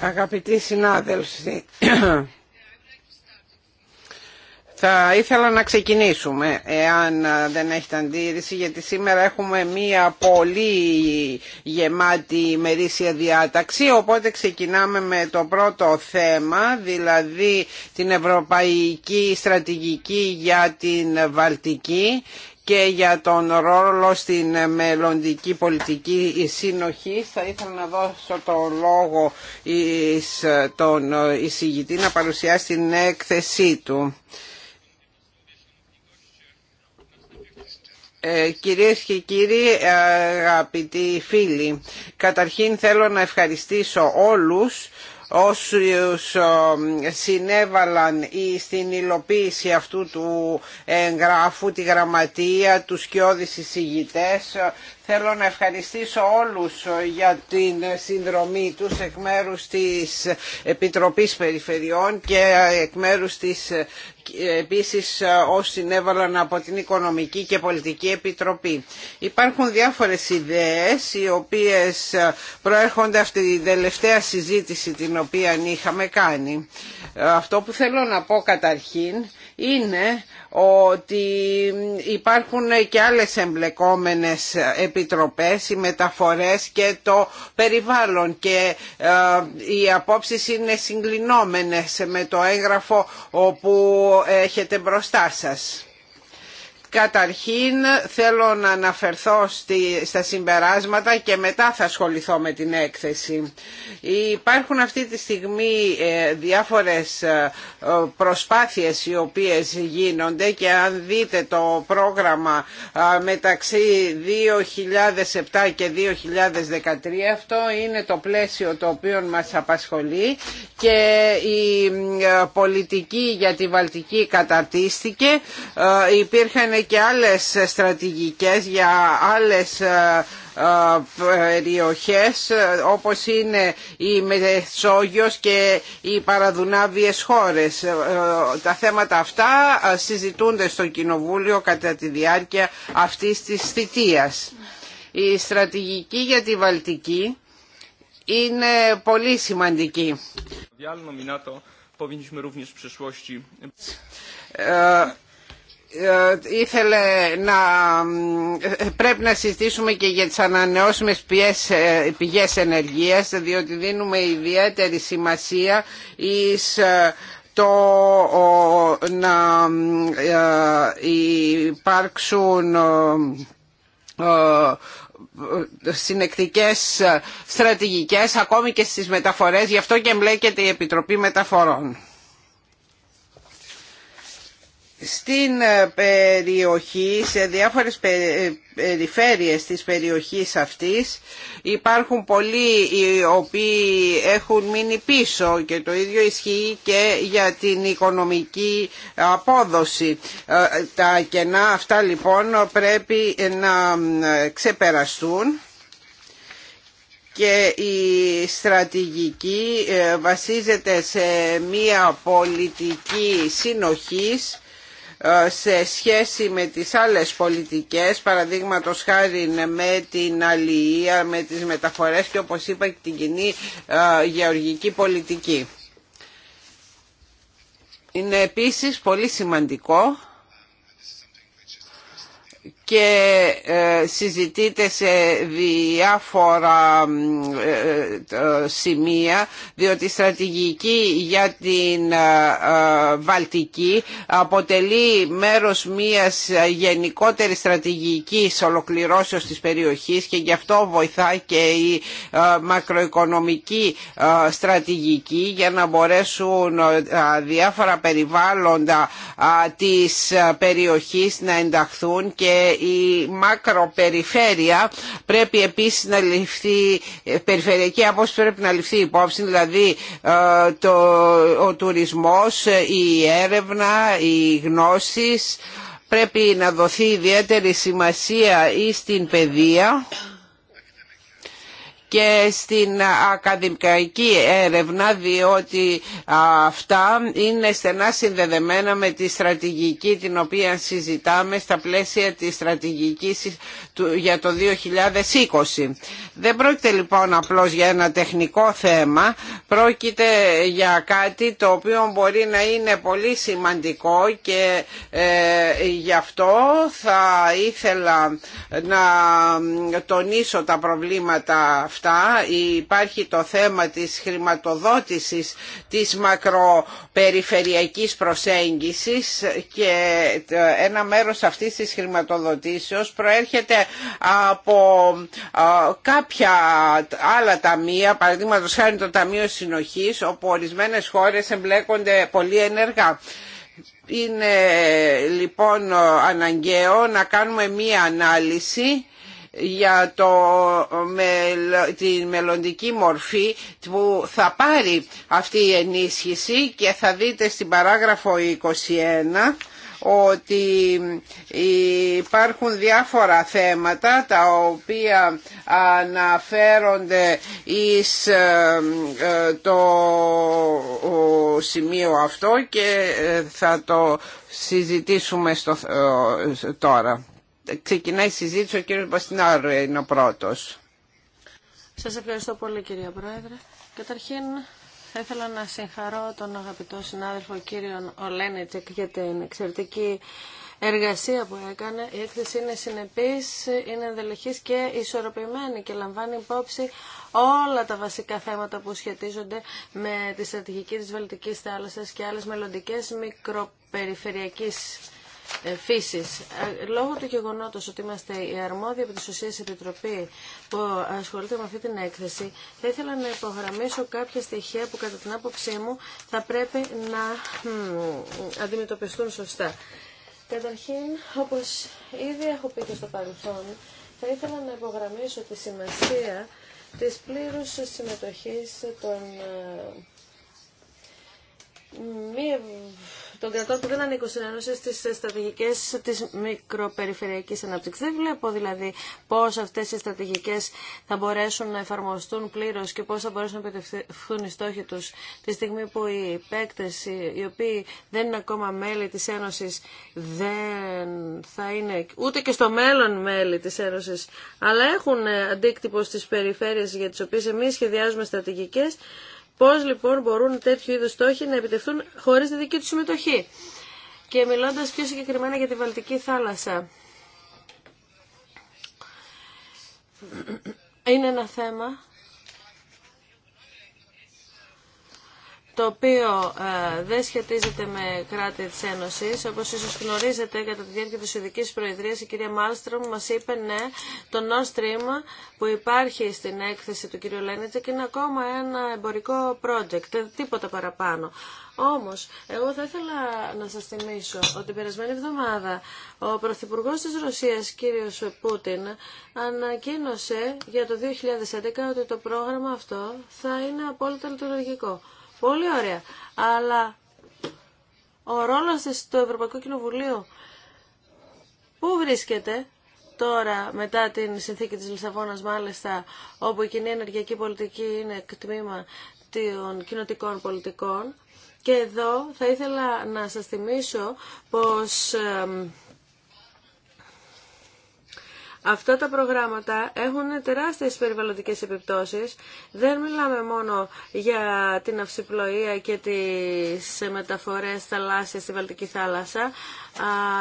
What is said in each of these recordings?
Αγαπητοί συνάδελφοι, θα ήθελα να ξεκινήσουμε, εάν δεν έχετε αντίρρηση, γιατί σήμερα έχουμε μία πολύ γεμάτη ημερήσια διάταξη, οπότε ξεκινάμε με το πρώτο θέμα, δηλαδή την Ευρωπαϊκή Στρατηγική για την Βαλτική και για τον ρόλο στην μελλοντική πολιτική συνοχή. Θα ήθελα να δώσω το λόγο εις τον εισηγητή να παρουσιάσει την έκθεσή του. Ε, κυρίες και κύριοι, αγαπητοί φίλοι, καταρχήν θέλω να ευχαριστήσω όλους όσους συνέβαλαν στην υλοποίηση αυτού του εγγράφου, τη γραμματεία, τους σκιώδης εισηγητές, Θέλω να ευχαριστήσω όλους για την συνδρομή τους εκ μέρους της Επιτροπής Περιφερειών και εκ μέρους της επίσης όσοι συνέβαλαν από την Οικονομική και Πολιτική Επιτροπή. Υπάρχουν διάφορες ιδέες οι οποίες προέρχονται αυτή την τελευταία συζήτηση την οποία είχαμε κάνει. Αυτό που θέλω να πω καταρχήν είναι ότι υπάρχουν και άλλες εμπλεκόμενες επιτροπές, οι μεταφορές και το περιβάλλον και ε, οι απόψεις είναι συγκλινόμενες με το έγγραφο όπου έχετε μπροστά σας. Καταρχήν θέλω να αναφερθώ στα συμπεράσματα και μετά θα ασχοληθώ με την έκθεση. Υπάρχουν αυτή τη στιγμή ε, διάφορες ε, προσπάθειες οι οποίες γίνονται και αν δείτε το πρόγραμμα ε, μεταξύ 2007 και 2013 αυτό είναι το πλαίσιο το οποίο μας απασχολεί και η πολιτική για τη Βαλτική καταρτίστηκε. Υπήρχαν και άλλες στρατηγικές για άλλες ε, ε, περιοχές ε, όπως είναι η Μεσόγειος και οι παραδουνάβιες χώρες. Τα θέματα αυτά συζητούνται στο Κοινοβούλιο κατά τη διάρκεια αυτής της θητείας. Η στρατηγική για τη Βαλτική είναι πολύ σημαντική. Ε, ήθελε να ε, πρέπει να συζητήσουμε και για τις ανανεώσιμες πιές, ε, πηγές ενεργείας διότι δίνουμε ιδιαίτερη σημασία εις το να υπάρξουν συνεκτικές στρατηγικές ακόμη και στις μεταφορές γι' αυτό και εμπλέκεται η Επιτροπή Μεταφορών στην ε, περιοχή, σε διάφορες ε, περιφέρειες της περιοχής αυτής υπάρχουν πολλοί οι οποίοι έχουν μείνει πίσω και το ίδιο ισχύει και για την οικονομική απόδοση. Ε, τα κενά αυτά λοιπόν πρέπει να ξεπεραστούν και η στρατηγική βασίζεται σε μία πολιτική συνοχής ε, σε σχέση με τις άλλες πολιτικές, παραδείγματος χάρη με την αλληλεία, με τις μεταφορές και όπως είπα και την κοινή ε, γεωργική πολιτική. Είναι επίσης πολύ σημαντικό και ε, συζητείται σε διάφορα ε, ε, σημεία διότι η στρατηγική για την Βαλτική αποτελεί μέρος μιας γενικότερης στρατηγικής ολοκληρώσεως της περιοχής και γι' αυτό βοηθάει και η μακροοικονομική στρατηγική για να μπορέσουν διάφορα περιβάλλοντα της περιοχής να ενταχθούν και η μακροπεριφέρεια πρέπει επίσης να ληφθεί, ε, περιφερειακή άποψη πρέπει να ληφθεί υπόψη, δηλαδή ε, το, ο τουρισμός, ε, η έρευνα, οι γνώσεις, πρέπει να δοθεί ιδιαίτερη σημασία ή στην παιδεία και στην ακαδημαϊκή έρευνα διότι αυτά είναι στενά συνδεδεμένα με τη στρατηγική την οποία συζητάμε στα πλαίσια της στρατηγικής για το 2020. Δεν πρόκειται λοιπόν απλώς για ένα τεχνικό θέμα, πρόκειται για κάτι το οποίο μπορεί να είναι πολύ σημαντικό και ε, γι' αυτό θα ήθελα να τονίσω τα προβλήματα αυτά αυτά. Υπάρχει το θέμα της χρηματοδότησης της μακροπεριφερειακής προσέγγισης και ένα μέρος αυτής της χρηματοδοτήσεως προέρχεται από κάποια άλλα ταμεία, παραδείγματο χάρη το Ταμείο Συνοχής, όπου ορισμένες χώρες εμπλέκονται πολύ ενεργά. Είναι λοιπόν αναγκαίο να κάνουμε μία ανάλυση για το, τη μελλοντική μορφή που θα πάρει αυτή η ενίσχυση και θα δείτε στην παράγραφο 21 ότι υπάρχουν διάφορα θέματα τα οποία αναφέρονται εις ε, ε, το σημείο αυτό και ε, θα το συζητήσουμε στο, τώρα ξεκινάει η συζήτηση. Ο κύριος Μπαστινάρου είναι ο πρώτος. Σας ευχαριστώ πολύ κύριε Πρόεδρε. Καταρχήν θα ήθελα να συγχαρώ τον αγαπητό συνάδελφο κύριο Ολένετσεκ για την εξαιρετική εργασία που έκανε. Η έκθεση είναι συνεπής, είναι ενδελεχής και ισορροπημένη και λαμβάνει υπόψη όλα τα βασικά θέματα που σχετίζονται με τη στρατηγική της Βαλτικής θάλασσας και άλλες μελλοντικές μικροπεριφερειακής ε, φύση. Ε, λόγω του γεγονότο ότι είμαστε η αρμόδια από τη ουσίες επιτροπή που ασχολείται με αυτή την έκθεση, θα ήθελα να υπογραμμίσω κάποια στοιχεία που κατά την άποψή μου θα πρέπει να αντιμετωπιστούν σωστά. Καταρχήν, όπως ήδη έχω πει και στο παρελθόν, θα ήθελα να υπογραμμίσω τη σημασία της πλήρους συμμετοχής των ε, μη των κρατών που δεν ανήκουν στην Ένωση στι στρατηγικέ τη μικροπεριφερειακή ανάπτυξη. Δεν βλέπω δηλαδή πώ αυτέ οι στρατηγικέ θα μπορέσουν να εφαρμοστούν πλήρω και πώ θα μπορέσουν να επιτευχθούν οι στόχοι του τη στιγμή που οι παίκτε, οι οποίοι δεν είναι ακόμα μέλη τη Ένωση, δεν θα είναι ούτε και στο μέλλον μέλη τη Ένωση, αλλά έχουν ε, αντίκτυπο στι περιφέρειες για τι οποίε εμεί σχεδιάζουμε στρατηγικέ. Πώς λοιπόν μπορούν τέτοιου είδου στόχοι να επιτευχθούν χωρίς τη δική του συμμετοχή. Και μιλώντας πιο συγκεκριμένα για τη Βαλτική θάλασσα. Είναι ένα θέμα το οποίο ε, δεν σχετίζεται με κράτη της Ένωσης. Όπως ίσως γνωρίζετε, κατά τη διάρκεια της ειδικής προεδρίας, η κυρία Μάλστρομ μας είπε ναι, το Nord Stream που υπάρχει στην έκθεση του κυρίου Λένιτζεκ είναι ακόμα ένα εμπορικό project, τίποτα παραπάνω. Όμως, εγώ θα ήθελα να σας θυμίσω ότι την περασμένη εβδομάδα ο Πρωθυπουργό της Ρωσίας, κύριος Πούτιν, ανακοίνωσε για το 2011 ότι το πρόγραμμα αυτό θα είναι απόλυτα λειτουργικό. Πολύ ωραία. Αλλά ο ρόλος της του Ευρωπαϊκό Κοινοβουλίου πού βρίσκεται τώρα μετά την συνθήκη της Λισαβόνας μάλιστα όπου η κοινή ενεργειακή πολιτική είναι εκτμήμα των κοινοτικών πολιτικών και εδώ θα ήθελα να σας θυμίσω πως Αυτά τα προγράμματα έχουν τεράστιες περιβαλλοντικές επιπτώσεις. Δεν μιλάμε μόνο για την αυσιπλοεία και τις μεταφορές θαλάσσια στη Βαλτική θάλασσα,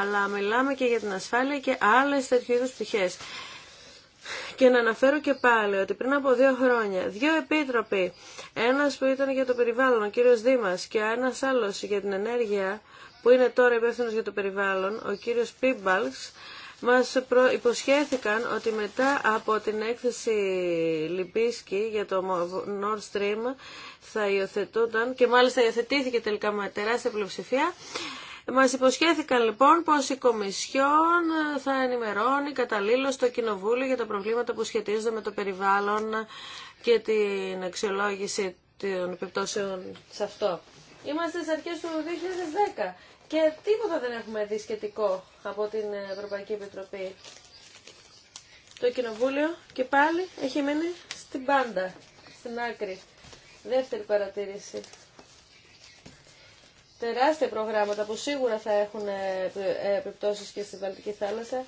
αλλά μιλάμε και για την ασφάλεια και άλλες τέτοιου είδους πτυχές. Και να αναφέρω και πάλι ότι πριν από δύο χρόνια, δύο επίτροποι, ένας που ήταν για το περιβάλλον, ο κύριος Δήμας, και ένας άλλος για την ενέργεια, που είναι τώρα υπεύθυνο για το περιβάλλον, ο κύριος Πίμπαλξ, μας υποσχέθηκαν ότι μετά από την έκθεση Λιμπίσκη για το Nord Stream θα υιοθετούνταν και μάλιστα υιοθετήθηκε τελικά με τεράστια πλειοψηφία μας υποσχέθηκαν λοιπόν πως η Κομισιόν θα ενημερώνει καταλήλως το Κοινοβούλιο για τα προβλήματα που σχετίζονται με το περιβάλλον και την αξιολόγηση των επιπτώσεων σε αυτό. Είμαστε στις αρχές του 2010 και τίποτα δεν έχουμε δει σχετικό από την Ευρωπαϊκή Επιτροπή. Το Κοινοβούλιο και πάλι έχει μείνει στην πάντα, στην άκρη. Δεύτερη παρατήρηση. Τεράστια προγράμματα που σίγουρα θα έχουν ε, ε, επιπτώσεις και στη Βαλτική θάλασσα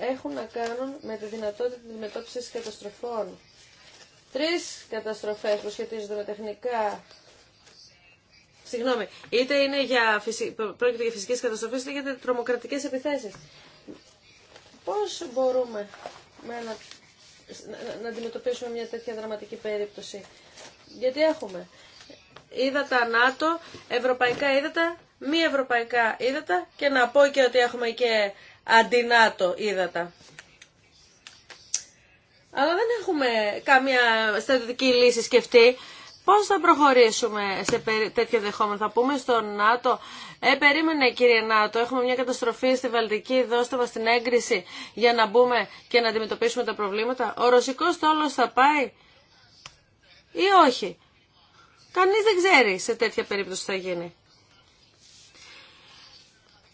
έχουν να κάνουν με τη δυνατότητα της μετώπισης καταστροφών. Τρεις καταστροφές που σχετίζονται με τεχνικά Συγγνώμη, είτε είναι για φυσι... πρόκειται για φυσικές καταστροφές, είτε για τρομοκρατικές επιθέσεις. Πώς μπορούμε να αντιμετωπίσουμε μια τέτοια δραματική περίπτωση. Γιατί έχουμε ύδατα ΝΑΤΟ, ευρωπαϊκά ύδατα, μη ευρωπαϊκά ύδατα και να πω και ότι έχουμε και αντινάτο ύδατα. Αλλά δεν έχουμε καμία στρατιωτική λύση σκεφτεί Πώς θα προχωρήσουμε σε τέτοιο δεχόμενο, θα πούμε στο ΝΑΤΟ, ε, περίμενε κύριε ΝΑΤΟ, έχουμε μια καταστροφή στη Βαλτική, δώστε μας την έγκριση για να μπούμε και να αντιμετωπίσουμε τα προβλήματα. Ο ρωσικός τόλος θα πάει ή όχι. Κανείς δεν ξέρει σε τέτοια περίπτωση θα γίνει.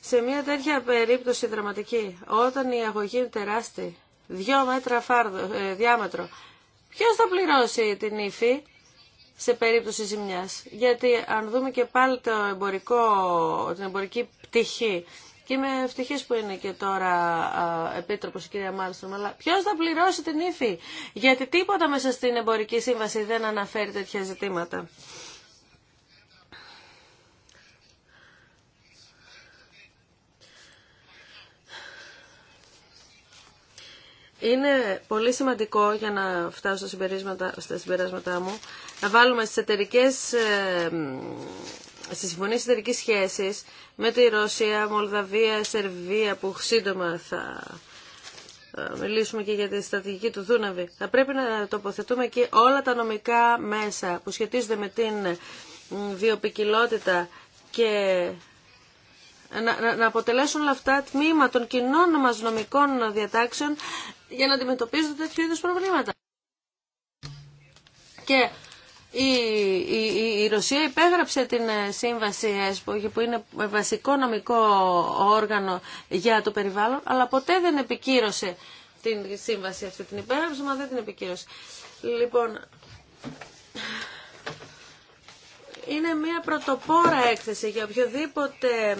Σε μια τέτοια περίπτωση δραματική, όταν η αγωγή είναι τεράστια, δύο μέτρα φάρδο, ε, διάμετρο, ποιος θα πληρώσει την ύφη, σε περίπτωση ζημιάς. Γιατί αν δούμε και πάλι το εμπορικό, την εμπορική πτυχή και είμαι ευτυχής που είναι και τώρα α, επίτροπος η κυρία Μάλστρομ, αλλά ποιος θα πληρώσει την ύφη. Γιατί τίποτα μέσα στην εμπορική σύμβαση δεν αναφέρει τέτοια ζητήματα. Είναι πολύ σημαντικό για να φτάσω στα συμπεράσματά μου να βάλουμε στις εταιρικές ε, στις συμφωνίες εταιρικής σχέσης με τη Ρωσία, Μολδαβία, Σερβία που σύντομα θα ε, μιλήσουμε και για τη στρατηγική του Δούναβη. Θα πρέπει να τοποθετούμε και όλα τα νομικά μέσα που σχετίζονται με την ε, βιοπικιλότητα και να, αποτελέσουν όλα αυτά τμήμα των κοινών μας νομικών διατάξεων για να αντιμετωπίζονται τέτοιου είδους προβλήματα. Και η, η, η Ρωσία υπέγραψε την ε, σύμβαση ΕΣΠΟ που είναι βασικό νομικό όργανο για το περιβάλλον αλλά ποτέ δεν επικύρωσε την σύμβαση αυτή την υπέγραψε μα δεν την επικύρωσε. Λοιπόν, είναι μια πρωτοπόρα έκθεση για οποιοδήποτε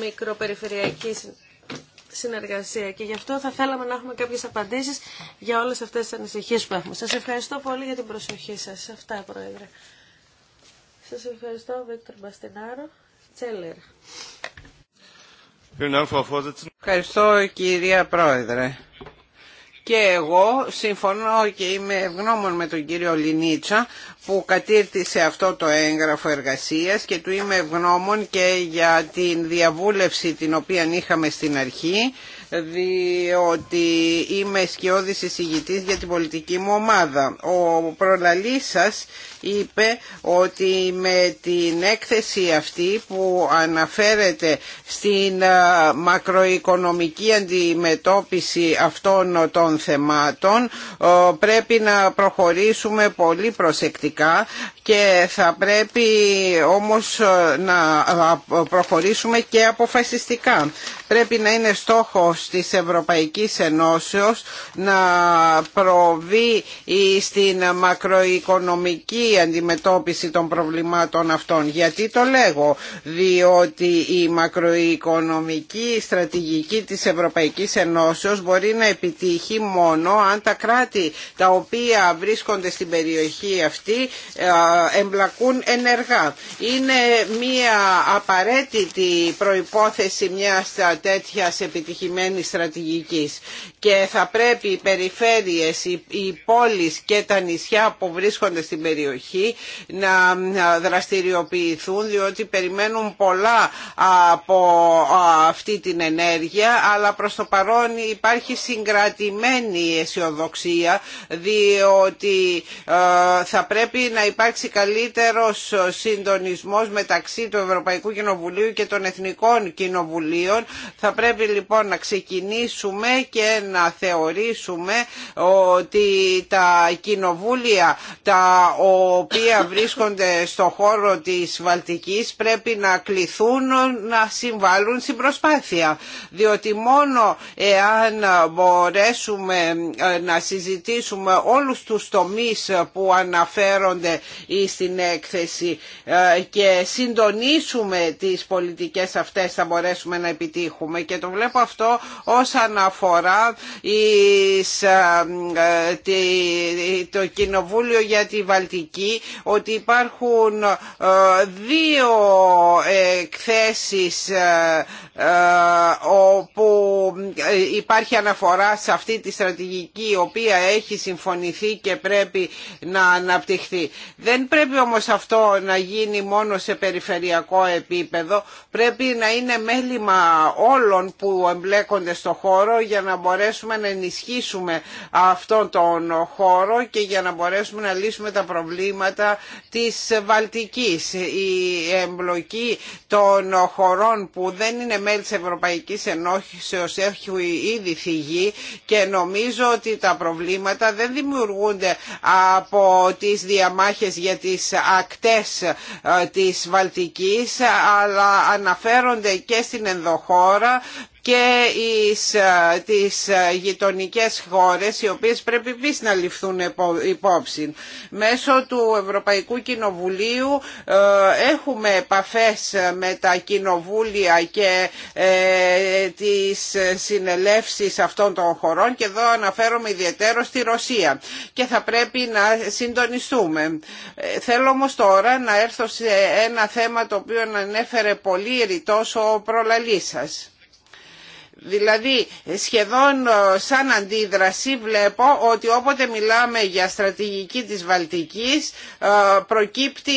μικροπεριφερειακή συνεργασία και γι' αυτό θα θέλαμε να έχουμε κάποιες απαντήσεις για όλες αυτές τις ανησυχίες που έχουμε. Σας ευχαριστώ πολύ για την προσοχή σας. Αυτά, Πρόεδρε. Σας ευχαριστώ, Βίκτορ Μπαστινάρο. Τσέλερ. Ευχαριστώ, κυρία Πρόεδρε. Και εγώ συμφωνώ και είμαι ευγνώμων με τον κύριο Λινίτσα που κατήρτισε αυτό το έγγραφο εργασίας και του είμαι ευγνώμων και για την διαβούλευση την οποία είχαμε στην αρχή διότι είμαι σκιώδης εισηγητής για την πολιτική μου ομάδα. Ο προλαλής σας είπε ότι με την έκθεση αυτή που αναφέρεται στην μακροοικονομική αντιμετώπιση αυτών των θεμάτων πρέπει να προχωρήσουμε πολύ προσεκτικά και θα πρέπει όμως να προχωρήσουμε και αποφασιστικά πρέπει να είναι στόχος της Ευρωπαϊκής Ενώσεως να προβεί στην μακροοικονομική αντιμετώπιση των προβλημάτων αυτών. Γιατί το λέγω, διότι η μακροοικονομική στρατηγική της Ευρωπαϊκής Ενώσεως μπορεί να επιτύχει μόνο αν τα κράτη τα οποία βρίσκονται στην περιοχή αυτή ε, εμπλακούν ενεργά. Είναι μία απαραίτητη προϋπόθεση μιας τέτοια επιτυχημένη στρατηγικής και θα πρέπει οι περιφέρειες, οι πόλεις και τα νησιά που βρίσκονται στην περιοχή να δραστηριοποιηθούν διότι περιμένουν πολλά από αυτή την ενέργεια αλλά προς το παρόν υπάρχει συγκρατημένη αισιοδοξία διότι ε, θα πρέπει να υπάρξει καλύτερος συντονισμό μεταξύ του Ευρωπαϊκού Κοινοβουλίου και των Εθνικών Κοινοβουλίων θα πρέπει λοιπόν να ξεκινήσουμε και να θεωρήσουμε ότι τα κοινοβούλια τα οποία βρίσκονται στο χώρο της Βαλτικής πρέπει να κληθούν να συμβάλλουν στην προσπάθεια. Διότι μόνο εάν μπορέσουμε ε, να συζητήσουμε όλους τους τομείς που αναφέρονται στην έκθεση ε, και συντονίσουμε τις πολιτικές αυτές θα μπορέσουμε να επιτύχουμε και το βλέπω αυτό όσον αφορά ε, ε, το Κοινοβούλιο για τη Βαλτική ότι υπάρχουν ε, δύο εκθέσεις όπου υπάρχει αναφορά σε αυτή τη στρατηγική η οποία έχει συμφωνηθεί και πρέπει να αναπτυχθεί. Δεν πρέπει όμως αυτό να γίνει μόνο σε περιφερειακό επίπεδο, πρέπει να είναι μέλημα όλων που εμπλέκονται στο χώρο για να μπορέσουμε να ενισχύσουμε αυτόν τον χώρο και για να μπορέσουμε να λύσουμε τα προβλήματα της Βαλτικής. Η εμπλοκή των χωρών που δεν είναι μέλη της Ευρωπαϊκής Ενώσεως έχει ήδη θυγεί και νομίζω ότι τα προβλήματα δεν δημιουργούνται από τις διαμάχες για τις ακτές ε, της Βαλτικής αλλά αναφέρονται και στην ενδοχώρα χώρα και ε, τις, τις ε, γειτονικές χώρες οι οποίες πρέπει επίσης να ληφθούν υπόψη. Μέσω του Ευρωπαϊκού Κοινοβουλίου ε, έχουμε επαφές με τα κοινοβούλια και τις συνελεύσεις αυτών των χωρών και εδώ αναφέρομαι ιδιαίτερο στη Ρωσία και θα πρέπει να συντονιστούμε. Θέλω όμως τώρα να έρθω σε ένα θέμα το οποίο ανέφερε πολύ ρητός ο προλαλής σας. Δηλαδή σχεδόν ε, σαν αντίδραση βλέπω ότι όποτε μιλάμε για στρατηγική της Βαλτικής ε, προκύπτει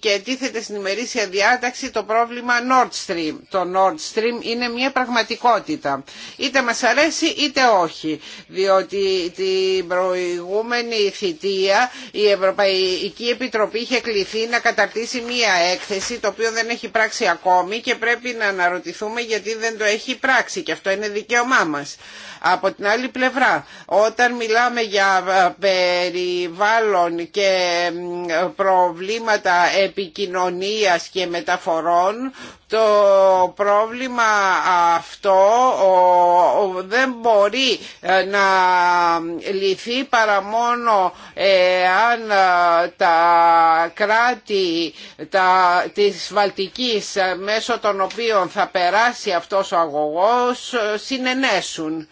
και τίθεται στην ημερήσια διάταξη το πρόβλημα Nord Stream. Το Nord Stream είναι μια πραγματικότητα. Είτε μας αρέσει είτε όχι. Διότι την προηγούμενη θητεία η Ευρωπαϊκή Επιτροπή είχε κληθεί να καταρτήσει μια έκθεση το οποίο δεν έχει πράξει ακόμη και πρέπει να αναρωτηθούμε γιατί δεν το έχει πράξει είναι δικαίωμά μας. Από την άλλη πλευρά, όταν μιλάμε για ε, περιβάλλον και προβλήματα επικοινωνίας και μεταφορών, το πρόβλημα αυτό δεν μπορεί ε, να λυθεί παρά μόνο ε, αν ε, τα κράτη τα, της Βαλτικής μέσω των οποίων θα περάσει αυτός ο αγωγός συνενέσουν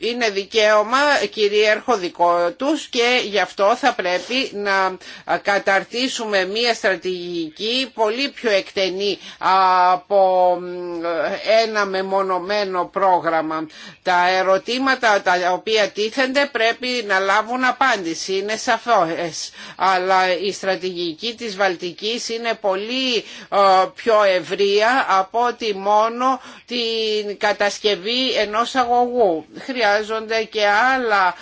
είναι δικαίωμα κυρίαρχο δικό τους και γι' αυτό θα πρέπει να καταρτήσουμε μία στρατηγική πολύ πιο εκτενή από ένα μεμονωμένο πρόγραμμα. Τα ερωτήματα τα οποία τίθενται πρέπει να λάβουν απάντηση, είναι σαφές, αλλά η στρατηγική της Βαλτικής είναι πολύ ε, πιο ευρεία από ότι μόνο την κατασκευή ενός αγωγού χρειάζονται και άλλα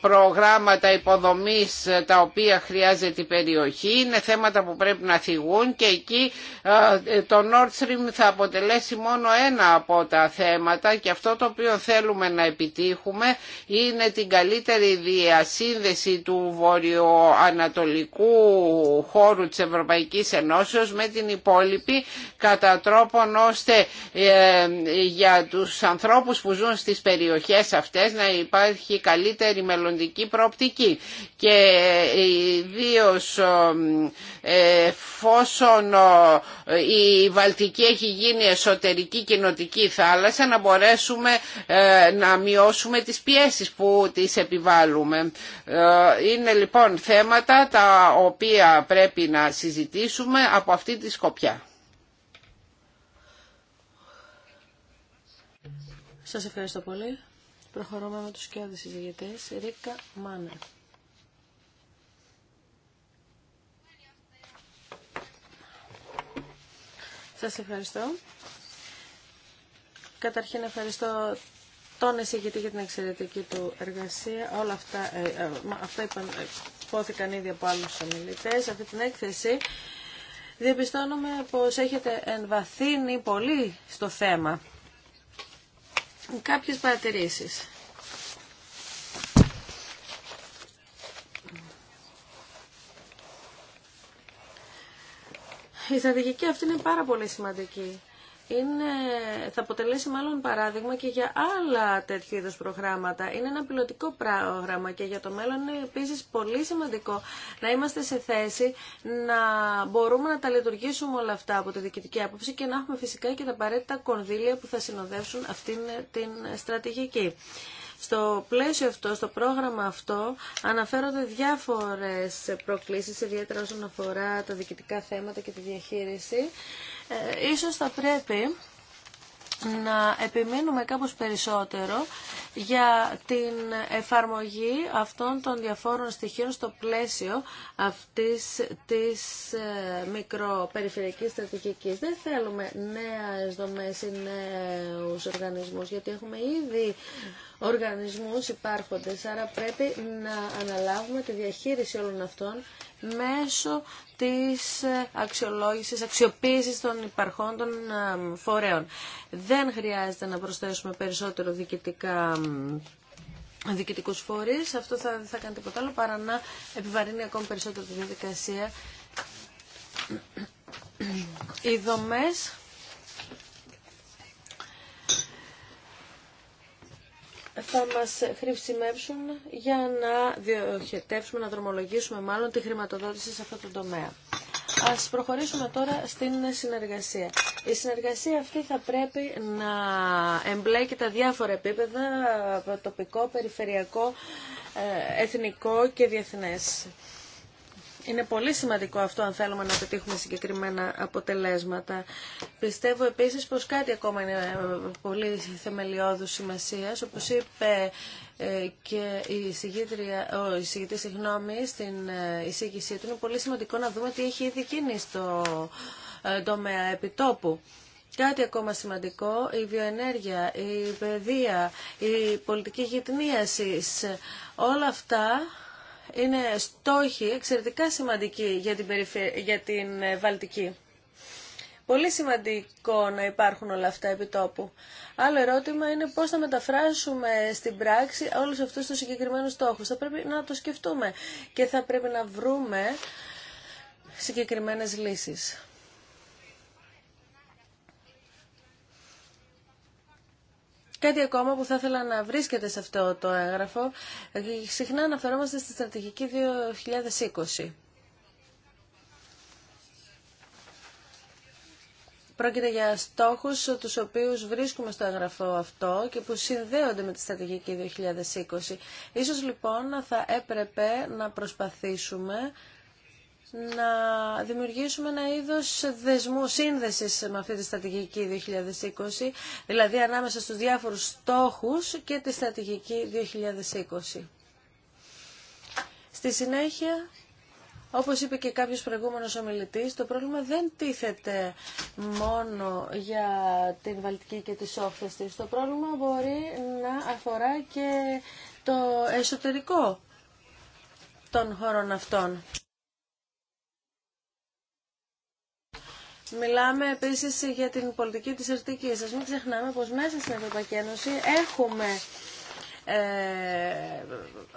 προγράμματα υποδομής ε, τα οποία χρειάζεται η περιοχή. Είναι θέματα που πρέπει να θυγούν και εκεί ε, το Nord Stream θα αποτελέσει μόνο ένα από τα θέματα και αυτό το οποίο θέλουμε να επιτύχουμε είναι την καλύτερη διασύνδεση του βορειοανατολικού χώρου της Ευρωπαϊκής Ενώσεως με την υπόλοιπη κατά τρόπον ώστε ε, για τους ανθρώπους που ζουν στις περιοχές αυτές να υπάρχει καλύτερη μελλοντική προοπτική και ε, ιδίω ε, εφόσον ε, η Βαλτική έχει γίνει εσωτερική κοινοτική θάλασσα να μπορέσουμε να μειώσουμε τις πιέσεις που τις επιβάλλουμε. Είναι λοιπόν θέματα τα οποία πρέπει να συζητήσουμε από αυτή τη σκοπιά. Σας ευχαριστώ πολύ. Προχωρούμε με τους κοιόδες συζητητές. Ρίκα Μάνερ. Σας ευχαριστώ. Καταρχήν ευχαριστώ τον εισηγητή για την εξαιρετική του εργασία. Όλα αυτά, ε, ε, αυτά είπαν, ε, υπόθηκαν ήδη από άλλους ομιλητές. Αυτή την έκθεση διαπιστώνουμε πως έχετε εμβαθύνει πολύ στο θέμα κάποιες παρατηρήσεις. Η στρατηγική αυτή είναι πάρα πολύ σημαντική είναι, θα αποτελέσει μάλλον παράδειγμα και για άλλα τέτοιου είδους προγράμματα. Είναι ένα πιλωτικό πρόγραμμα και για το μέλλον είναι επίσης πολύ σημαντικό να είμαστε σε θέση να μπορούμε να τα λειτουργήσουμε όλα αυτά από τη διοικητική άποψη και να έχουμε φυσικά και τα απαραίτητα κονδύλια που θα συνοδεύσουν αυτήν την στρατηγική. Στο πλαίσιο αυτό, στο πρόγραμμα αυτό, αναφέρονται διάφορες προκλήσεις, ιδιαίτερα όσον αφορά τα διοικητικά θέματα και τη διαχείριση ε, ίσως θα πρέπει να επιμείνουμε κάπως περισσότερο για την εφαρμογή αυτών των διαφόρων στοιχείων στο πλαίσιο αυτής της ε, μικροπεριφερειακής στρατηγικής. Δεν θέλουμε νέες δομές ή νέους οργανισμούς, γιατί έχουμε ήδη οργανισμούς υπάρχοντες. Άρα πρέπει να αναλάβουμε τη διαχείριση όλων αυτών μέσω της ε, αξιολόγησης, αξιοποίησης των υπαρχόντων ε, φορέων. Δεν χρειάζεται να προσθέσουμε περισσότερο διοικητικά διοικητικούς φορείς. Αυτό θα, δεν θα κάνει τίποτα άλλο παρά να επιβαρύνει ακόμη περισσότερο τη διαδικασία. Οι δομές θα μας χρησιμεύσουν για να διοχετεύσουμε, να δρομολογήσουμε μάλλον τη χρηματοδότηση σε αυτό το τομέα. Ας προχωρήσουμε τώρα στην συνεργασία. Η συνεργασία αυτή θα πρέπει να εμπλέκει τα διάφορα επίπεδα, τοπικό, περιφερειακό, ε, εθνικό και διεθνές. Είναι πολύ σημαντικό αυτό αν θέλουμε να πετύχουμε συγκεκριμένα αποτελέσματα. Πιστεύω επίσης πως κάτι ακόμα είναι ε, πολύ θεμελιώδου σημασίας, όπως είπε ε, και η συγγήτρια, ο εισηγητής, συγγνώμη, στην ε, εισήγησή του, είναι πολύ σημαντικό να δούμε τι έχει ήδη γίνει στο τομέα επιτόπου. Κάτι ακόμα σημαντικό, η βιοενέργεια, η παιδεία, η πολιτική γυπνίασης, όλα αυτά είναι στόχοι εξαιρετικά σημαντικοί για την, περιφε... για την ε, Βαλτική. Πολύ σημαντικό να υπάρχουν όλα αυτά επί τόπου. Άλλο ερώτημα είναι πώς θα μεταφράσουμε στην πράξη όλους αυτούς τους συγκεκριμένους στόχους. Θα πρέπει να το σκεφτούμε και θα πρέπει να βρούμε συγκεκριμένες λύσεις. Κάτι ακόμα που θα ήθελα να βρίσκεται σε αυτό το έγγραφο, συχνά αναφερόμαστε στη στρατηγική 2020. Πρόκειται για στόχους τους οποίους βρίσκουμε στο εγγραφό αυτό και που συνδέονται με τη στρατηγική 2020. Ίσως λοιπόν θα έπρεπε να προσπαθήσουμε να δημιουργήσουμε ένα είδος δεσμού σύνδεσης με αυτή τη στρατηγική 2020, δηλαδή ανάμεσα στους διάφορους στόχους και τη στρατηγική 2020. Στη συνέχεια, όπως είπε και κάποιος προηγούμενος ομιλητής, το πρόβλημα δεν τίθεται μόνο για την Βαλτική και τις όχθες της. Το πρόβλημα μπορεί να αφορά και το εσωτερικό των χωρών αυτών. Μιλάμε επίσης για την πολιτική της αιρτικής. Α μην ξεχνάμε πως μέσα στην Ευρωπαϊκή Ένωση έχουμε ε,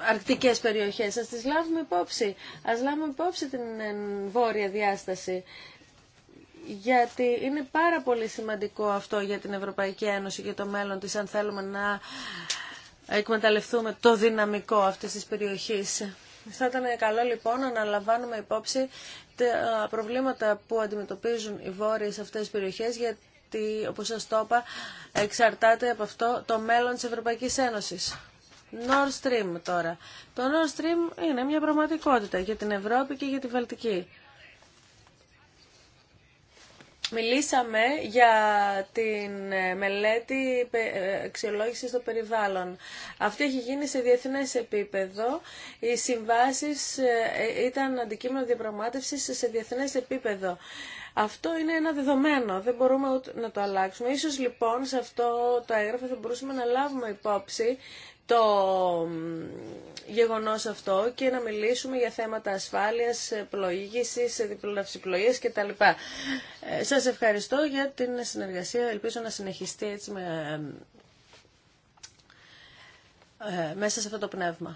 αρκτικές περιοχές. Ας τις λάβουμε υπόψη. Ας λάβουμε υπόψη την ε, βόρεια διάσταση. Γιατί είναι πάρα πολύ σημαντικό αυτό για την Ευρωπαϊκή Ένωση και το μέλλον της αν θέλουμε να εκμεταλλευτούμε το δυναμικό αυτής της περιοχής. Θα ήταν καλό λοιπόν να αναλαμβάνουμε υπόψη τα προβλήματα που αντιμετωπίζουν οι βόρειες αυτές τι περιοχές γιατί όπως σα το είπα εξαρτάται από αυτό το μέλλον της Ευρωπαϊκής Ένωσης. Nord Stream τώρα. Το Nord Stream είναι μια πραγματικότητα για την Ευρώπη και για τη Βαλτική. Μιλήσαμε για την ε, μελέτη ε, αξιολόγηση των περιβάλλων. Αυτή έχει γίνει σε διεθνές επίπεδο. Οι συμβάσεις ε, ήταν αντικείμενο διαπραγμάτευσης σε διεθνές επίπεδο. Αυτό είναι ένα δεδομένο, δεν μπορούμε να το αλλάξουμε. Ίσως λοιπόν σε αυτό το έγγραφο θα μπορούσαμε να λάβουμε υπόψη το γεγονός αυτό και να μιλήσουμε για θέματα ασφάλειας, πλοήγησης, τα κτλ. Ε, σας ευχαριστώ για την συνεργασία. Ελπίζω να συνεχιστεί έτσι με, ε, μέσα σε αυτό το πνεύμα.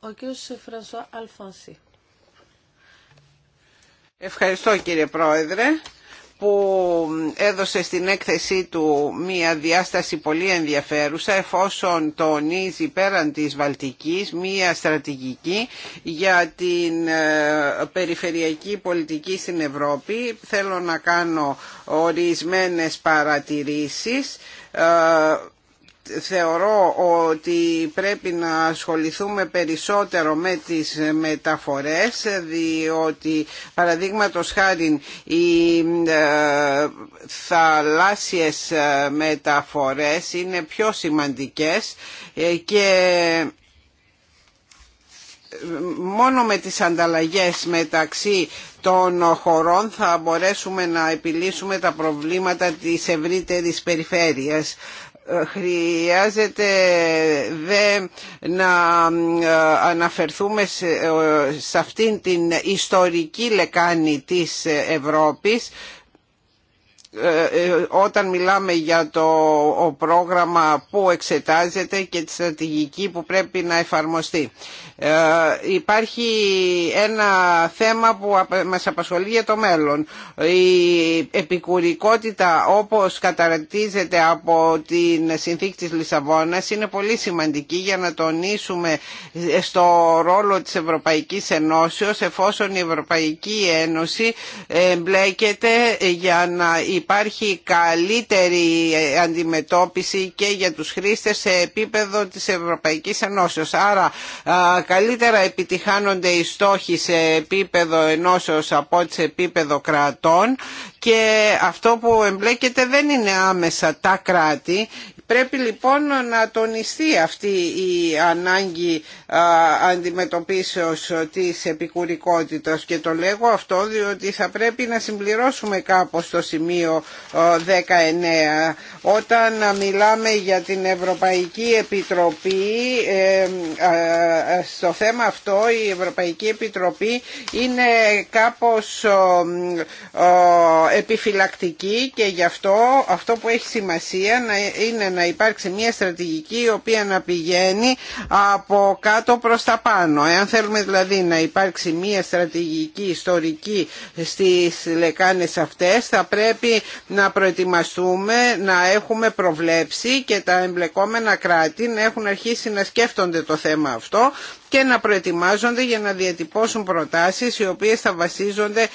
Ο κ. Φρανσουά Αλφονσί. Ευχαριστώ κύριε Πρόεδρε που έδωσε στην έκθεσή του μία διάσταση πολύ ενδιαφέρουσα εφόσον τονίζει πέραν της Βαλτικής μία στρατηγική για την ε, περιφερειακή πολιτική στην Ευρώπη. Θέλω να κάνω ορισμένες παρατηρήσεις ε, θεωρώ ότι πρέπει να ασχοληθούμε περισσότερο με τις μεταφορές διότι παραδείγματος χάρη οι ε, θαλάσσιες ε, μεταφορές είναι πιο σημαντικές ε, και μόνο με τις ανταλλαγές μεταξύ των χωρών θα μπορέσουμε να επιλύσουμε τα προβλήματα της ευρύτερης περιφέρειας. Χρειάζεται δε να ε, αναφερθούμε ε, σε αυτήν την ιστορική λεκάνη της Ευρώπης ε, ε, όταν μιλάμε για το πρόγραμμα που εξετάζεται και τη στρατηγική που πρέπει να εφαρμοστεί. Ε, υπάρχει ένα θέμα που μας απασχολεί για το μέλλον. Η επικουρικότητα όπως καταρτίζεται από την συνθήκη της Λισαβόνας είναι πολύ σημαντική για να τονίσουμε στο ρόλο της Ευρωπαϊκής Ενώσεως εφόσον η Ευρωπαϊκή Ένωση εμπλέκεται για να υπάρχει καλύτερη αντιμετώπιση και για τους χρήστες σε επίπεδο της Ευρωπαϊκής Ενώσεως. Άρα καλύτερα επιτυχάνονται οι στόχοι σε επίπεδο ενώσεως από σε επίπεδο κρατών και αυτό που εμπλέκεται δεν είναι άμεσα τα κράτη Πρέπει λοιπόν να τονιστεί αυτή η ανάγκη αντιμετωπίσεως της επικουρικότητας και το λέγω αυτό διότι θα πρέπει να συμπληρώσουμε κάπως το σημείο 19. Όταν μιλάμε για την Ευρωπαϊκή Επιτροπή στο θέμα αυτό η Ευρωπαϊκή Επιτροπή είναι κάπως επιφυλακτική και γι' αυτό αυτό που έχει σημασία είναι να υπάρξει μια στρατηγική η οποία να πηγαίνει από κάτω προς τα πάνω. Εάν θέλουμε δηλαδή να υπάρξει μια στρατηγική ιστορική στις λεκάνες αυτές θα πρέπει να προετοιμαστούμε, να έχουμε προβλέψει και τα εμπλεκόμενα κράτη να έχουν αρχίσει να σκέφτονται το θέμα αυτό και να προετοιμάζονται για να διατυπώσουν προτάσεις οι οποίες θα βασίζονται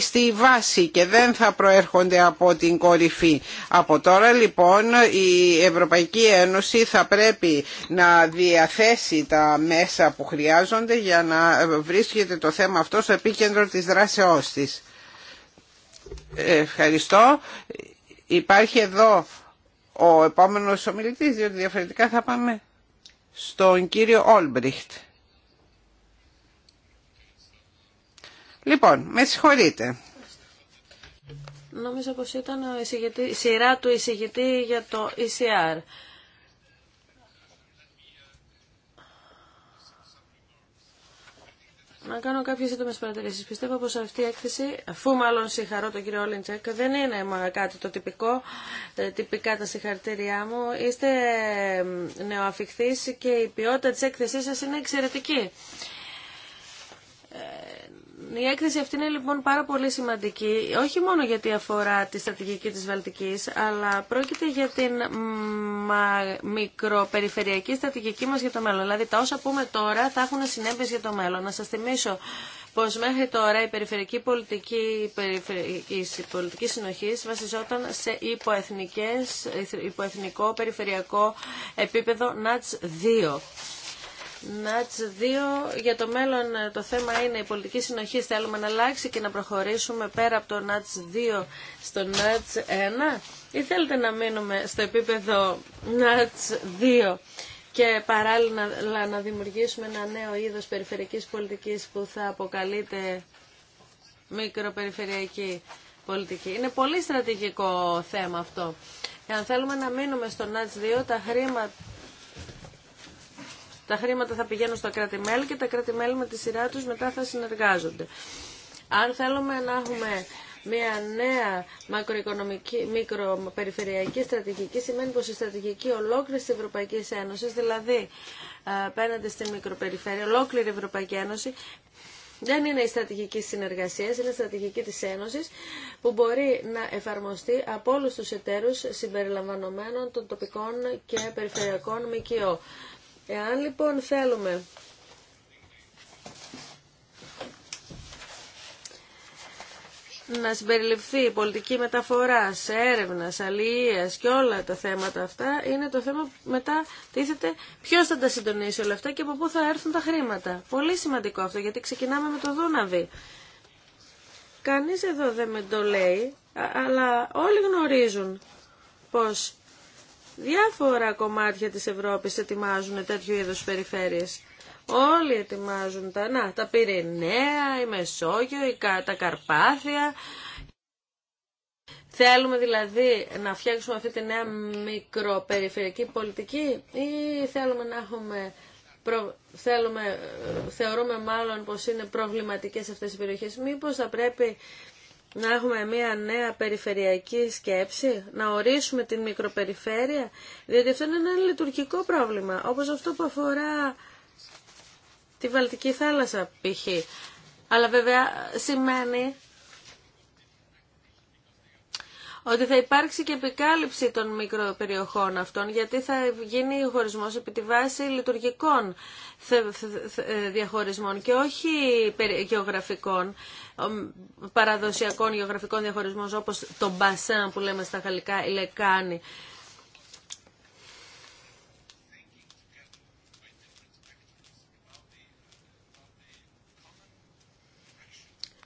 στη βάση και δεν θα προέρχονται από την κορυφή. Από τώρα λοιπόν η Ευρωπαϊκή Ένωση θα πρέπει να διαθέσει τα μέσα που χρειάζονται για να βρίσκεται το θέμα αυτό στο επίκεντρο της δράσεώς της. Ευχαριστώ. Υπάρχει εδώ ο επόμενος ομιλητής, διότι διαφορετικά θα πάμε στον κύριο Όλμπριχτ. Λοιπόν, με συγχωρείτε. Νομίζω πως ήταν η σειρά του εισηγητή για το ECR. Να κάνω κάποιες σύντομε παρατηρήσει. Πιστεύω πως αυτή η έκθεση, αφού μάλλον συγχαρώ τον κύριο Όλιντζεκ, δεν είναι κάτι το τυπικό. Ε, τυπικά τα συγχαρητήριά μου. Είστε νεοαφιχθεί και η ποιότητα της έκθεσής σας είναι εξαιρετική. Ε, η έκθεση αυτή είναι λοιπόν πάρα πολύ σημαντική, όχι μόνο γιατί αφορά τη στρατηγική της Βαλτικής, αλλά πρόκειται για την μα, μικροπεριφερειακή στρατηγική μας για το μέλλον. Δηλαδή τα όσα πούμε τώρα θα έχουν συνέπειες για το μέλλον. Να σας θυμίσω πως μέχρι τώρα η περιφερειακή πολιτική η πολιτική συνοχής βασιζόταν σε υποεθνικό περιφερειακό επίπεδο ΝΑΤΣ 2. ΝΑΤΣ 2. Για το μέλλον ε, το θέμα είναι η πολιτική συνοχή. Θέλουμε να αλλάξει και να προχωρήσουμε πέρα από το ΝΑΤΣ 2 στο ΝΑΤΣ 1 ή θέλετε να μείνουμε στο επίπεδο ΝΑΤΣ 2 και παράλληλα να δημιουργήσουμε ένα νέο είδος περιφερειακής πολιτικής που θα αποκαλείται μικροπεριφερειακή πολιτική. Είναι πολύ στρατηγικό θέμα αυτό. Εάν θέλουμε να μείνουμε στο ΝΑΤΣ 2, τα χρήματα τα χρήματα θα πηγαίνουν στα κράτη-μέλη και τα κράτη-μέλη με τη σειρά τους μετά θα συνεργάζονται. Αν θέλουμε να έχουμε μια νέα μακροοικονομική, μικροπεριφερειακή στρατηγική σημαίνει πως η στρατηγική ολόκληρη της Ευρωπαϊκής Ένωσης, δηλαδή ε, απέναντι στην μικροπεριφέρεια, ολόκληρη η Ευρωπαϊκή Ένωση, δεν είναι η στρατηγική συνεργασία, είναι η στρατηγική της Ένωσης που μπορεί να εφαρμοστεί από όλους τους εταίρους συμπεριλαμβανομένων των τοπικών και περιφερειακών ΜΚΟ. Εάν λοιπόν θέλουμε να συμπεριληφθεί η πολιτική σε έρευνα, αλληλεία και όλα τα θέματα αυτά, είναι το θέμα που μετά τίθεται ποιος θα τα συντονίσει όλα αυτά και από πού θα έρθουν τα χρήματα. Πολύ σημαντικό αυτό γιατί ξεκινάμε με το Δούναβι. Κανείς εδώ δεν με το λέει, αλλά όλοι γνωρίζουν πως διάφορα κομμάτια της Ευρώπης ετοιμάζουν τέτοιου είδους περιφέρειες. Όλοι ετοιμάζουν τα, να, τα Πυρηναία, η Μεσόγειο, η, τα Καρπάθια. Θέλουμε δηλαδή να φτιάξουμε αυτή τη νέα μικροπεριφερειακή πολιτική ή θέλουμε να έχουμε προ... θέλουμε, ε, θεωρούμε μάλλον πως είναι προβληματικές αυτές οι περιοχές. Μήπως θα πρέπει να έχουμε μια νέα περιφερειακή σκέψη, να ορίσουμε την μικροπεριφέρεια, διότι αυτό είναι ένα λειτουργικό πρόβλημα, όπως αυτό που αφορά τη Βαλτική θάλασσα π.χ. Αλλά βέβαια σημαίνει ότι θα υπάρξει και επικάλυψη των μικροπεριοχών αυτών, γιατί θα γίνει ο χωρισμός επί τη βάση λειτουργικών διαχωρισμών και όχι γεωγραφικών παραδοσιακών γεωγραφικών διαχωρισμών όπως το μπασάν που λέμε στα γαλλικά η λεκάνη.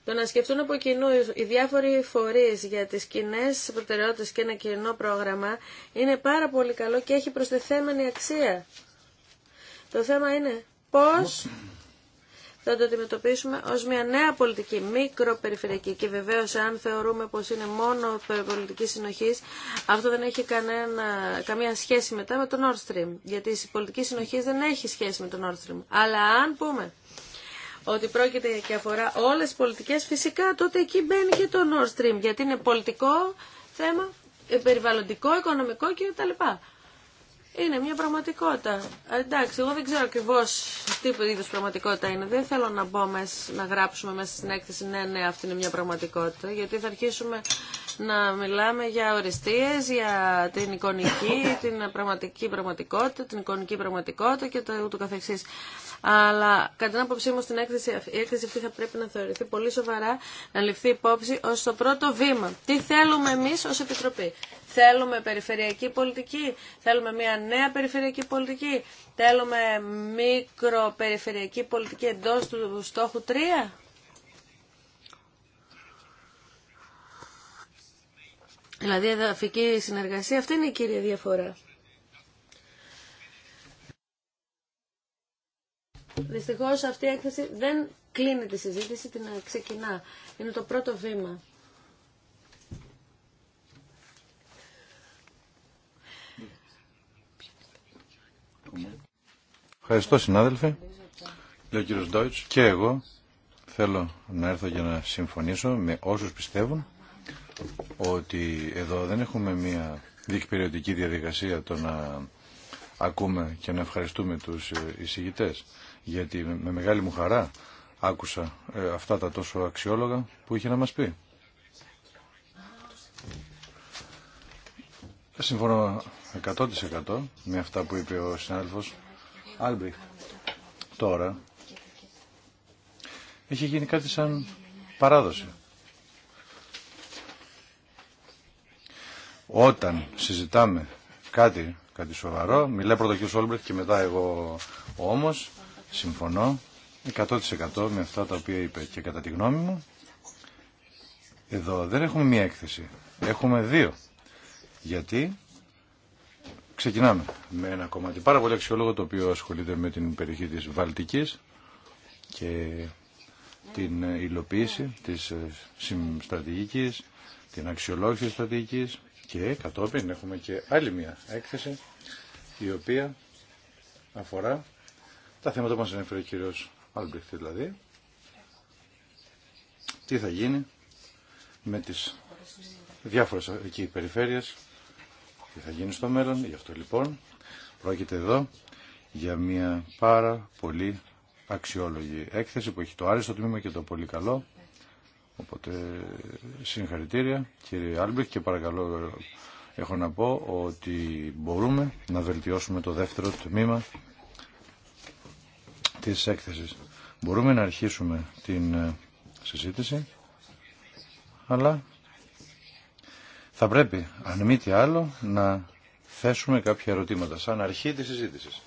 Το να σκεφτούν από κοινού οι διάφοροι φορεί για τις κοινέ προτεραιότητε και ένα κοινό πρόγραμμα είναι πάρα πολύ καλό και έχει προστεθεμένη αξία. Το θέμα είναι πώς θα το αντιμετωπίσουμε ως μια νέα πολιτική, μικροπεριφερειακή και βεβαίως αν θεωρούμε πως είναι μόνο πολιτική συνοχής, αυτό δεν έχει κανένα, καμία σχέση μετά με τον Nord Stream, γιατί η πολιτική συνοχής δεν έχει σχέση με τον Nord Stream. Αλλά αν πούμε ότι πρόκειται και αφορά όλες τις πολιτικές, φυσικά τότε εκεί μπαίνει και το Nord Stream, γιατί είναι πολιτικό θέμα, ε, περιβαλλοντικό, οικονομικό κτλ είναι μια πραγματικότητα. Εντάξει, εγώ δεν ξέρω ακριβώ τι είδου πραγματικότητα είναι. Δεν θέλω να μπω να γράψουμε μέσα στην έκθεση ναι, ναι, αυτή είναι μια πραγματικότητα, γιατί θα αρχίσουμε να μιλάμε για οριστείες, για την εικονική, την πραγματική πραγματικότητα, την εικονική πραγματικότητα και το ούτω καθεξής. Αλλά κατά την άποψή μου στην έκθεση, η έκθεση αυτή θα πρέπει να θεωρηθεί πολύ σοβαρά, να ληφθεί υπόψη ως το πρώτο βήμα. Τι θέλουμε εμείς ως Επιτροπή. Θέλουμε περιφερειακή πολιτική, θέλουμε μια νέα περιφερειακή πολιτική, θέλουμε μικροπεριφερειακή πολιτική εντός του στόχου 3. Δηλαδή εδαφική συνεργασία, αυτή είναι η κύρια διαφορά. Δυστυχώς αυτή η έκθεση δεν κλείνει τη συζήτηση, την ξεκινά. Είναι το πρώτο βήμα. Ευχαριστώ συνάδελφε. Λέω ο και εγώ θέλω να έρθω για να συμφωνήσω με όσους πιστεύουν ότι εδώ δεν έχουμε μία περιοδική διαδικασία το να ακούμε και να ευχαριστούμε τους ε, εισηγητές γιατί με μεγάλη μου χαρά άκουσα ε, αυτά τα τόσο αξιόλογα που είχε να μας πει. Συμφωνώ 100% με αυτά που είπε ο συνάδελφος Άλμπριχτ. Τώρα έχει γίνει κάτι σαν παράδοση. όταν συζητάμε κάτι, κάτι σοβαρό, μιλάει πρώτα ο κ. και μετά εγώ όμως συμφωνώ 100% με αυτά τα οποία είπε και κατά τη γνώμη μου. Εδώ δεν έχουμε μία έκθεση, έχουμε δύο. Γιατί ξεκινάμε με ένα κομμάτι πάρα πολύ αξιολόγο το οποίο ασχολείται με την περιοχή της Βαλτικής και την υλοποίηση της ε, στρατηγικής, την αξιολόγηση της στρατηγικής και κατόπιν έχουμε και άλλη μια έκθεση η οποία αφορά τα θέματα που μας ανέφερε ο κύριος Αλμπριχτή δηλαδή. Τι θα γίνει με τις διάφορες εκεί περιφέρειες, τι θα γίνει στο μέλλον. Γι' αυτό λοιπόν πρόκειται εδώ για μια πάρα πολύ αξιόλογη έκθεση που έχει το άριστο τμήμα και το πολύ καλό Οπότε συγχαρητήρια κύριε Άλμπρεχ και παρακαλώ έχω να πω ότι μπορούμε να βελτιώσουμε το δεύτερο τμήμα της έκθεσης. Μπορούμε να αρχίσουμε την ε, συζήτηση αλλά θα πρέπει αν μη τι άλλο να θέσουμε κάποια ερωτήματα σαν αρχή της συζήτησης.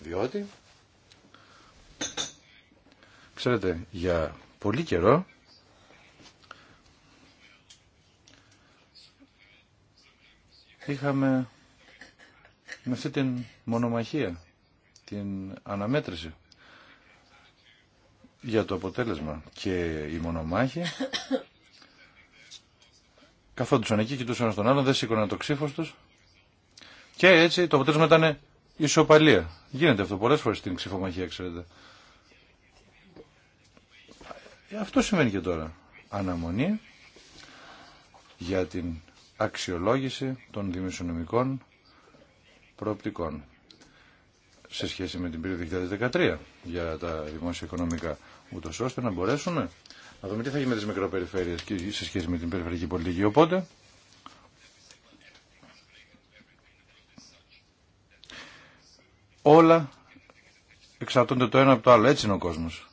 Διότι ξέρετε για πολύ καιρό είχαμε με αυτή την μονομαχία, την αναμέτρηση για το αποτέλεσμα. Και η μονομάχοι καθόντουσαν εκεί, κοιτούσαν στον τον άλλον, δεν σήκωναν το ξύφο του. Και έτσι το αποτέλεσμα ήταν ισοπαλία. Γίνεται αυτό πολλέ φορέ στην ξυφομαχία, ξέρετε. Αυτό σημαίνει και τώρα. Αναμονή για την αξιολόγηση των δημοσιονομικών προοπτικών σε σχέση με την περίοδο 2013 για τα δημόσια οικονομικά, ούτω ώστε να μπορέσουμε να δούμε τι θα γίνει με τις μικροπεριφέρειες και σε σχέση με την περιφερειακή πολιτική. Οπότε, όλα εξαρτώνται το ένα από το άλλο. Έτσι είναι ο κόσμος.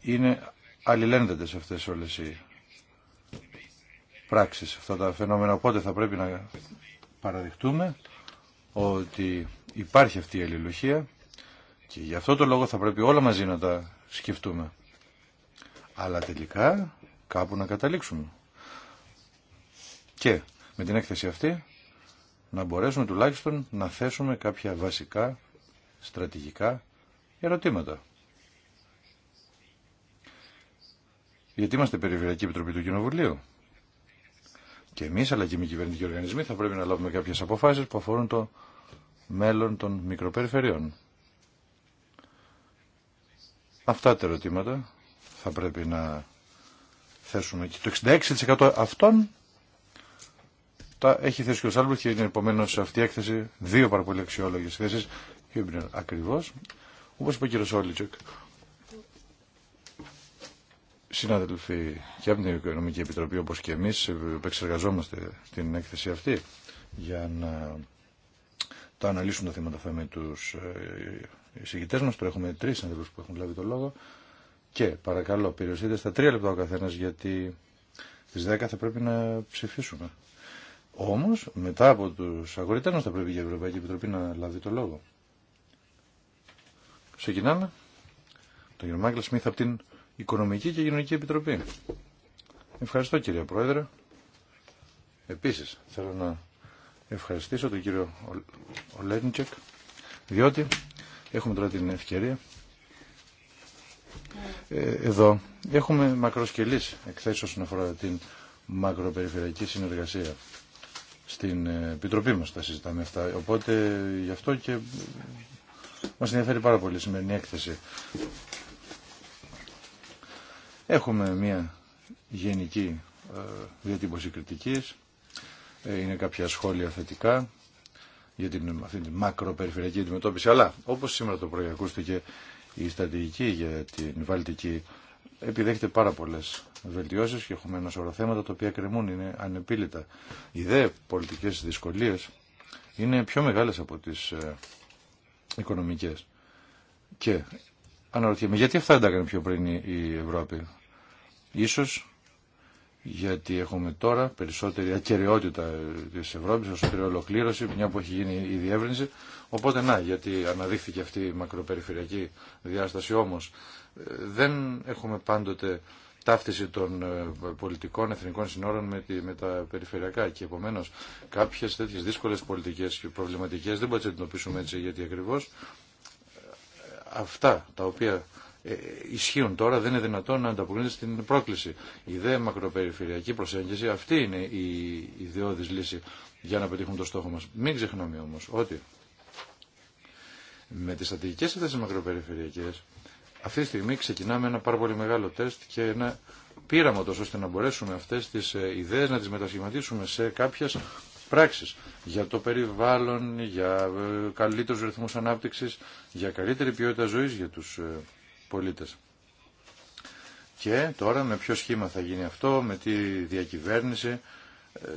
Είναι αλληλένδετες αυτές όλες οι πράξεις αυτά τα φαινόμενα. Οπότε θα πρέπει να παραδειχτούμε ότι υπάρχει αυτή η αλληλουχία και γι' αυτό το λόγο θα πρέπει όλα μαζί να τα σκεφτούμε. Αλλά τελικά κάπου να καταλήξουμε. Και με την έκθεση αυτή να μπορέσουμε τουλάχιστον να θέσουμε κάποια βασικά στρατηγικά ερωτήματα. Γιατί είμαστε Περιφερειακή Επιτροπή του Κοινοβουλίου και εμείς αλλά και οι μη κυβερνητικοί οργανισμοί θα πρέπει να λάβουμε κάποιες αποφάσεις που αφορούν το μέλλον των μικροπεριφερειών. Αυτά τα ερωτήματα θα πρέπει να θέσουμε. Και το 66% αυτών τα έχει θέσει και ο Σάλμπουρτ και είναι επομένω σε αυτή η έκθεση δύο πάρα πολύ αξιόλογε θέσει. Ακριβώ, όπω είπε ο κ. Σόλιτσεκ, συνάδελφοι και από την Οικονομική Επιτροπή όπως και εμείς επεξεργαζόμαστε την έκθεση αυτή για να τα αναλύσουν τα θέματα αυτά με τους ε, εισηγητές μας. Τώρα έχουμε τρεις συναδελφούς που έχουν λάβει το λόγο και παρακαλώ περιοριστείτε στα τρία λεπτά ο καθένας γιατί στις 10 θα πρέπει να ψηφίσουμε. Όμως μετά από τους αγορητές θα πρέπει η Ευρωπαϊκή Επιτροπή να λάβει το λόγο. Ξεκινάμε. Το κ. Σμίθ από την Οικονομική και Κοινωνική Επιτροπή. Ευχαριστώ κύριε Πρόεδρε. Επίσης θέλω να ευχαριστήσω τον κύριο Ολέντζεκ διότι έχουμε τώρα την ευκαιρία ε, εδώ έχουμε μακροσκελής εκθέσεις όσον αφορά την μακροπεριφερειακή συνεργασία στην ε, Επιτροπή μας τα συζητάμε αυτά οπότε γι' αυτό και ε, μας ενδιαφέρει πάρα πολύ η σημερινή έκθεση Έχουμε μια γενική ε, διατύπωση κριτικής, ε, είναι κάποια σχόλια θετικά για την, αυτή την μακροπεριφερειακή αντιμετώπιση, αλλά όπως σήμερα το πρωί ακούστηκε η στρατηγική για την Βαλτική επιδέχεται πάρα πολλές βελτιώσεις και έχουμε ένα σωρό θέματα τα οποία κρεμούν, είναι ανεπίλητα. Οι δε πολιτικές δυσκολίες είναι πιο μεγάλες από τις ε, οικονομικές. Και αναρωτιέμαι, γιατί αυτά δεν τα έκανε πιο πριν η Ευρώπη. Ίσως γιατί έχουμε τώρα περισσότερη ακαιρεότητα της Ευρώπης, περισσότερη ολοκλήρωση, μια που έχει γίνει η διεύρυνση. Οπότε να, γιατί αναδείχθηκε αυτή η μακροπεριφερειακή διάσταση όμως. Ε, δεν έχουμε πάντοτε ταύτιση των ε, πολιτικών εθνικών συνόρων με, τη, με τα περιφερειακά και επομένως κάποιες τέτοιε δύσκολε πολιτικέ και προβληματικέ δεν μπορούμε να τι εντοπίσουμε έτσι γιατί ακριβώ, ε, αυτά τα οποία ε, ισχύουν τώρα δεν είναι δυνατόν να ανταποκρίνεται στην πρόκληση. Η δε μακροπεριφερειακή προσέγγιση αυτή είναι η ιδεώδη λύση για να πετύχουμε το στόχο μα. Μην ξεχνάμε όμω ότι με τι στρατηγικές αυτές μακροπεριφερειακές αυτή τη στιγμή ξεκινάμε ένα πάρα πολύ μεγάλο τεστ και ένα πείραμα τόσο ώστε να μπορέσουμε αυτέ τι ε, ιδέε να τι μετασχηματίσουμε σε κάποιε πράξεις για το περιβάλλον, για ε, καλύτερους ρυθμούς ανάπτυξης, για καλύτερη ποιότητα ζωής για τους πολίτες. Και τώρα με ποιο σχήμα θα γίνει αυτό, με τι διακυβέρνηση. Ε,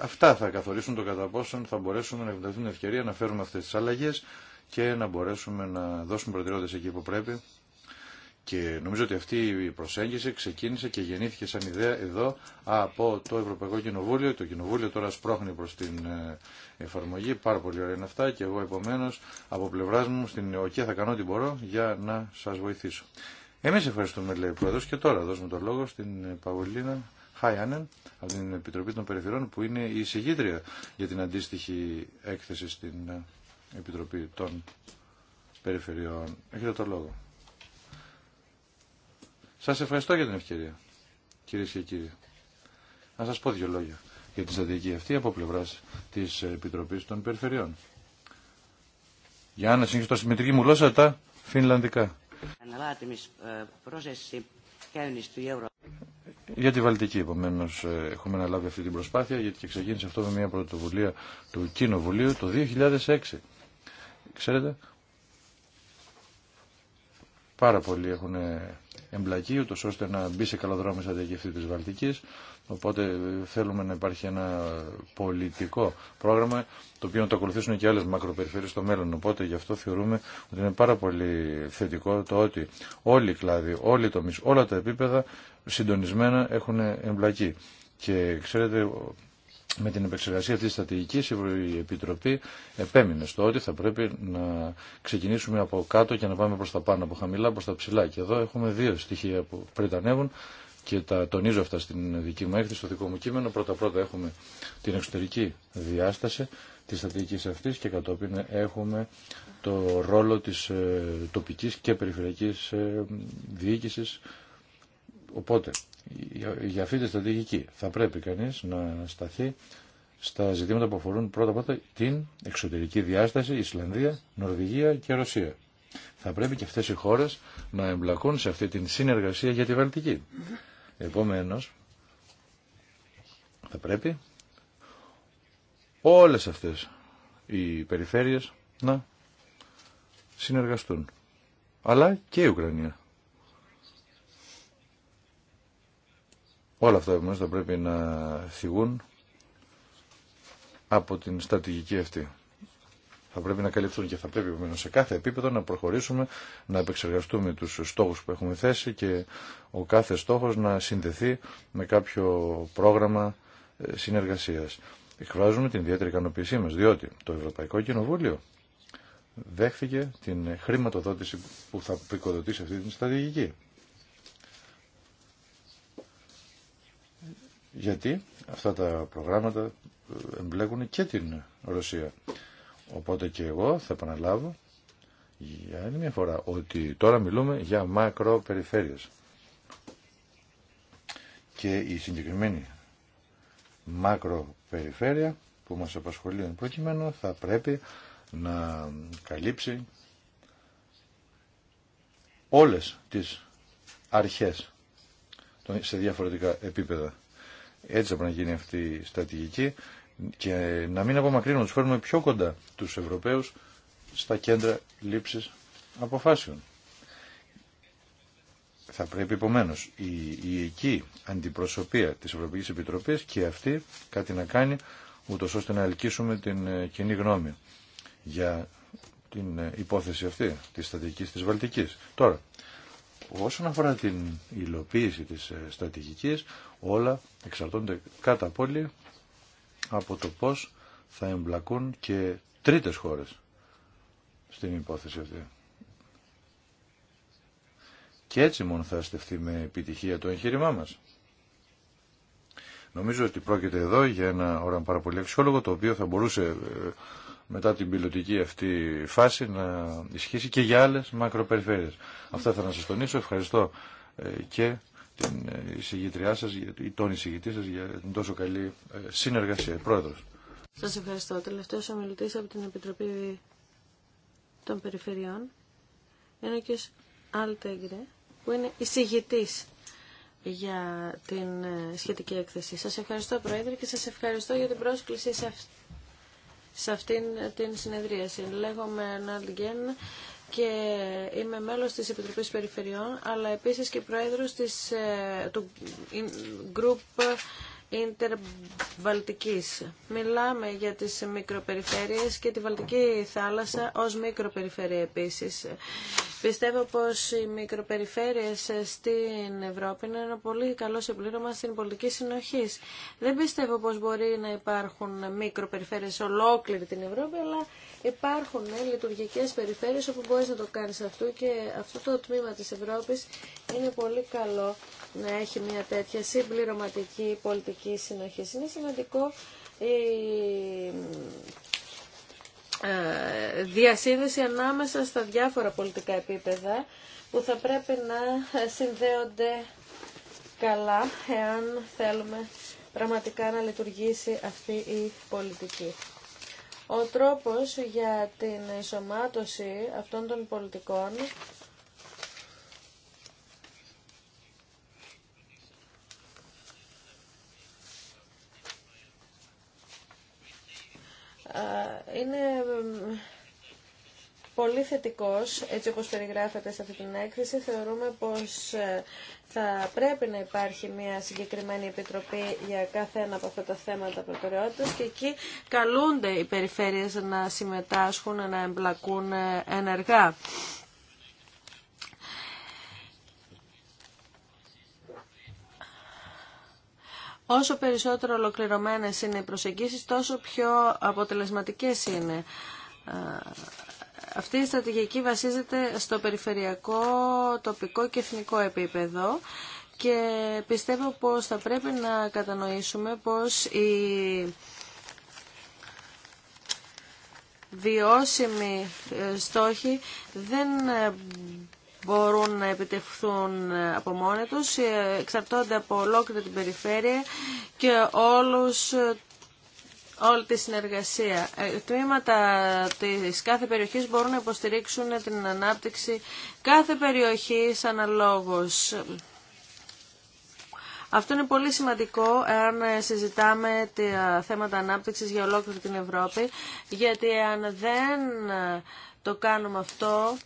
αυτά θα καθορίσουν το κατά πόσον θα μπορέσουμε να εκμεταλλευτούμε την ευκαιρία να φέρουμε αυτές τις αλλαγές και να μπορέσουμε να δώσουμε προτεραιότητες εκεί που πρέπει και νομίζω ότι αυτή η προσέγγιση ξεκίνησε και γεννήθηκε σαν ιδέα εδώ από το Ευρωπαϊκό Κοινοβούλιο. Το Κοινοβούλιο τώρα σπρώχνει προς την ε, εφαρμογή. Πάρα πολύ ωραία είναι αυτά και εγώ επομένως από πλευράς μου στην ΟΚΕ θα κάνω ό,τι μπορώ για να σας βοηθήσω. Εμείς ευχαριστούμε λέει Πρόεδρος και τώρα δώσουμε το λόγο στην ε, Παγωλίνα Χάιάνεν από την Επιτροπή των Περιφερών που είναι η εισηγήτρια για την αντίστοιχη έκθεση στην ε, Επιτροπή των Περιφερειών. Έχετε το λόγο. Σας ευχαριστώ για την ευκαιρία, κυρίε και κύριοι. Να σας πω δύο λόγια για την στρατηγική αυτή από πλευρά της Επιτροπής των Περιφερειών. Για να συνεχίσω στη συμμετρική μου γλώσσα τα φινλανδικά. Για τη Βαλτική, επομένω, έχουμε αναλάβει αυτή την προσπάθεια, γιατί και ξεκίνησε αυτό με μια πρωτοβουλία του Κοινοβουλίου το 2006. Ξέρετε, πάρα πολλοί έχουν εμπλακεί, ούτω ώστε να μπει σε καλό δρόμο η τη Οπότε ε, θέλουμε να υπάρχει ένα πολιτικό πρόγραμμα, το οποίο να το ακολουθήσουν και άλλε μακροπεριφέρειες στο μέλλον. Οπότε γι' αυτό θεωρούμε ότι είναι πάρα πολύ θετικό το ότι όλοι οι κλάδοι, όλοι οι όλα τα επίπεδα συντονισμένα έχουν εμπλακεί. Και ξέρετε, με την επεξεργασία αυτής της στρατηγικής η Επιτροπή επέμεινε στο ότι θα πρέπει να ξεκινήσουμε από κάτω και να πάμε προς τα πάνω, από χαμηλά προς τα ψηλά. Και εδώ έχουμε δύο στοιχεία που πριν ανέβουν και τα τονίζω αυτά στην δική μου έκθεση, στο δικό μου κείμενο. Πρώτα-πρώτα έχουμε την εξωτερική διάσταση της στρατηγικής αυτής και κατόπιν έχουμε το ρόλο της ε, τοπικής και περιφερειακής ε, διοίκησης. Οπότε για αυτή τη στρατηγική θα πρέπει κανείς να σταθεί στα ζητήματα που αφορούν πρώτα απ' όλα την εξωτερική διάσταση Ισλανδία, Νορβηγία και Ρωσία. Θα πρέπει και αυτές οι χώρες να εμπλακούν σε αυτή την συνεργασία για τη Βαλτική. Επομένως, θα πρέπει όλες αυτές οι περιφέρειες να συνεργαστούν. Αλλά και η Ουκρανία. Όλα αυτά επομένως θα πρέπει να θυγούν από την στρατηγική αυτή. Θα πρέπει να καλυφθούν και θα πρέπει επομένως σε κάθε επίπεδο να προχωρήσουμε, να επεξεργαστούμε τους στόχους που έχουμε θέσει και ο κάθε στόχος να συνδεθεί με κάποιο πρόγραμμα ε, συνεργασίας. Εκφράζουμε την ιδιαίτερη ικανοποίησή μας, διότι το Ευρωπαϊκό Κοινοβούλιο δέχθηκε την χρηματοδότηση που θα πικοδοτήσει αυτή την στρατηγική. γιατί αυτά τα προγράμματα ε, εμπλέκουν και την Ρωσία. Οπότε και εγώ θα επαναλάβω για άλλη μια φορά ότι τώρα μιλούμε για μακροπεριφέρειες. Και η συγκεκριμένη μακροπεριφέρεια που μας απασχολεί εν προκειμένου θα πρέπει να καλύψει όλες τις αρχές σε διαφορετικά επίπεδα. Έτσι θα πρέπει να γίνει αυτή η στρατηγική και να μην απομακρύνουμε, τους φέρουμε πιο κοντά τους Ευρωπαίους στα κέντρα λήψης αποφάσεων. Θα πρέπει επομένω η, η εκεί αντιπροσωπεία της Ευρωπαϊκής Επιτροπής και αυτή κάτι να κάνει ούτω ώστε να ελκύσουμε την ε, κοινή γνώμη για την ε, υπόθεση αυτή της στρατηγική της Βαλτικής. Τώρα, όσον αφορά την υλοποίηση της ε, στρατηγική. Όλα εξαρτώνται κατά πολύ από το πώς θα εμπλακούν και τρίτες χώρες στην υπόθεση αυτή. Και έτσι μόνο θα αστευτεί με επιτυχία το εγχείρημά μας. Νομίζω ότι πρόκειται εδώ για ένα όραμα πάρα πολύ αξιόλογο, το οποίο θα μπορούσε ε, μετά την πιλωτική αυτή φάση να ισχύσει και για άλλες μακροπεριφέρειες. Αυτά θα να σας τονίσω. Ευχαριστώ ε, και την εισηγητριά σας ή τον εισηγητή σας για την τόσο καλή ε, συνεργασία. Πρόεδρος. Σας ευχαριστώ. Τελευταίος ομιλητής από την Επιτροπή των Περιφερειών είναι ο κ. Αλτέγκρε που είναι εισηγητής για την ε, σχετική έκθεση. Σας ευχαριστώ Πρόεδρε και σας ευχαριστώ για την πρόσκληση σε σε αυτήν την συνεδρίαση. Λέγομαι Ναλγκέν, και είμαι μέλος της Επιτροπής Περιφερειών, αλλά επίσης και πρόεδρος της, ε, του Group Interbaltikis. Μιλάμε για τις μικροπεριφέρειες και τη Βαλτική θάλασσα ως μικροπεριφέρεια επίσης. Πιστεύω πως οι μικροπεριφέρειες στην Ευρώπη είναι ένα πολύ καλό συμπλήρωμα στην πολιτική συνοχή. Δεν πιστεύω πως μπορεί να υπάρχουν μικροπεριφέρειες ολόκληρη την Ευρώπη, αλλά Υπάρχουν ε, λειτουργικές περιφέρειες όπου μπορείς να το κάνεις αυτό και αυτό το τμήμα της Ευρώπης είναι πολύ καλό να έχει μια τέτοια συμπληρωματική πολιτική συνοχή. Είναι σημαντικό η ε, διασύνδεση ανάμεσα στα διάφορα πολιτικά επίπεδα που θα πρέπει να συνδέονται καλά εάν θέλουμε πραγματικά να λειτουργήσει αυτή η πολιτική. Ο τρόπος για την ενσωμάτωση αυτών των πολιτικών είναι πολύ θετικός, έτσι όπως περιγράφεται σε αυτή την έκθεση. Θεωρούμε πως ε, θα πρέπει να υπάρχει μια συγκεκριμένη επιτροπή για κάθε ένα από αυτά τα θέματα προτεραιότητας και εκεί καλούνται οι περιφέρειες να συμμετάσχουν, να εμπλακούν ε, ενεργά. Όσο περισσότερο ολοκληρωμένες είναι οι προσεγγίσεις, τόσο πιο αποτελεσματικές είναι. Ε, αυτή η στρατηγική βασίζεται στο περιφερειακό, τοπικό και εθνικό επίπεδο και πιστεύω πως θα πρέπει να κατανοήσουμε πως η βιώσιμοι ε, στόχοι δεν ε, μπορούν να επιτευχθούν ε, από μόνοι τους, εξαρτώνται από ολόκληρη την περιφέρεια και όλους όλη τη συνεργασία. Ε, τμήματα της κάθε περιοχής μπορούν να υποστηρίξουν την ανάπτυξη κάθε περιοχής αναλόγως. Αυτό είναι πολύ σημαντικό αν συζητάμε τα θέματα ανάπτυξης για ολόκληρη την Ευρώπη, γιατί αν δεν το κάνουμε αυτό,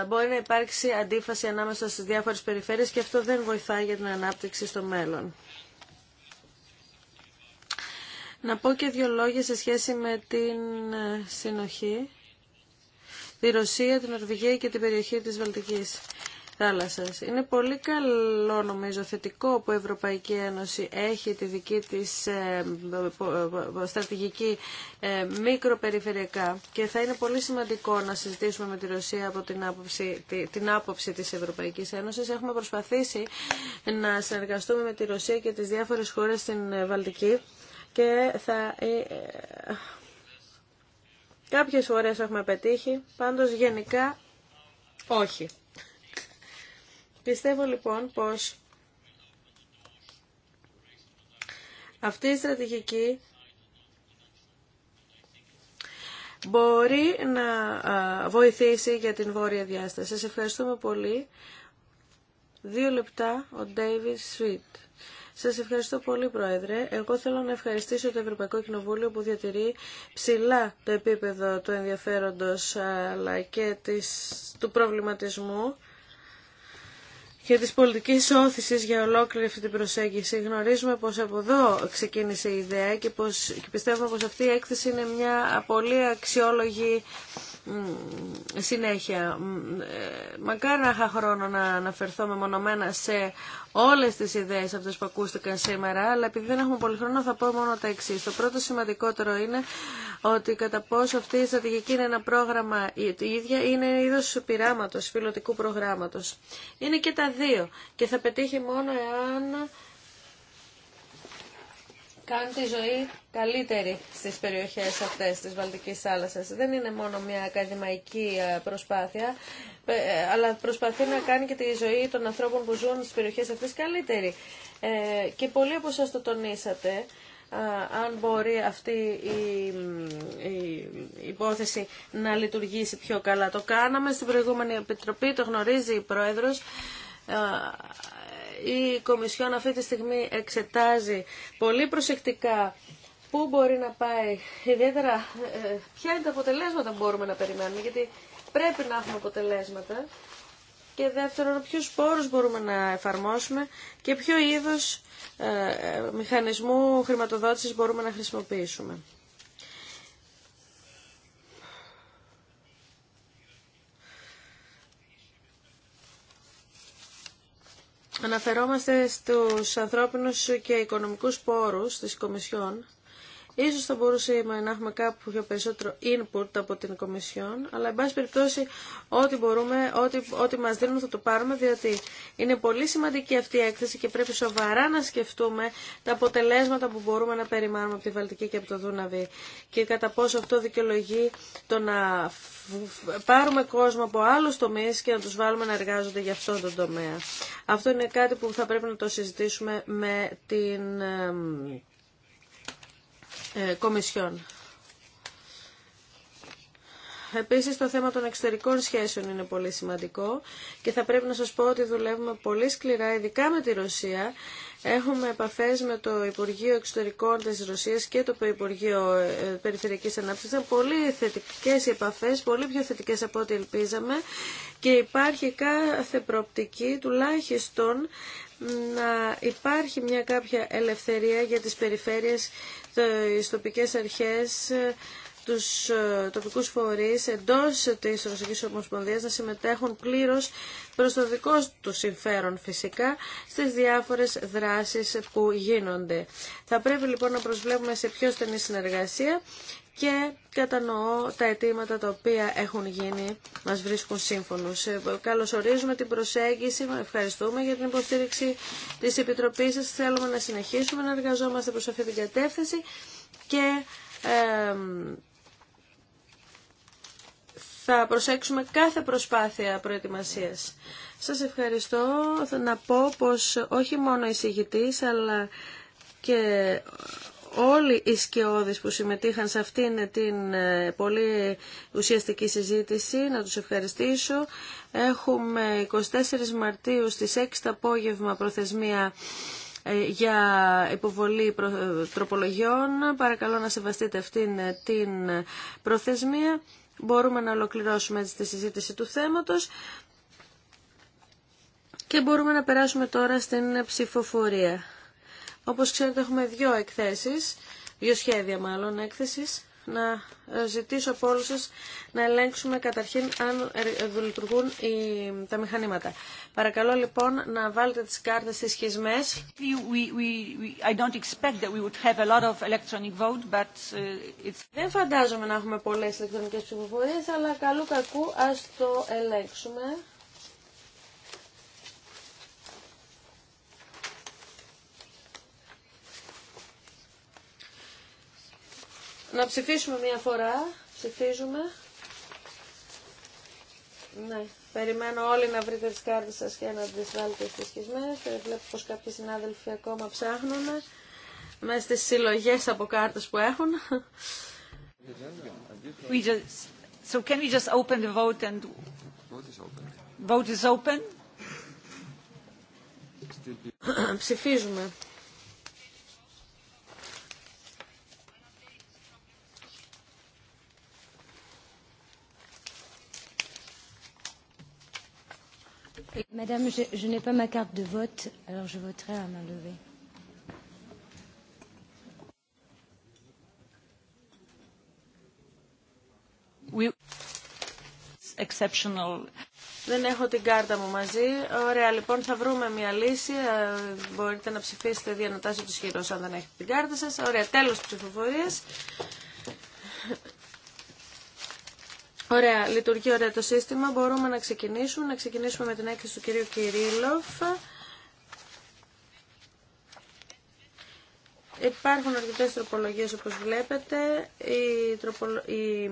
ε, μπορεί να υπάρξει αντίφαση ανάμεσα στις διάφορες περιφέρειες και αυτό δεν βοηθάει για την ανάπτυξη στο μέλλον. Να πω και δύο λόγια σε σχέση με την ε, συνοχή, τη Ρωσία, την Νορβηγία και την περιοχή της Βαλτικής θάλασσας. Είναι πολύ καλό νομίζω θετικό που η Ευρωπαϊκή Ένωση έχει τη δική της ε, στρατηγική ε, μικροπεριφερειακά και θα είναι πολύ σημαντικό να συζητήσουμε με τη Ρωσία από την άποψη, την άποψη της Ευρωπαϊκής Ένωσης. Έχουμε προσπαθήσει να συνεργαστούμε με τη Ρωσία και τις διάφορες χώρες στην Βαλτική και θα... Ε, ε, κάποιες φορές έχουμε πετύχει, πάντως γενικά όχι. Πιστεύω λοιπόν πως αυτή η στρατηγική μπορεί να βοηθήσει για την βόρεια διάσταση. Σας ευχαριστούμε πολύ. Δύο λεπτά ο David Sweet. Σα ευχαριστώ πολύ, Πρόεδρε. Εγώ θέλω να ευχαριστήσω το Ευρωπαϊκό Κοινοβούλιο που διατηρεί ψηλά το επίπεδο του ενδιαφέροντος αλλά και της, του προβληματισμού και της πολιτικής όθησης για ολόκληρη αυτή την προσέγγιση. Γνωρίζουμε πως από εδώ ξεκίνησε η ιδέα και, πως, και πιστεύουμε πως αυτή η έκθεση είναι μια πολύ αξιόλογη συνέχεια. Ε, μακάρι να είχα χρόνο να αναφερθώ μεμονωμένα σε όλες τις ιδέες αυτές που ακούστηκαν σήμερα, αλλά επειδή δεν έχουμε πολύ χρόνο θα πω μόνο τα εξή. Το πρώτο σημαντικότερο είναι ότι κατά πόσο αυτή η στρατηγική είναι ένα πρόγραμμα η ίδια, είναι είδος πειράματο, πιλωτικού προγράμματος. Είναι και τα δύο και θα πετύχει μόνο εάν ...κάνει τη ζωή καλύτερη στις περιοχές αυτές της Βαλτικής θάλασσας. Δεν είναι μόνο μια ακαδημαϊκή ε, προσπάθεια, ε, αλλά προσπαθεί να κάνει και τη ζωή των ανθρώπων που ζουν στις περιοχές αυτές καλύτερη. Ε, και πολύ όπως σας το τονίσατε, αν μπορεί αυτή η υπόθεση να λειτουργήσει πιο καλά. Το κάναμε στην προηγούμενη επιτροπή, το γνωρίζει η Πρόεδρος η Κομισιόν αυτή τη στιγμή εξετάζει πολύ προσεκτικά πού μπορεί να πάει, ιδιαίτερα ε, ποια είναι τα αποτελέσματα που μπορούμε να περιμένουμε, γιατί πρέπει να έχουμε αποτελέσματα και δεύτερον ποιους πόρους μπορούμε να εφαρμόσουμε και ποιο είδος ε, ε, μηχανισμού χρηματοδότησης μπορούμε να χρησιμοποιήσουμε. Αναφερόμαστε στους ανθρώπινους και οικονομικούς πόρους της Κομισιόν Ίσως θα μπορούσαμε να έχουμε κάποιο περισσότερο input από την Κομισιόν, αλλά εν πάση περιπτώσει ό,τι μπορούμε, ό,τι, ό,τι μας δίνουν θα το πάρουμε, διότι είναι πολύ σημαντική αυτή η έκθεση και πρέπει σοβαρά να σκεφτούμε τα αποτελέσματα που μπορούμε να περιμένουμε από τη Βαλτική και από το Δούναβη και κατά πόσο αυτό δικαιολογεί το να πάρουμε κόσμο από άλλους τομείς και να τους βάλουμε να εργάζονται για αυτόν τον τομέα. Αυτό είναι κάτι που θα πρέπει να το συζητήσουμε με την ε, Κομισιόν. Επίσης το θέμα των εξωτερικών σχέσεων είναι πολύ σημαντικό και θα πρέπει να σας πω ότι δουλεύουμε πολύ σκληρά, ειδικά με τη Ρωσία, Έχουμε επαφές με το Υπουργείο Εξωτερικών της Ρωσίας και το Υπουργείο ε, Περιφερειακής Ανάπτυξης. πολύ θετικές οι επαφές, πολύ πιο θετικές από ό,τι ελπίζαμε και υπάρχει κάθε προοπτική τουλάχιστον να υπάρχει μια κάποια ελευθερία για τις περιφέρειες, τις τοπικές αρχές τους ε, τοπικούς φορείς εντός της Ρωσικής Ομοσπονδίας να συμμετέχουν πλήρως προς το δικό του συμφέρον φυσικά στις διάφορες δράσεις που γίνονται. Θα πρέπει λοιπόν να προσβλέπουμε σε πιο στενή συνεργασία και κατανοώ τα αιτήματα τα οποία έχουν γίνει, μας βρίσκουν σύμφωνους. Ε, καλωσορίζουμε την προσέγγιση, ευχαριστούμε για την υποστήριξη της Επιτροπής σας. Θέλουμε να συνεχίσουμε να εργαζόμαστε προς αυτή την κατεύθυνση και ε, θα προσέξουμε κάθε προσπάθεια προετοιμασίας. Σας ευχαριστώ. Θα να πω πως όχι μόνο οι συγητής, αλλά και όλοι οι σκιώδεις που συμμετείχαν σε αυτήν την ε, πολύ ουσιαστική συζήτηση, να τους ευχαριστήσω. Έχουμε 24 Μαρτίου στις 6 το απόγευμα προθεσμία ε, για υποβολή ε, τροπολογιών. Παρακαλώ να σεβαστείτε αυτήν την προθεσμία Μπορούμε να ολοκληρώσουμε έτσι τη συζήτηση του θέματος και μπορούμε να περάσουμε τώρα στην ψηφοφορία. Όπως ξέρετε έχουμε δύο εκθέσεις, δύο σχέδια μάλλον έκθεσης να ζητήσω από όλους σας να ελέγξουμε καταρχήν αν λειτουργούν τα μηχανήματα. Παρακαλώ λοιπόν να βάλετε τις κάρτες στις σχισμές. Δεν φαντάζομαι να έχουμε πολλές ηλεκτρονικές ψηφοφορίες, αλλά καλού κακού ας το ελέγξουμε. Να ψηφίσουμε μία φορά. Ψηφίζουμε. Ναι. Περιμένω όλοι να βρείτε τις κάρτες σας και να τις βάλετε στις σχισμές. Ε, βλέπω πως κάποιοι συνάδελφοι ακόμα ψάχνουν ε, μέσα στις συλλογές από κάρτες που έχουν. We just... So can we just open the vote and... Vote is open. Vote is open. Ψηφίζουμε. Δεν έχω την κάρτα μου μαζί. Ωραία, λοιπόν, θα βρούμε μια λύση. Ε, μπορείτε να ψηφίσετε διανοτάσιο του χειρό αν δεν έχετε την κάρτα σας. Ωραία, τέλος ψηφοφορίας. Ωραία, λειτουργεί ωραία το σύστημα. Μπορούμε να ξεκινήσουμε. Να ξεκινήσουμε με την έκθεση του κυρίου Κυρίλοφ. Υπάρχουν αρκετέ τροπολογίε όπω βλέπετε. Η, τροπολο... η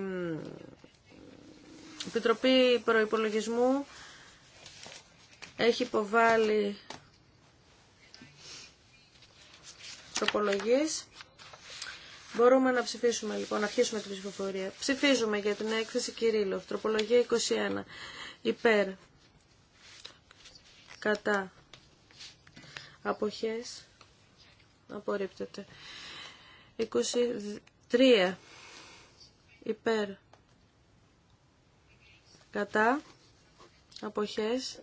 Επιτροπή Προπολογισμού έχει υποβάλει τροπολογίες. Μπορούμε να ψηφίσουμε λοιπόν, να αρχίσουμε την ψηφοφορία. Ψηφίζουμε για την έκθεση Κυρίλλου. τροπολογία 21. Υπέρ. Κατά. Αποχές. Απορρίπτεται. 23. Υπέρ. Κατά. Αποχές.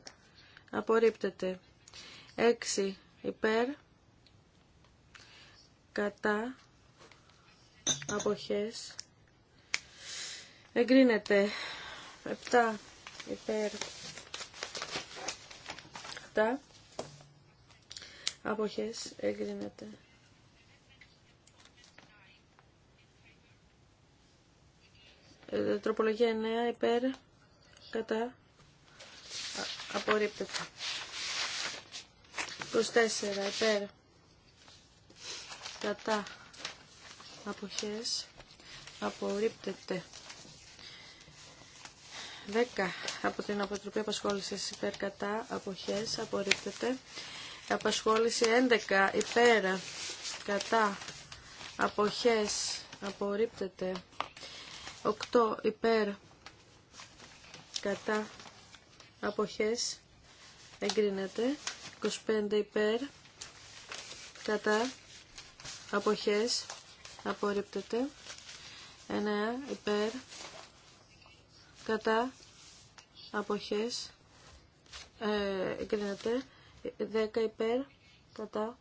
Απορρίπτεται. 6. Υπέρ. Κατά αποχές εγκρίνεται 7 υπέρ 7 αποχές εγκρίνεται 9. Ε, τροπολογία 9 υπέρ κατά απορρίπτεται 24 υπέρ κατά αποχές απορρίπτεται. 10 από την αποτροπή απασχόληση, υπέρ κατά αποχές απορρίπτεται. Απασχόληση 11 υπέρ κατά αποχές απορρίπτεται. 8 υπέρ κατά αποχές εγκρίνεται. 25 υπέρ κατά αποχές απορρίπτεται 9 υπέρ κατά αποχές ε, εγκρίνεται 10 υπέρ κατά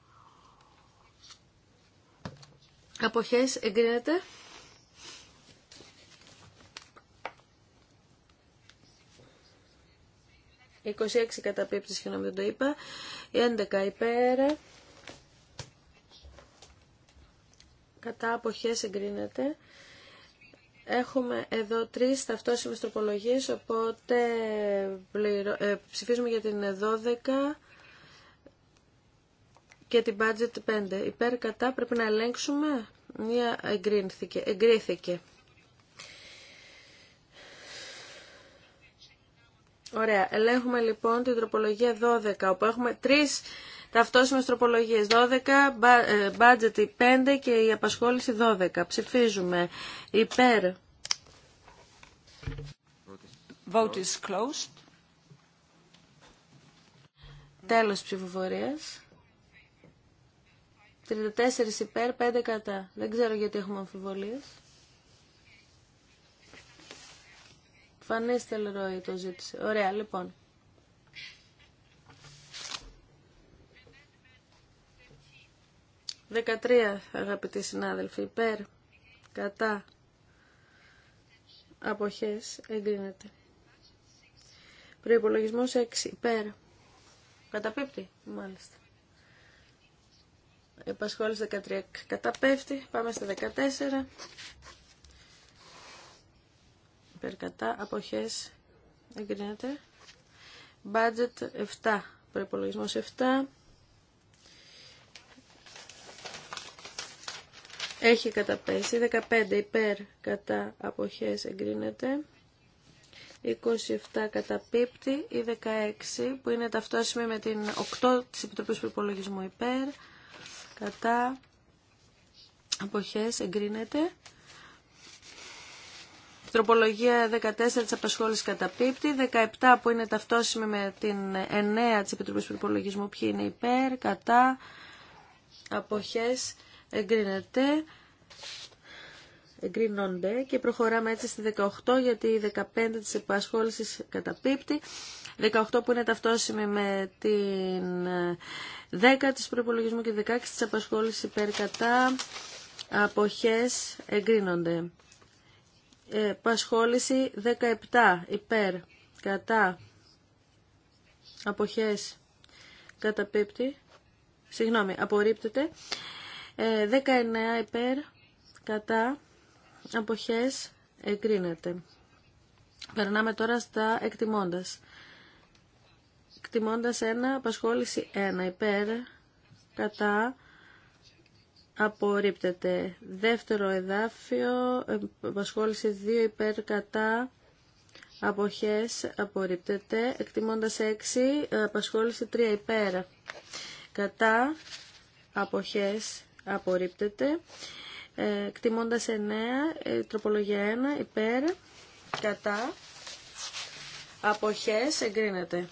αποχές εγκρίνεται 26 κατά πίπτη, συγγνώμη δεν το είπα, 11 υπέρ, κατά αποχές εγκρίνεται. Έχουμε εδώ τρεις ταυτόσιμες τροπολογίες, οπότε ε, ψηφίζουμε για την 12 και την budget 5. Υπέρ κατά πρέπει να ελέγξουμε. Μία εγκρίνθηκε, εγκρίθηκε. Ωραία. Ελέγχουμε λοιπόν την τροπολογία 12, όπου έχουμε τρεις Ταυτόσιμες τροπολογίε 12, ε, budget 5 και η απασχόληση 12. Ψηφίζουμε υπέρ. Vote is closed. Τέλος ψηφοφορίας. 34 υπέρ, 5 κατά. Δεν ξέρω γιατί έχουμε αμφιβολίες. Φανέστε Λερόι το ζήτησε. Ωραία, λοιπόν. 13 αγαπητοί συνάδελφοι υπέρ κατά αποχές εγκρίνεται προϋπολογισμός 6 υπέρ καταπίπτει μάλιστα επασχόληση 13 καταπέφτει πάμε στα 14 υπέρ κατά αποχές εγκρίνεται budget 7 προϋπολογισμός 7 έχει καταπέσει. 15 υπέρ κατά αποχές εγκρίνεται. 27 καταπίπτει ή 16 που είναι ταυτόσιμη με την 8 της Επιτροπής Προπολογισμού υπέρ κατά αποχές εγκρίνεται. Τροπολογία 14 της απασχόλησης καταπίπτει, 17 που είναι ταυτόσιμη με την 9 της Επιτροπής Προπολογισμού ποιοι είναι υπέρ, κατά αποχές εγκρίνεται εγκρίνονται και προχωράμε έτσι στη 18 γιατί η 15 της επασχόλησης καταπίπτει 18 που είναι ταυτόσιμη με την 10 ε, της προπολογισμού και 16 της απασχόλησης υπέρ κατά αποχές εγκρίνονται ε, επασχόληση 17 υπέρ κατά αποχές καταπίπτει συγγνώμη απορρίπτεται 19 υπέρ κατά αποχές εγκρίνεται. Περνάμε τώρα στα εκτιμώντας. Εκτιμώντας 1, απασχόληση 1 υπέρ κατά απορρίπτεται. Δεύτερο εδάφιο, απασχόληση 2 υπέρ κατά αποχές απορρίπτεται. Εκτιμώντας 6, απασχόληση 3 υπέρ κατά αποχές απορρίπτεται. Ε, 9, ε, τροπολογία 1, υπέρ, κατά, αποχές, εγκρίνεται.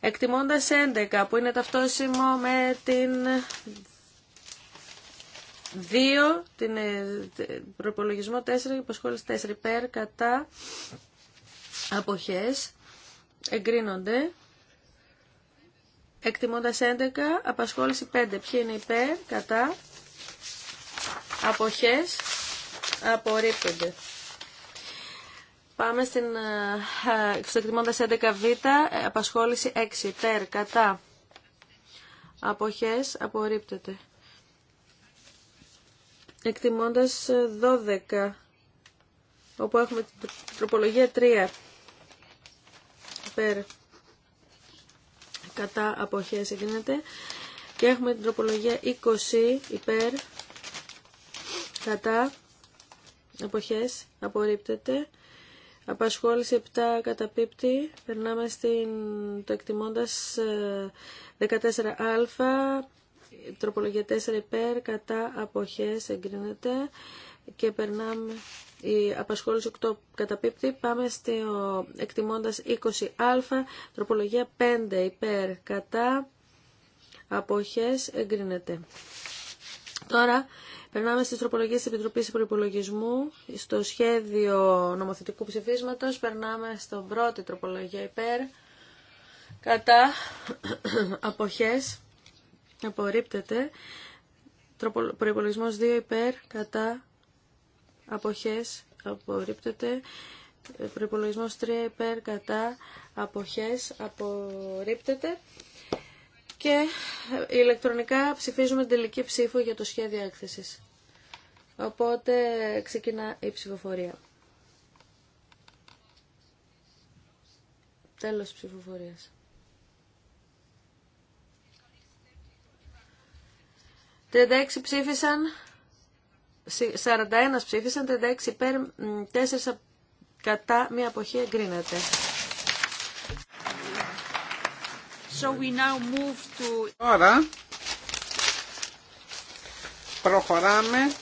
Εκτιμώντας 11, που είναι ταυτόσιμο με την 2, την ε, προπολογισμό 4, υποσχόληση 4, υπέρ, κατά, αποχές, εγκρίνονται. Εκτιμώντας 11, απασχόληση 5. Ποιοι είναι υπέρ, κατά, αποχές, απορρίπτονται. Πάμε στην, στο ε, εκτιμώντας 11β, ε, απασχόληση 6. Υπέρ, κατά, αποχές, απορρίπτεται. Εκτιμώντας 12, ε, όπου έχουμε την τροπολογία 3. Υπέρ, κατά αποχές εγκρίνεται και έχουμε την τροπολογία 20 υπέρ κατά αποχές απορρίπτεται Απασχόληση 7 καταπίπτει. Περνάμε στην, το εκτιμώντας 14α, ε, τροπολογία 4 υπέρ, κατά αποχές εγκρίνεται και περνάμε η απασχόληση 8 καταπίπτει. Πάμε στο εκτιμώντας 20α, τροπολογία 5 υπέρ κατά αποχές εγκρίνεται. Τώρα περνάμε στις τροπολογίες της Επιτροπής Προϋπολογισμού, στο σχέδιο νομοθετικού ψηφίσματος, περνάμε στον πρώτη τροπολογία υπέρ κατά αποχές απορρίπτεται. Προϋπολογισμός 2 υπέρ κατά αποχές απορρίπτεται Προπολογισμό 3 υπέρ κατά αποχές απορρίπτεται και ηλεκτρονικά ψηφίζουμε την τελική ψήφο για το σχέδιο έκθεσης. Οπότε ξεκινά η ψηφοφορία. Τέλος ψηφοφορίας. 36 ψήφισαν, 41 ψήφισαν, 36 υπέρ, 4 κατά, μία αποχή εγκρίνεται. So we now move to... Τώρα προχωράμε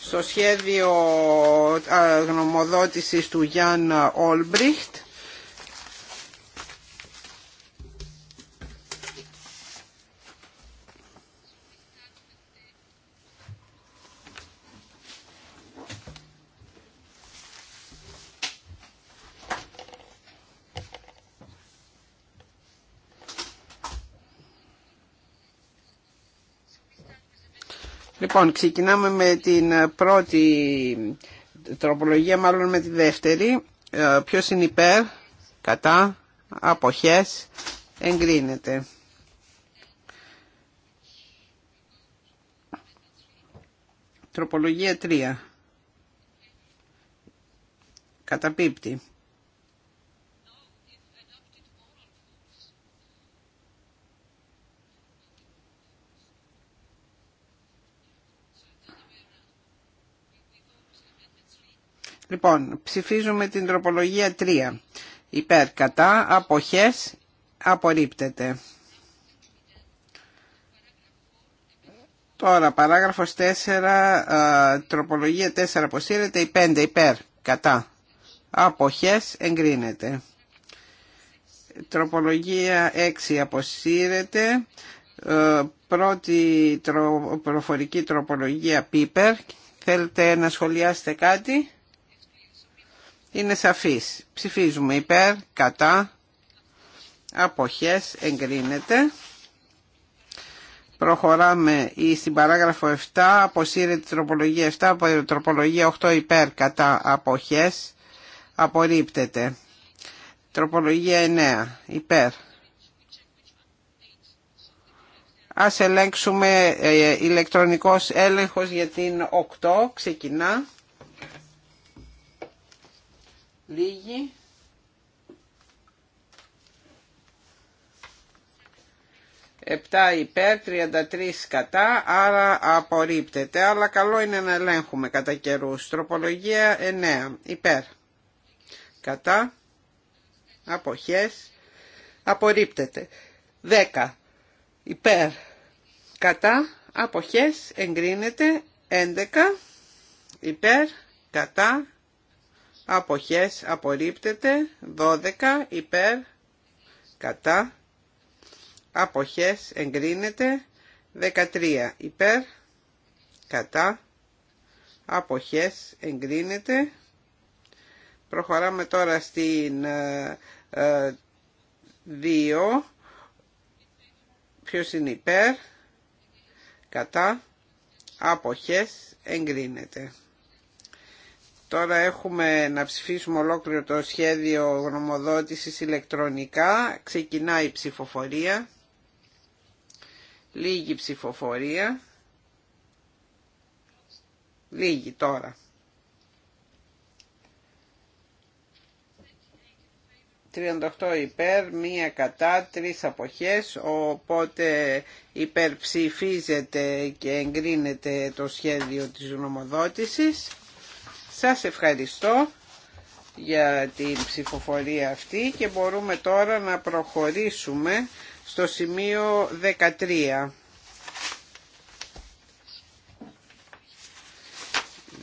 στο σχέδιο γνωμοδότησης του Γιάννα Όλμπριχτ Λοιπόν, ξεκινάμε με την ε, πρώτη τροπολογία, μάλλον με τη δεύτερη. Ε, ποιος είναι υπέρ, κατά, αποχές, εγκρίνεται. Τροπολογία 3. Καταπίπτει. Λοιπόν, ψηφίζουμε την τροπολογία 3. Υπέρ κατά αποχές απορρίπτεται. Τώρα, παράγραφος 4, τροπολογία 4 αποσύρεται, η 5 υπέρ, κατά. Αποχές εγκρίνεται. Τροπολογία 6 αποσύρεται, πρώτη προφορική τροπολογία Πίπερ. Θέλετε να σχολιάσετε κάτι είναι σαφής. Ψηφίζουμε υπέρ, κατά, αποχές, εγκρίνεται. Προχωράμε στην παράγραφο 7, αποσύρεται τροπολογία 7, από τροπολογία 8 υπέρ, κατά, αποχές, απορρίπτεται. Τροπολογία 9, υπέρ. Ας ελέγξουμε ε, ηλεκτρονικός έλεγχος για την 8, ξεκινά. Λίγη. 7 υπέρ, 33 κατά, άρα απορρίπτεται, αλλά καλό είναι να ελέγχουμε κατά καιρού. Τροπολογία 9, υπέρ, κατά, αποχές, απορρίπτεται. 10, υπέρ, κατά, αποχές, εγκρίνεται, 11, υπέρ, κατά, αποχές απορρίπτεται 12 υπέρ κατά αποχές εγκρίνεται 13 υπέρ κατά αποχές εγκρίνεται προχωράμε τώρα στην 2 ε, ε, ποιος είναι υπέρ κατά αποχές εγκρίνεται Τώρα έχουμε να ψηφίσουμε ολόκληρο το σχέδιο γνωμοδότησης ηλεκτρονικά. Ξεκινάει η ψηφοφορία. Λίγη ψηφοφορία. Λίγη τώρα. 38 υπέρ, μία κατά, τρεις αποχές, οπότε υπερψηφίζεται και εγκρίνεται το σχέδιο της γνωμοδότησης. Σας ευχαριστώ για την ψηφοφορία αυτή και μπορούμε τώρα να προχωρήσουμε στο σημείο 13.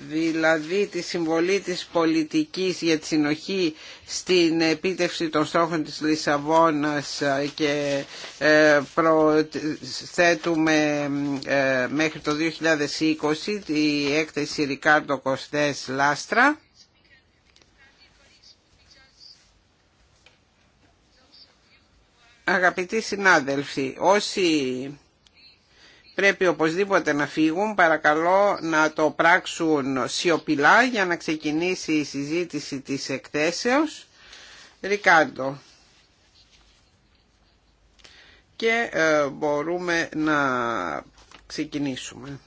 δηλαδή τη συμβολή της πολιτικής για τη συνοχή στην επίτευξη των στόχων της Λισαβόνας και ε, προσθέτουμε ε, μέχρι το 2020 τη έκθεση Ρικάρντο Κωστές Λάστρα. Αγαπητοί συνάδελφοι, όσοι πρέπει οπωσδήποτε να φύγουν. Παρακαλώ να το πράξουν σιωπηλά για να ξεκινήσει η συζήτηση της εκθέσεως. Ρικάντο. Και ε, μπορούμε να ξεκινήσουμε.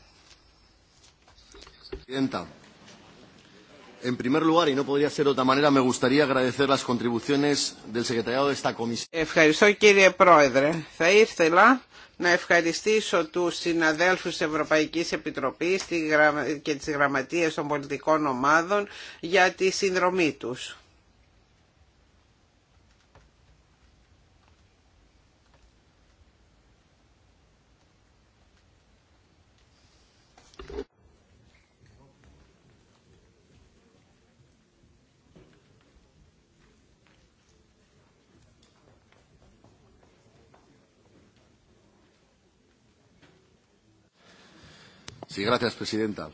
Ευχαριστώ κύριε Πρόεδρε. Θα ήθελα να ευχαριστήσω τους συναδέλφους της Ευρωπαϊκής Επιτροπής και τις γραμματείες των πολιτικών ομάδων για τη συνδρομή τους. Sí, gracias, presidenta.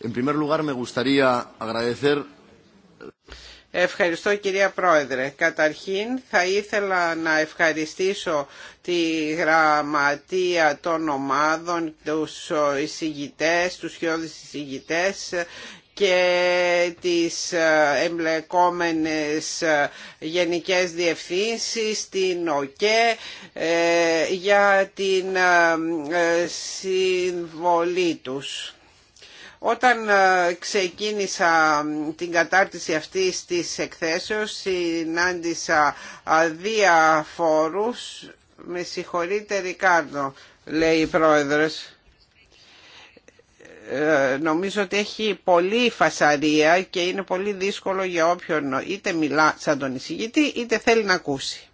En primer lugar, me gustaría agradecer... Ευχαριστώ κυρία Πρόεδρε. Καταρχήν θα ήθελα να ευχαριστήσω τη γραμματεία των ομάδων, τους εισηγητές, τους χιώδης εισηγητές και τις ε, εμπλεκόμενες ε, γενικές διευθύνσεις, στην ΟΚΕ, ε, για την συμβολή τους. Όταν ξεκίνησα την κατάρτιση αυτής της εκθέσεως, συνάντησα διαφόρους, με συγχωρείτε Ρικάρδο, λέει η πρόεδρος. Ε, νομίζω ότι έχει πολλή φασαρία και είναι πολύ δύσκολο για όποιον είτε μιλά σαν τον εισηγητή είτε θέλει να ακούσει.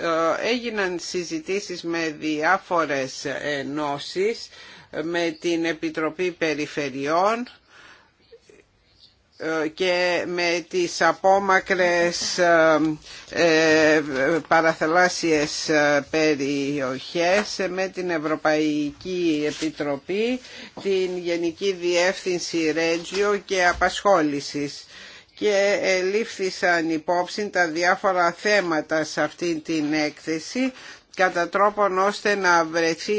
Ε, έγιναν συζητήσεις με διάφορες ενώσεις, με την Επιτροπή Περιφερειών ε, και με τις απόμακρες ε, ε, παραθαλάσσιες περιοχές με την Ευρωπαϊκή Επιτροπή, την Γενική Διεύθυνση Ρέτζιο και Απασχόλησης και λήφθησαν υπόψη τα διάφορα θέματα σε αυτή την έκθεση κατά τρόπον ώστε να βρεθεί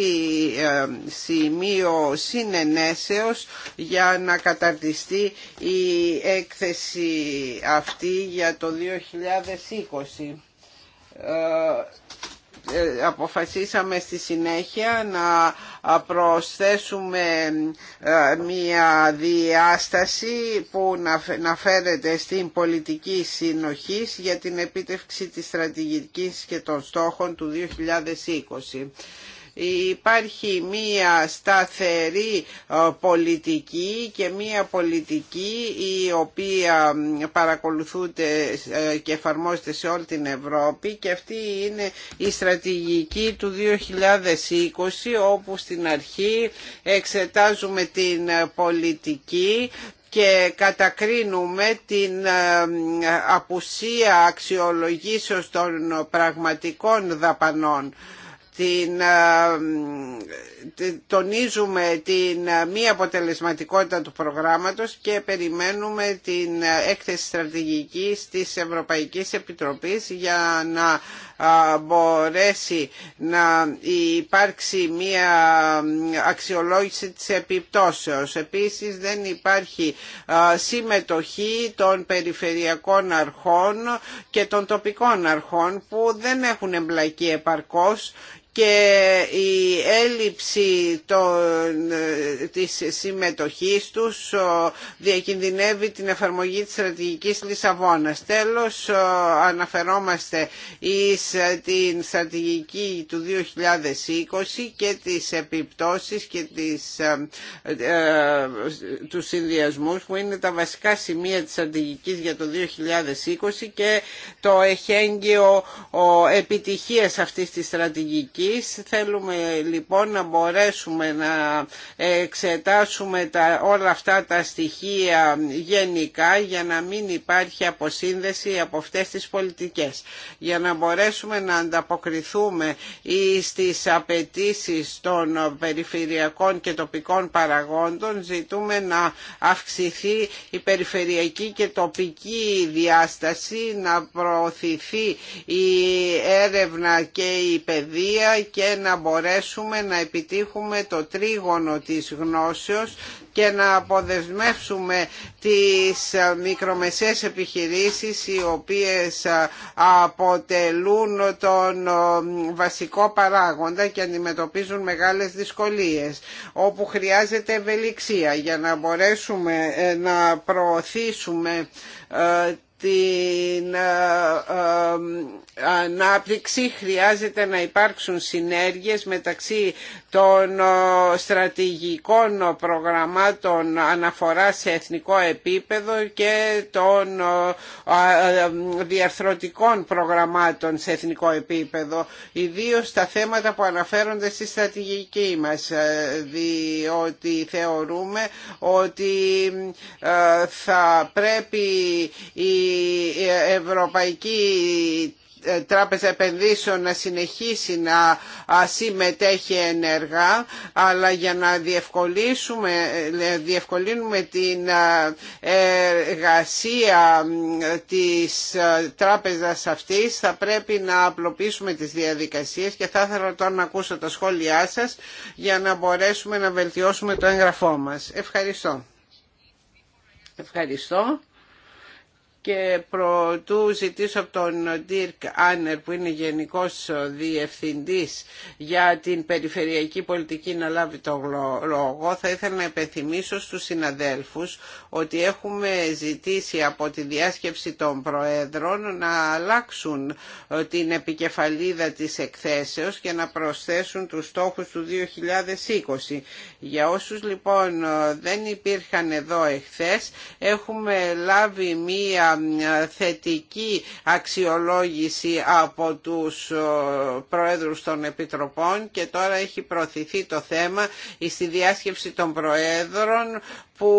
ε, σημείο συνενέσεως για να καταρτιστεί η έκθεση αυτή για το 2020 ε, αποφασίσαμε στη συνέχεια να προσθέσουμε ε, μια διάσταση που να φέρεται στην πολιτική συνοχή για την επίτευξη της στρατηγικής και των στόχων του 2020 υπάρχει μία σταθερή ε, πολιτική και μία πολιτική η οποία παρακολουθούνται ε, και εφαρμόζεται σε όλη την Ευρώπη και αυτή είναι η στρατηγική του 2020 όπου στην αρχή εξετάζουμε την ε, πολιτική και κατακρίνουμε την απουσία αξιολογήσεως των πραγματικών δαπανών την, ε, τονίζουμε την ε, μη αποτελεσματικότητα του προγράμματος και περιμένουμε την ε, έκθεση στρατηγικής της Ευρωπαϊκής Επιτροπής για να μπορέσει να υπάρξει μία αξιολόγηση της επιπτώσεως. Επίσης δεν υπάρχει συμμετοχή των περιφερειακών αρχών και των τοπικών αρχών που δεν έχουν εμπλακεί επαρκώς και η έλλειψη των, της συμμετοχής τους διακινδυνεύει την εφαρμογή της στρατηγικής Λισαβόνας. Τέλος, αναφερόμαστε εις ε, την στρατηγική του 2020 και τις επιπτώσεις και τις, ε, ε, τους συνδυασμούς που είναι τα βασικά σημεία της στρατηγικής για το 2020 και το εχέγγυο επιτυχίας αυτής της στρατηγικής Θέλουμε λοιπόν να μπορέσουμε να εξετάσουμε τα, όλα αυτά τα στοιχεία γενικά για να μην υπάρχει αποσύνδεση από αυτές τις πολιτικές. Για να μπορέσουμε να ανταποκριθούμε στις απαιτήσει των περιφερειακών και τοπικών παραγόντων ζητούμε να αυξηθεί η περιφερειακή και τοπική διάσταση, να προωθηθεί η έρευνα και η παιδεία και να μπορέσουμε να επιτύχουμε το τρίγωνο της γνώσεως και να αποδεσμεύσουμε τις μικρομεσαίες επιχειρήσεις οι οποίες αποτελούν τον βασικό παράγοντα και αντιμετωπίζουν μεγάλες δυσκολίες όπου χρειάζεται ευελιξία για να μπορέσουμε ε, να προωθήσουμε ε, την ε, ε, ανάπτυξη χρειάζεται να υπάρξουν συνέργειες μεταξύ των ε, στρατηγικών προγραμμάτων αναφοράς σε εθνικό επίπεδο και των διαρθρωτικών προγραμμάτων σε εθνικό επίπεδο ιδίως τα θέματα που αναφέρονται στη στρατηγική μας διότι θεωρούμε ότι θα πρέπει η Ευρωπαϊκή Τράπεζα Επενδύσεων να συνεχίσει να συμμετέχει ενεργά αλλά για να διευκολύνουμε, ε, διευκολύνουμε την εργασία της τράπεζας αυτής θα πρέπει να απλοποιήσουμε τις διαδικασίες και θα ήθελα τώρα να ακούσω τα σχόλιά σας για να μπορέσουμε να βελτιώσουμε το έγγραφό μας. Ευχαριστώ. Ευχαριστώ και προτού ζητήσω από τον Dirk Άνερ που είναι Γενικός Διευθυντής για την Περιφερειακή Πολιτική να λάβει το λόγο θα ήθελα να επενθυμίσω στους συναδέλφους ότι έχουμε ζητήσει από τη διάσκεψη των Προέδρων να αλλάξουν ε, την επικεφαλίδα της εκθέσεως και να προσθέσουν τους στόχους του 2020. Για όσους λοιπόν ε, δεν υπήρχαν εδώ εχθές έχουμε λάβει μία θετική αξιολόγηση από τους ε, Προέδρους των Επιτροπών και τώρα έχει προωθηθεί το θέμα στη διάσκεψη των Προέδρων που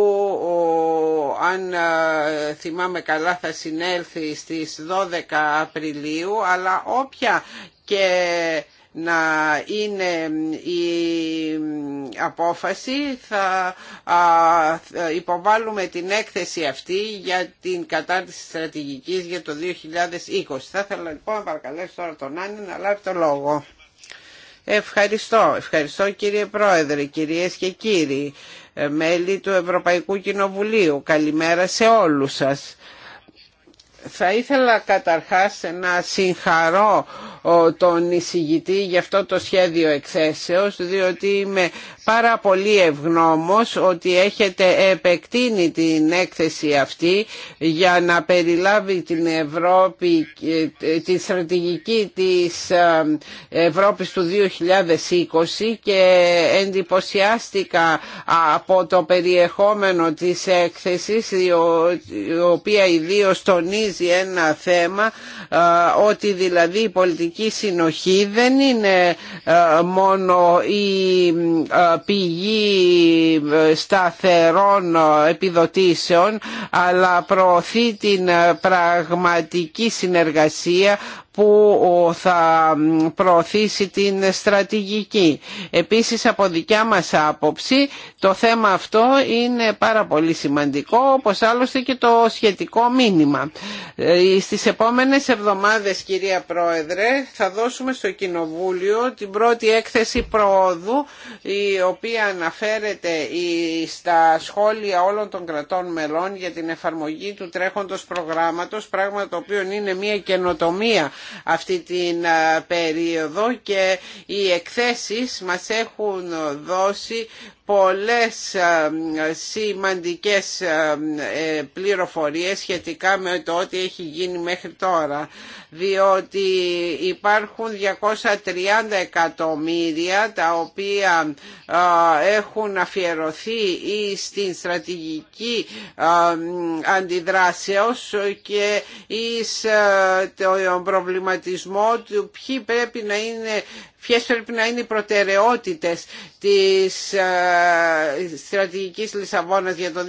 αν ε, θυμάμαι καλά θα συνέλθει στις 12 Απριλίου αλλά όποια και να είναι η απόφαση θα υποβάλουμε την έκθεση αυτή για την κατάρτιση στρατηγικής για το 2020. Θα ήθελα λοιπόν να παρακαλέσω τώρα τον Άννη να λάβει το λόγο. Ευχαριστώ. Ευχαριστώ κύριε Πρόεδρε, κυρίες και κύριοι ε, μέλη του Ευρωπαϊκού Κοινοβουλίου. Καλημέρα σε όλους σας. Θα ήθελα καταρχάς να συγχαρώ τον εισηγητή για αυτό το σχέδιο εξέσεως διότι είμαι πάρα πολύ ευγνώμος ότι έχετε επεκτείνει την έκθεση αυτή για να περιλάβει την Ευρώπη, ε, τη στρατηγική της ε, Ευρώπης του 2020 και εντυπωσιάστηκα από το περιεχόμενο της έκθεσης η οποία ιδίως τονίζει ένα θέμα ότι δηλαδή η πολιτική συνοχή δεν είναι μόνο η πηγή σταθερών επιδοτήσεων αλλά προωθεί την πραγματική συνεργασία που θα προωθήσει την στρατηγική. Επίσης από δικιά μας άποψη το θέμα αυτό είναι πάρα πολύ σημαντικό όπως άλλωστε και το σχετικό μήνυμα. Ε, στις επόμενες εβδομάδες κυρία Πρόεδρε θα δώσουμε στο Κοινοβούλιο την πρώτη έκθεση προόδου η οποία αναφέρεται στα σχόλια όλων των κρατών μελών για την εφαρμογή του τρέχοντος προγράμματος πράγμα το οποίο είναι μια καινοτομία αυτή την ε, περίοδο και οι εκθέσεις μας έχουν δώσει πολλές ε, σημαντικές ε, ε, πληροφορίες σχετικά με το ό,τι έχει γίνει μέχρι τώρα διότι υπάρχουν 230 εκατομμύρια τα οποία έχουν αφιερωθεί στην στρατηγική αντιδράσεως και εις τον προβληματισμό του ποιοι πρέπει να είναι ποιες πρέπει να είναι οι προτεραιότητες της ε, στρατηγικής Λισαβόνας για το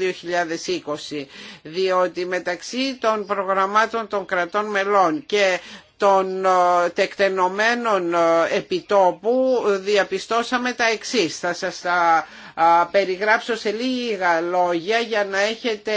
2020 διότι μεταξύ των προγραμμάτων των κρατών μελών και των ε, τεκτενωμένων ε, επιτόπου διαπιστώσαμε τα εξής. Θα περιγράψω σε λίγα λόγια για να έχετε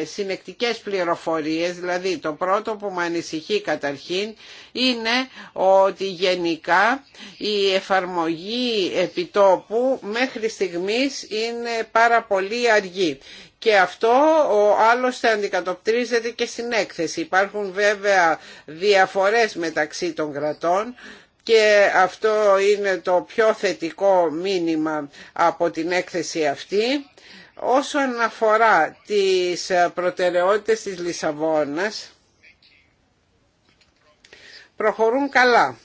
ε, συνεκτικές πληροφορίες. Δηλαδή το πρώτο που με ανησυχεί καταρχήν είναι ότι γενικά η εφαρμογή επιτόπου μέχρι στιγμής είναι πάρα πολύ αργή. Και αυτό ο άλλωστε αντικατοπτρίζεται και στην έκθεση. Υπάρχουν βέβαια διαφορές μεταξύ των κρατών και αυτό είναι το πιο θετικό μήνυμα από την έκθεση αυτή. Όσον αφορά τις προτεραιότητες της Λισαβόνας, προχωρούν καλά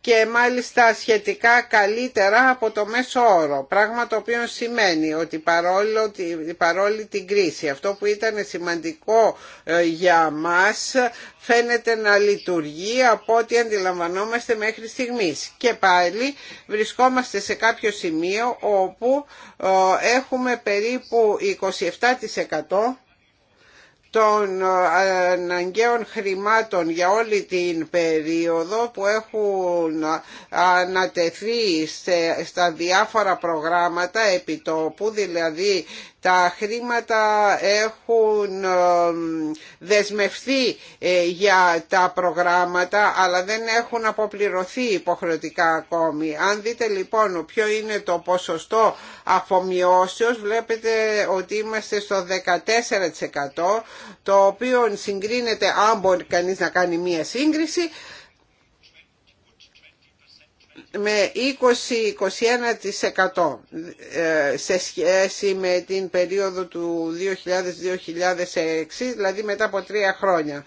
και μάλιστα σχετικά καλύτερα από το μέσο όρο. Πράγμα το οποίο σημαίνει ότι παρόλο, παρόλη την κρίση αυτό που ήταν σημαντικό ε, για μας φαίνεται να λειτουργεί από ό,τι αντιλαμβανόμαστε μέχρι στιγμής. Και πάλι βρισκόμαστε σε κάποιο σημείο όπου ε, έχουμε περίπου 27% των ε, αναγκαίων χρημάτων για όλη την περίοδο που έχουν ανατεθεί στα διάφορα προγράμματα επιτόπου, δηλαδή τα χρήματα έχουν δεσμευθεί ε, για τα προγράμματα αλλά δεν έχουν αποπληρωθεί υποχρεωτικά ακόμη. Αν δείτε λοιπόν ποιο είναι το ποσοστό αφομοιώσεως βλέπετε ότι είμαστε στο 14% το οποίο συγκρίνεται αν μπορεί κανείς να κάνει μία σύγκριση με 20-21% ε, σε σχέση με την περίοδο του 2000-2006, δηλαδή μετά από τρία χρόνια.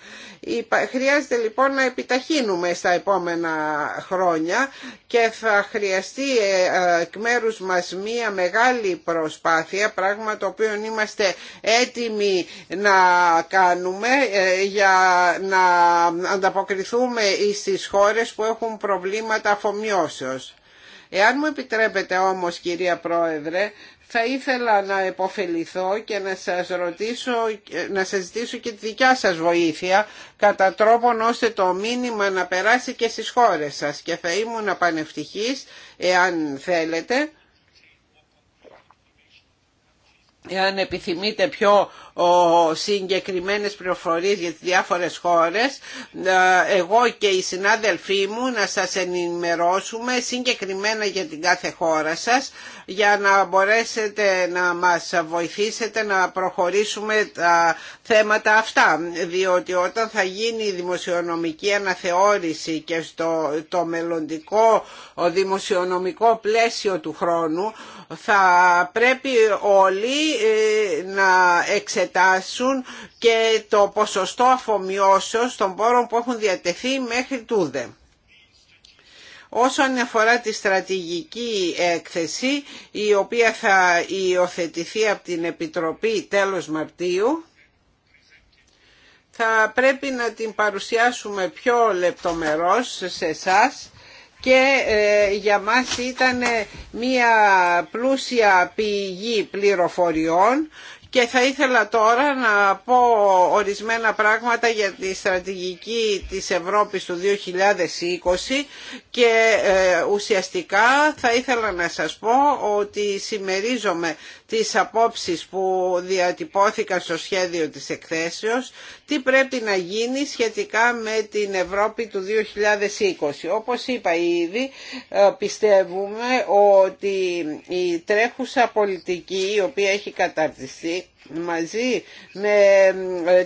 Χρειάζεται λοιπόν να επιταχύνουμε στα επόμενα χρόνια και θα χρειαστεί ε, εκ μέρους μας μία μεγάλη προσπάθεια, πράγμα το οποίο είμαστε έτοιμοι να κάνουμε ε, για να ανταποκριθούμε στις χώρες που έχουν προβλήματα αφομοιώσεις. Εάν μου επιτρέπετε όμως κυρία Πρόεδρε, θα ήθελα να επωφεληθώ και να σας, ρωτήσω, να σας ζητήσω και τη δικιά σας βοήθεια κατά τρόπον ώστε το μήνυμα να περάσει και στις χώρες σας και θα ήμουν απανευτυχής εάν θέλετε εάν επιθυμείτε πιο ο συγκεκριμένες πληροφορίες για τις διάφορες χώρες ε, εγώ και οι συνάδελφοί μου να σας ενημερώσουμε συγκεκριμένα για την κάθε χώρα σας για να μπορέσετε να μας βοηθήσετε να προχωρήσουμε τα θέματα αυτά διότι όταν θα γίνει η δημοσιονομική αναθεώρηση και στο το μελλοντικό ο δημοσιονομικό πλαίσιο του χρόνου θα πρέπει όλοι ε, να εξετάσουμε εξετάσουν και το ποσοστό αφομοιώσεως των πόρων που έχουν διατεθεί μέχρι τούδε. Όσον αφορά τη στρατηγική έκθεση, η οποία θα υιοθετηθεί από την Επιτροπή τέλος Μαρτίου, θα πρέπει να την παρουσιάσουμε πιο λεπτομερώς σε εσά και ε, για μας ήταν μια πλούσια πηγή πληροφοριών και θα ήθελα τώρα να πω ορισμένα πράγματα για τη στρατηγική της Ευρώπης του 2020 και ε, ουσιαστικά θα ήθελα να σας πω ότι συμμερίζομαι τις απόψεις που διατυπώθηκαν στο σχέδιο της εκθέσεως τι πρέπει να γίνει σχετικά με την Ευρώπη του 2020. Όπως είπα ήδη, ε, πιστεύουμε ότι η τρέχουσα πολιτική η οποία έχει καταρτιστεί μαζί με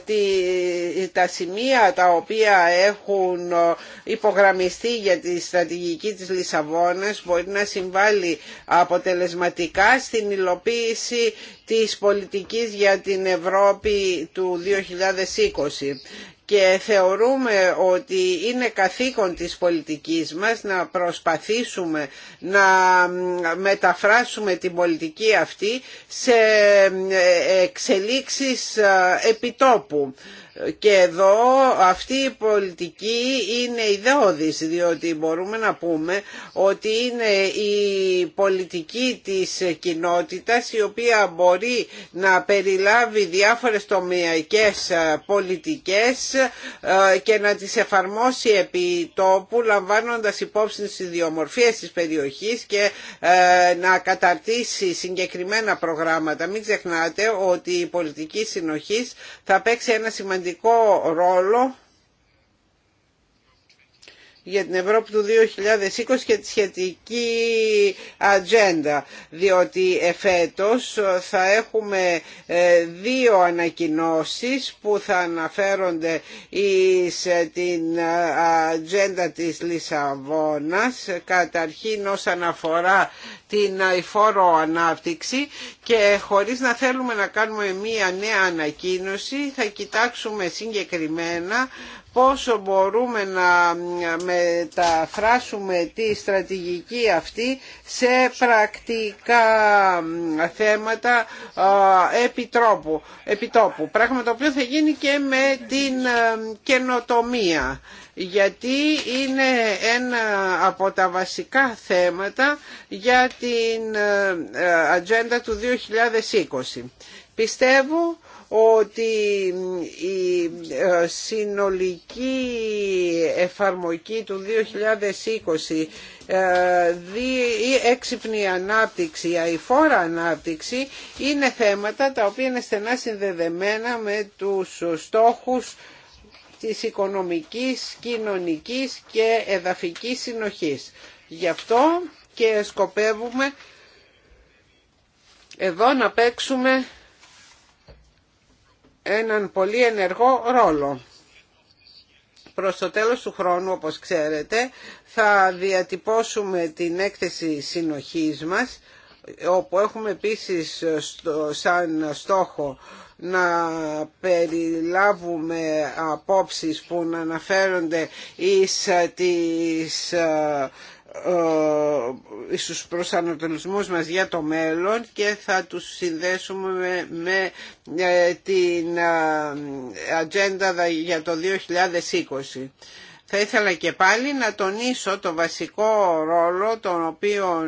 ε, τα σημεία τα οποία έχουν ε, υπογραμμιστεί για τη στρατηγική της Λισαβόνας μπορεί να συμβάλλει αποτελεσματικά στην υλοποίηση της πολιτικής για την Ευρώπη του 2020 και θεωρούμε ότι είναι καθήκον της πολιτικής μας να προσπαθήσουμε να μεταφράσουμε την πολιτική αυτή σε εξελίξεις επιτόπου. Και εδώ αυτή η πολιτική είναι ιδεώδης διότι μπορούμε να πούμε ότι είναι η πολιτική της κοινότητας η οποία μπορεί να περιλάβει διάφορες τομιακές πολιτικές ε, και να τις εφαρμόσει επί τόπου λαμβάνοντας υπόψη τις ιδιομορφίες της περιοχής και ε, να καταρτήσει συγκεκριμένα προγράμματα. Μην ξεχνάτε ότι η πολιτική συνοχής θα παίξει ένα σημαντικό σημαντικό ρόλο για την Ευρώπη του 2020 και τη σχετική ατζέντα διότι εφέτος θα έχουμε ε, δύο ανακοινώσεις που θα αναφέρονται σε την ε, ατζέντα της Λισαβόνας καταρχήν όσον αφορά την αηφόρο ανάπτυξη και χωρίς να θέλουμε να κάνουμε μία νέα ανακοίνωση θα κοιτάξουμε συγκεκριμένα πόσο μπορούμε να μεταφράσουμε τη στρατηγική αυτή σε πρακτικά θέματα επιτρόπου, επιτόπου. Πράγμα το οποίο θα γίνει και με την ε, καινοτομία γιατί είναι ένα από τα βασικά θέματα για την ε, ε, ατζέντα του 2020. Πιστεύω ότι η ε, συνολική εφαρμογή του 2020 ε, η έξυπνη ανάπτυξη, η αηφόρα ανάπτυξη είναι θέματα τα οποία είναι στενά συνδεδεμένα με τους στόχους της οικονομικής, κοινωνικής και εδαφικής συνοχής. Γι' αυτό και σκοπεύουμε εδώ να παίξουμε έναν πολύ ενεργό ρόλο. Προς το τέλος του χρόνου, όπως ξέρετε, θα διατυπώσουμε την έκθεση συνοχής μας, όπου έχουμε επίσης στο, σαν στόχο να περιλάβουμε απόψεις που να αναφέρονται εις ε, τις ε, ε, ε, στους προσανατολισμούς μας για το μέλλον και θα τους συνδέσουμε με, με ε, την ατζέντα για το 2020. Θα ήθελα και πάλι να τονίσω το βασικό ρόλο τον οποίο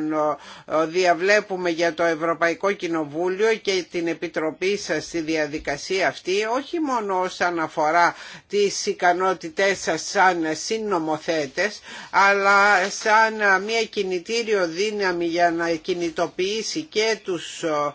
ε, ε, διαβλέπουμε για το Ευρωπαϊκό Κοινοβούλιο και την Επιτροπή σας στη διαδικασία αυτή, όχι μόνο όσον αφορά τις ικανότητές σας σαν συνομοθέτες, αλλά σαν μια κινητήριο δύναμη για να κινητοποιήσει και τους ε,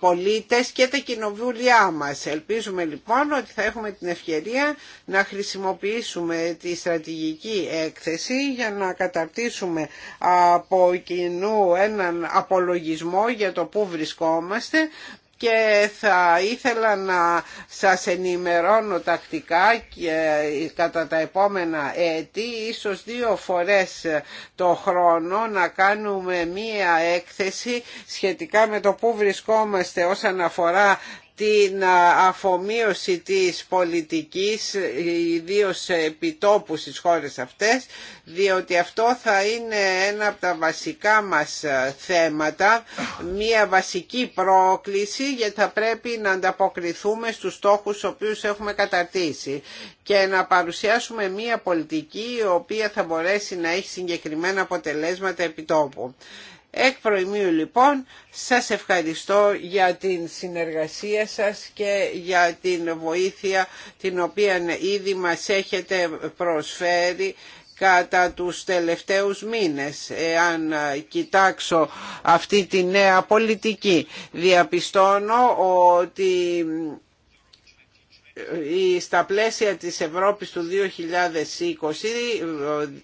πολίτες και τα κοινοβούλια μας. Ελπίζουμε λοιπόν ότι θα έχουμε την ευκαιρία να χρησιμοποιήσουμε τη στρατηγική έκθεση για να καταρτήσουμε από κοινού έναν απολογισμό για το πού βρισκόμαστε, και θα ήθελα να σας ενημερώνω τακτικά και κατά τα επόμενα έτη, ίσως δύο φορές το χρόνο, να κάνουμε μία έκθεση σχετικά με το πού βρισκόμαστε όσον αφορά την αφομοίωση της πολιτικής, ιδίως επιτόπου στις χώρες αυτές, διότι αυτό θα είναι ένα από τα βασικά μας θέματα, μία βασική πρόκληση γιατί θα πρέπει να ανταποκριθούμε στους στόχους στους οποίους έχουμε καταρτήσει και να παρουσιάσουμε μία πολιτική η οποία θα μπορέσει να έχει συγκεκριμένα αποτελέσματα επιτόπου. Εκ προημίου λοιπόν σας ευχαριστώ για την συνεργασία σας και για την βοήθεια την οποία ήδη μας έχετε προσφέρει κατά τους τελευταίους μήνες εάν κοιτάξω αυτή τη νέα πολιτική διαπιστώνω ότι στα πλαίσια της Ευρώπης του 2020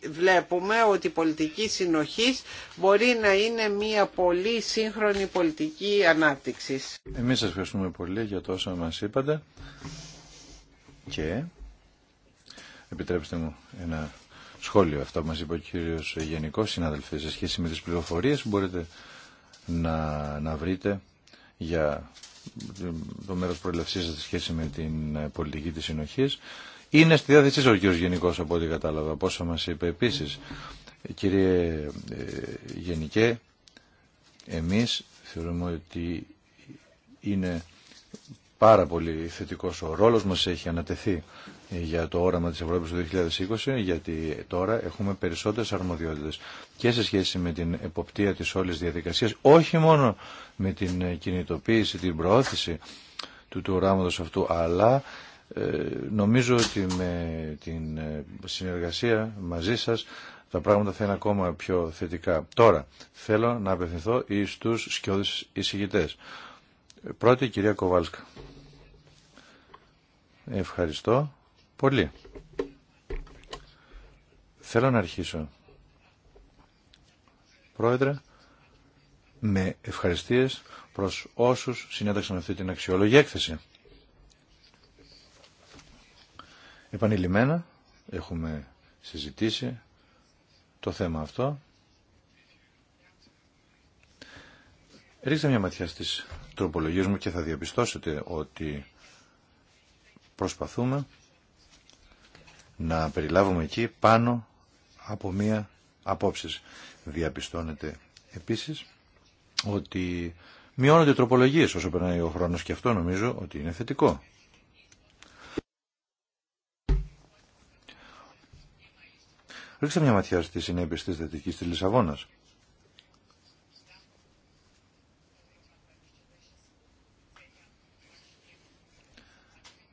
ε, βλέπουμε ότι η πολιτική συνοχής μπορεί να είναι μια πολύ σύγχρονη πολιτική ανάπτυξης. Εμείς σας ευχαριστούμε πολύ για το όσα μας είπατε και επιτρέψτε μου ένα σχόλιο αυτό που μας είπε ο κύριος Γενικός συνάδελφε σε σχέση με τις πληροφορίες μπορείτε να, να βρείτε για το μέρος προελευσής σε σχέση με την ε, πολιτική της συνοχής. Είναι στη διάθεσή σας ο κύριος Γενικός από ό,τι κατάλαβα, πόσο μας είπε επίσης. Κύριε ε, Γενικέ, εμείς θεωρούμε ότι είναι πάρα πολύ θετικός ο ρόλος μας έχει ανατεθεί ε, για το όραμα της Ευρώπης του 2020 γιατί τώρα έχουμε περισσότερες αρμοδιότητες και σε σχέση με την εποπτεία της όλης διαδικασίας όχι μόνο με την ε, κινητοποίηση, την προώθηση του, του οράματος αυτού, αλλά ε, νομίζω ότι με την ε, συνεργασία μαζί σας τα πράγματα θα είναι ακόμα πιο θετικά. Τώρα, θέλω να απευθυνθώ εις τους σκιώδεις εισηγητές. Πρώτη, κυρία Κοβάλσκα. Ευχαριστώ πολύ. Θέλω να αρχίσω. Πρόεδρε, με ευχαριστίες προς όσους συνέταξαν αυτή την αξιόλογη έκθεση. Επανειλημμένα έχουμε συζητήσει το θέμα αυτό. Ρίξτε μια ματιά στις τροπολογίες μου και θα διαπιστώσετε ότι προσπαθούμε να περιλάβουμε εκεί πάνω από μία απόψεις. Διαπιστώνεται επίσης ότι μειώνονται οι τροπολογίες όσο περνάει ο χρόνος και αυτό νομίζω ότι είναι θετικό. Ρίξτε μια ματιά στη συνέπειες της θετικής της Λισαβόνας.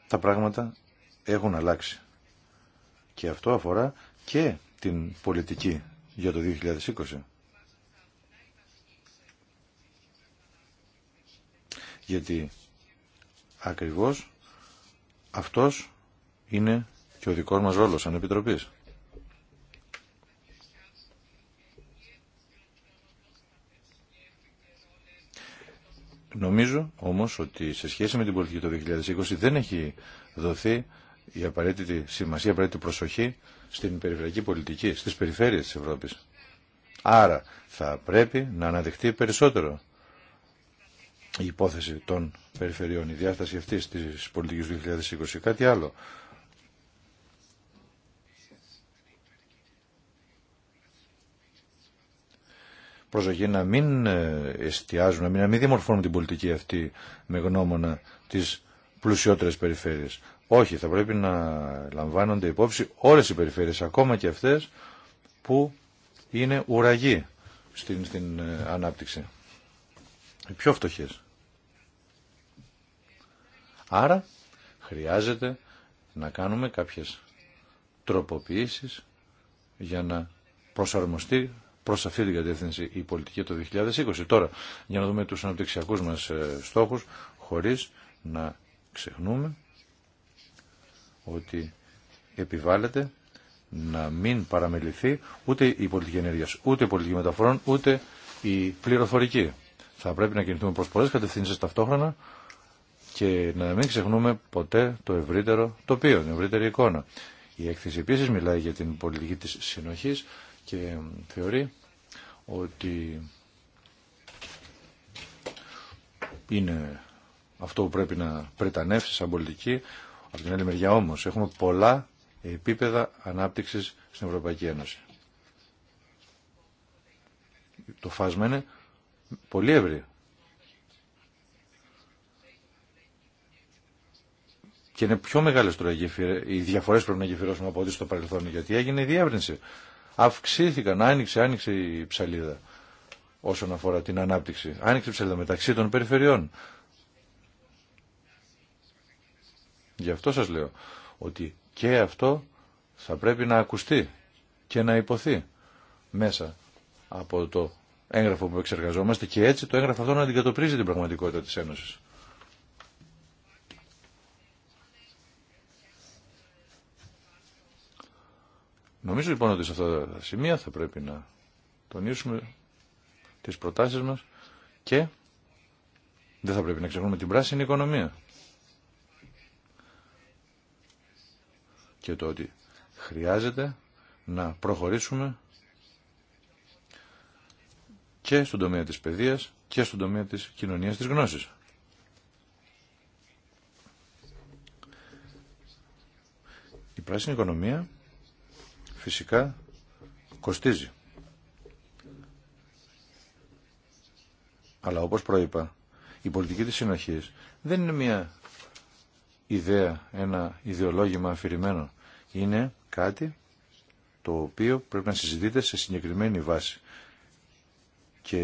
Τα πράγματα έχουν αλλάξει. Και αυτό αφορά και την πολιτική για το 2020. γιατί ακριβώς αυτός είναι και ο δικός μας ρόλος σαν Επιτροπής. Νομίζω όμως ότι σε σχέση με την πολιτική το 2020 δεν έχει δοθεί η απαραίτητη σημασία, η απαραίτητη προσοχή στην περιφερειακή πολιτική, στις περιφέρειες της Ευρώπης. Άρα θα πρέπει να αναδειχθεί περισσότερο η υπόθεση των περιφερειών, η διάσταση τη πολιτική του 2020. Κάτι άλλο. Προσοχή να μην ε, εστιάζουν, να μην διαμορφώνουν την πολιτική αυτή με γνώμονα τις πλουσιότερες περιφέρειες. Όχι, θα πρέπει να λαμβάνονται υπόψη όλες οι περιφέρειες, ακόμα και αυτές που είναι ουραγοί στην, στην ε, ανάπτυξη. Οι πιο φτωχές. Άρα χρειάζεται να κάνουμε κάποιες τροποποιήσεις για να προσαρμοστεί προς αυτή την κατεύθυνση η πολιτική το 2020. Τώρα, για να δούμε τους αναπτυξιακούς μας ε, στόχους, χωρίς να ξεχνούμε ότι επιβάλλεται να μην παραμεληθεί ούτε η πολιτική ενέργεια, ούτε η πολιτική μεταφορών, ούτε η πληροφορική. Θα πρέπει να κινηθούμε προς πολλές κατευθύνσεις ταυτόχρονα, και να μην ξεχνούμε ποτέ το ευρύτερο τοπίο, την ευρύτερη εικόνα. Η έκθεση επίση μιλάει για την πολιτική της συνοχής και θεωρεί ότι είναι αυτό που πρέπει να πρετανεύσει σαν πολιτική. Από την άλλη μεριά όμως έχουμε πολλά επίπεδα ανάπτυξης στην Ευρωπαϊκή Ένωση. Το φάσμα είναι πολύ ευρύ. Και είναι πιο μεγάλες τώρα οι διαφορές πρέπει να γεφυρώσουμε από ό,τι στο παρελθόν, γιατί έγινε η διεύρυνση. Αυξήθηκαν, άνοιξε, άνοιξε η ψαλίδα όσον αφορά την ανάπτυξη. Άνοιξε η ψαλίδα μεταξύ των περιφερειών. Γι' αυτό σας λέω ότι και αυτό θα πρέπει να ακουστεί και να υποθεί μέσα από το έγγραφο που εξεργαζόμαστε και έτσι το έγγραφο αυτό να αντικατοπτρίζει την πραγματικότητα της Ένωσης. Νομίζω λοιπόν ότι σε αυτά τα σημεία θα πρέπει να τονίσουμε τις προτάσεις μας και δεν θα πρέπει να ξεχνούμε την πράσινη οικονομία. Και το ότι χρειάζεται να προχωρήσουμε και στον τομέα της παιδείας και στον τομέα της κοινωνίας της γνώσης. Η πράσινη οικονομία φυσικά κοστίζει. Αλλά όπως προείπα, η πολιτική της συνοχής δεν είναι μια ιδέα, ένα ιδεολόγημα αφηρημένο. Είναι κάτι το οποίο πρέπει να συζητείται σε συγκεκριμένη βάση και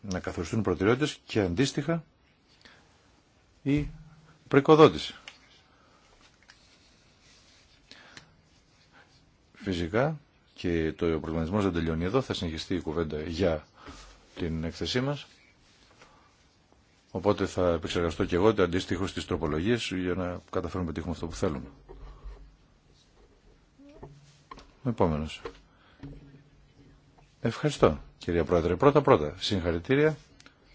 να καθοριστούν προτεραιότητες και αντίστοιχα η προοικοδότηση. Φυσικά και το προγραμματισμό δεν τελειώνει εδώ, θα συνεχιστεί η κουβέντα για την έκθεσή μα. Οπότε θα επεξεργαστώ και εγώ το αντίστοιχο στις τροπολογίες για να καταφέρουμε να πετύχουμε αυτό που θέλουμε. επομενο Ευχαριστώ κυρία Πρόεδρε. Πρώτα πρώτα συγχαρητήρια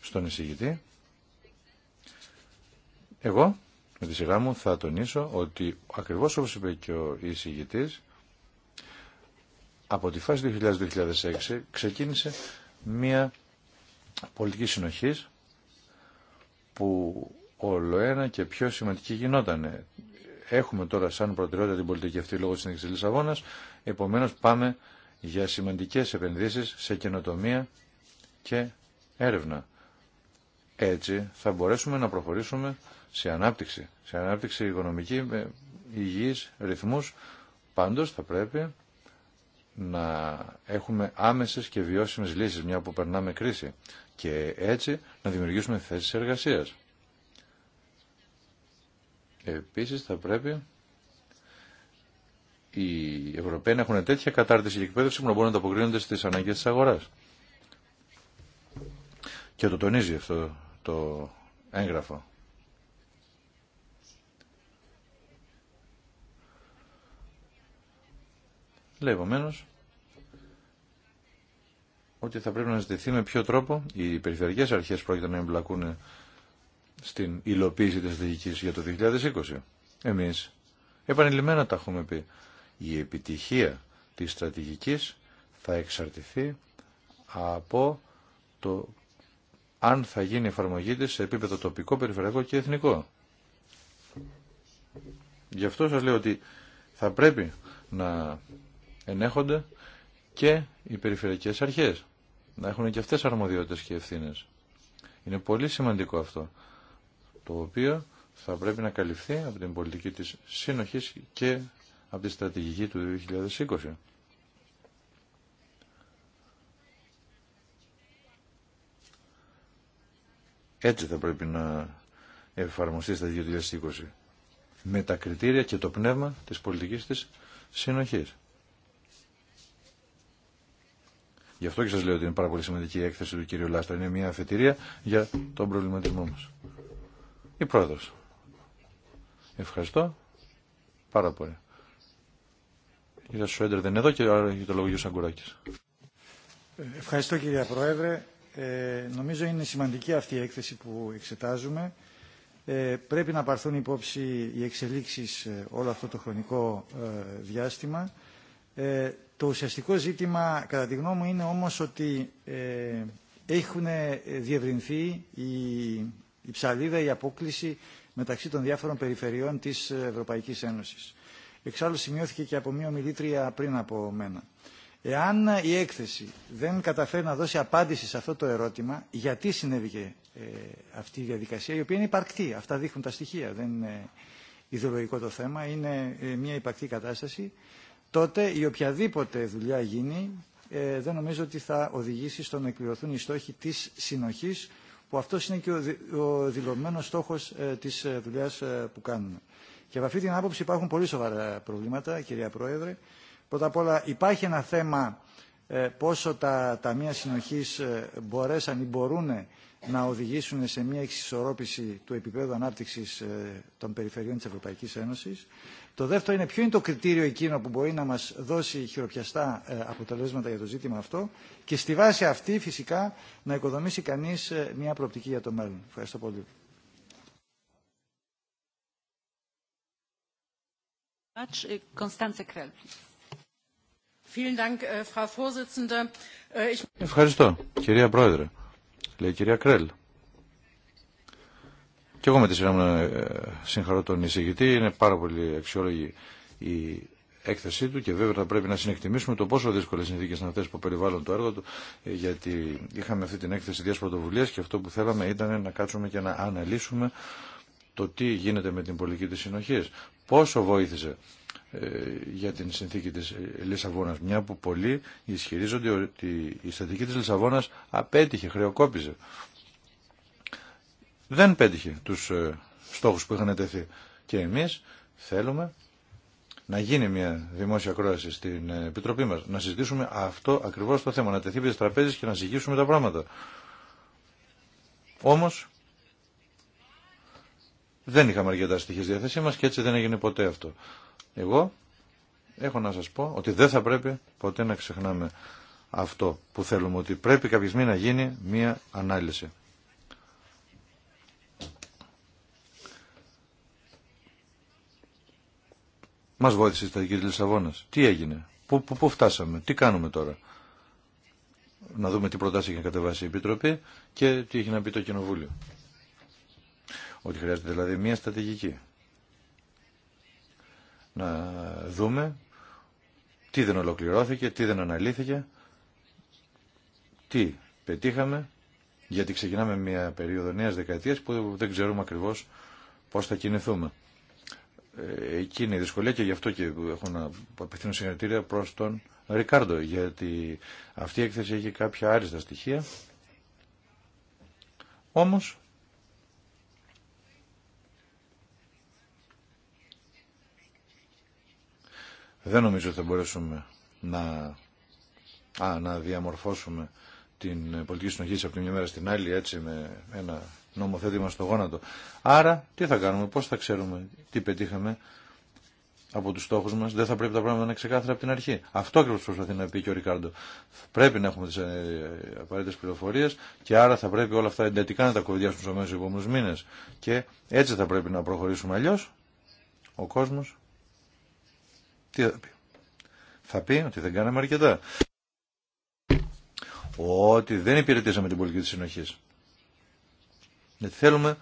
στον εισηγητή. Εγώ με τη σειρά μου θα τονίσω ότι ακριβώς όπως είπε και ο εισηγητής από τη φάση 2000-2006 ξεκίνησε μια πολιτική συνοχής που όλο ένα και πιο σημαντική γινότανε. Έχουμε τώρα σαν προτεραιότητα την πολιτική αυτή λόγω της συνέχισης Λισαβόνας, επομένως πάμε για σημαντικές επενδύσεις σε καινοτομία και έρευνα. Έτσι θα μπορέσουμε να προχωρήσουμε σε ανάπτυξη, σε ανάπτυξη οικονομική με ρυθμούς. Πάντως θα πρέπει να έχουμε άμεσες και βιώσιμες λύσεις μια που περνάμε κρίση και έτσι να δημιουργήσουμε θέσεις εργασίας. Επίσης θα πρέπει οι Ευρωπαίοι να έχουν τέτοια κατάρτιση και εκπαίδευση που να μπορούν να ανταποκρίνονται στις ανάγκες της αγοράς. Και το τονίζει αυτό το έγγραφο. Λέει επομένω ότι θα πρέπει να ζητηθεί με ποιο τρόπο οι περιφερειακές αρχές πρόκειται να εμπλακούν στην υλοποίηση της στρατηγικής για το 2020. Εμείς επανειλημμένα τα έχουμε πει. Η επιτυχία της στρατηγικής θα εξαρτηθεί από το αν θα γίνει εφαρμογή της σε επίπεδο τοπικό, περιφερειακό και εθνικό. Γι' αυτό σας λέω ότι θα πρέπει να ενέχονται και οι περιφερειακές αρχές. Να έχουν και αυτές αρμοδιότητες και ευθύνες. Είναι πολύ σημαντικό αυτό, το οποίο θα πρέπει να καλυφθεί από την πολιτική της σύνοχης και από τη στρατηγική του 2020. Έτσι θα πρέπει να εφαρμοστεί στα 2020. Με τα κριτήρια και το πνεύμα της πολιτικής της συνοχής. Γι' αυτό και σας λέω ότι είναι πάρα πολύ σημαντική η έκθεση του κύριου Λάστρα. Είναι μια αφετηρία για τον προβληματισμό μας. Η πρόεδρος. Ευχαριστώ. Πάρα πολύ. Η κυρία Σουέντερ δεν είναι εδώ και άρα έχει το λόγο για Ευχαριστώ κυρία Πρόεδρε. Ε, νομίζω είναι σημαντική αυτή η έκθεση που εξετάζουμε. Ε, πρέπει να πάρθουν υπόψη οι εξελίξεις ε, όλο αυτό το χρονικό ε, διάστημα. Ε, το ουσιαστικό ζήτημα, κατά τη γνώμη μου, είναι όμως ότι ε, έχουν διευρυνθεί η, η ψαλίδα, η απόκληση μεταξύ των διάφορων περιφερειών της Ευρωπαϊκής Ένωσης. Εξάλλου σημειώθηκε και από μία ομιλήτρια πριν από μένα. Εάν η έκθεση δεν καταφέρει να δώσει απάντηση σε αυτό το ερώτημα, γιατί συνέβηκε ε, αυτή η διαδικασία, η οποία είναι υπαρκτή. Αυτά δείχνουν τα στοιχεία. Δεν είναι ιδεολογικό το θέμα. Είναι ε, μια υπαρκτή κατάσταση τότε η οποιαδήποτε δουλειά γίνει ε, δεν νομίζω ότι θα οδηγήσει στο να εκπληρωθούν οι στόχοι της συνοχής που αυτό είναι και ο δηλωμένος στόχος ε, της ε, δουλειάς ε, που κάνουμε. Και από αυτή την άποψη υπάρχουν πολύ σοβαρά προβλήματα, κυρία Πρόεδρε. Πρώτα απ' όλα υπάρχει ένα θέμα πόσο τα ταμεία συνοχής μπορέσαν ή μπορούν να οδηγήσουν σε μια εξισορρόπηση του επίπεδου ανάπτυξης των περιφερειών της Ευρωπαϊκής Ένωσης. Το δεύτερο είναι ποιο είναι το κριτήριο εκείνο που μπορεί να μας δώσει χειροπιαστά ε, αποτελέσματα για το ζήτημα αυτό και στη βάση αυτή φυσικά να οικοδομήσει κανείς ε, μια προοπτική για το μέλλον. Ευχαριστώ πολύ. Äh, äh, Ευχαριστώ, κυρία Πρόεδρε. Λέει κυρία Κρέλ. Και εγώ με τη σειρά μου ε, συγχαρώ τον εισηγητή. Είναι πάρα πολύ αξιόλογη η έκθεσή του και βέβαια θα πρέπει να συνεκτιμήσουμε το πόσο δύσκολε συνθήκε είναι αυτέ που περιβάλλουν το έργο του. Ε, γιατί είχαμε αυτή την έκθεση δύο πρωτοβουλία και αυτό που θέλαμε ήταν να κάτσουμε και να αναλύσουμε το τι γίνεται με την πολιτική τη συνοχή. Πόσο βοήθησε ε, για την συνθήκη της Λισαβόνας, μια που πολλοί ισχυρίζονται ότι η στατική της Λισαβόνας απέτυχε, χρεοκόπησε δεν πέτυχε τους ε, στόχους που είχαν τεθεί. Και εμείς θέλουμε να γίνει μια δημόσια κρόαση στην ε, Επιτροπή μας, να συζητήσουμε αυτό ακριβώς το θέμα, να τεθεί επί τραπέζι και να συζητήσουμε τα πράγματα. Όμως δεν είχαμε αρκετά στοιχεία στη διάθεσή μας και έτσι δεν έγινε ποτέ αυτό. Εγώ έχω να σας πω ότι δεν θα πρέπει ποτέ να ξεχνάμε αυτό που θέλουμε, ότι πρέπει κάποια στιγμή να γίνει μια ανάλυση. Μας βόηθησε η στρατηγική τη Λισαβόνα. Τι έγινε, πού, πού, πού φτάσαμε, τι κάνουμε τώρα. Να δούμε τι προτάσει έχει κατεβάσει η Επιτροπή και τι έχει να πει το Κοινοβούλιο. Ότι χρειάζεται δηλαδή μια στρατηγική. Να δούμε τι δεν ολοκληρώθηκε, τι δεν αναλύθηκε, τι πετύχαμε, γιατί ξεκινάμε μια περίοδο νέας δεκαετίας που δεν ξέρουμε ακριβώς πώς θα κινηθούμε. Ε, εκεί είναι η δυσκολία και γι' αυτό και έχω να απευθύνω συγχαρητήρια προς τον Ρικάρντο γιατί αυτή η έκθεση έχει κάποια άριστα στοιχεία όμως δεν νομίζω ότι θα μπορέσουμε να, να διαμορφώσουμε την πολιτική συνοχή από τη μια μέρα στην άλλη έτσι με ένα νομοθέτημα στο γόνατο. Άρα, τι θα κάνουμε, πώς θα ξέρουμε τι πετύχαμε από τους στόχους μας, δεν θα πρέπει τα πράγματα να είναι ξεκάθαρα από την αρχή. Αυτό ακριβώς προσπαθεί να πει και ο Ρικάρντο. Πρέπει να έχουμε τις ε, απαραίτητες πληροφορίες και άρα θα πρέπει όλα αυτά εντατικά να τα κοβιδιάσουμε στους αμέσως επόμενους μήνες. Και έτσι θα πρέπει να προχωρήσουμε αλλιώ. ο κόσμος τι θα πει. Θα πει ότι δεν κάναμε αρκετά. Ότι δεν υπηρετήσαμε την πολιτική της συνοχής. Γιατί θέλουμε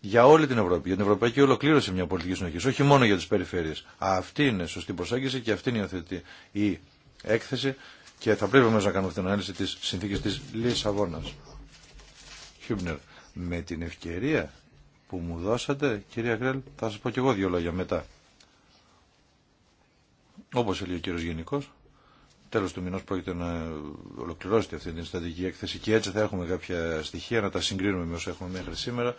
για όλη την Ευρώπη, για την Ευρωπαϊκή Ολοκλήρωση μια πολιτική συνοχή, όχι μόνο για τι περιφέρειε. Αυτή είναι σωστή προσέγγιση και αυτή είναι οθετή η έκθεση και θα πρέπει μέσα να κάνουμε αυτή την ανάλυση τη συνθήκη τη Λισαβόνα. Χιούμπνερ, με την ευκαιρία που μου δώσατε, κυρία Κρέλ, θα σα πω και εγώ δύο λόγια μετά. Όπω έλεγε ο κύριο Γενικό, Τέλο του μηνό πρόκειται να ολοκληρώσετε αυτή την στρατηγική έκθεση και έτσι θα έχουμε κάποια στοιχεία να τα συγκρίνουμε με όσα έχουμε μέχρι σήμερα.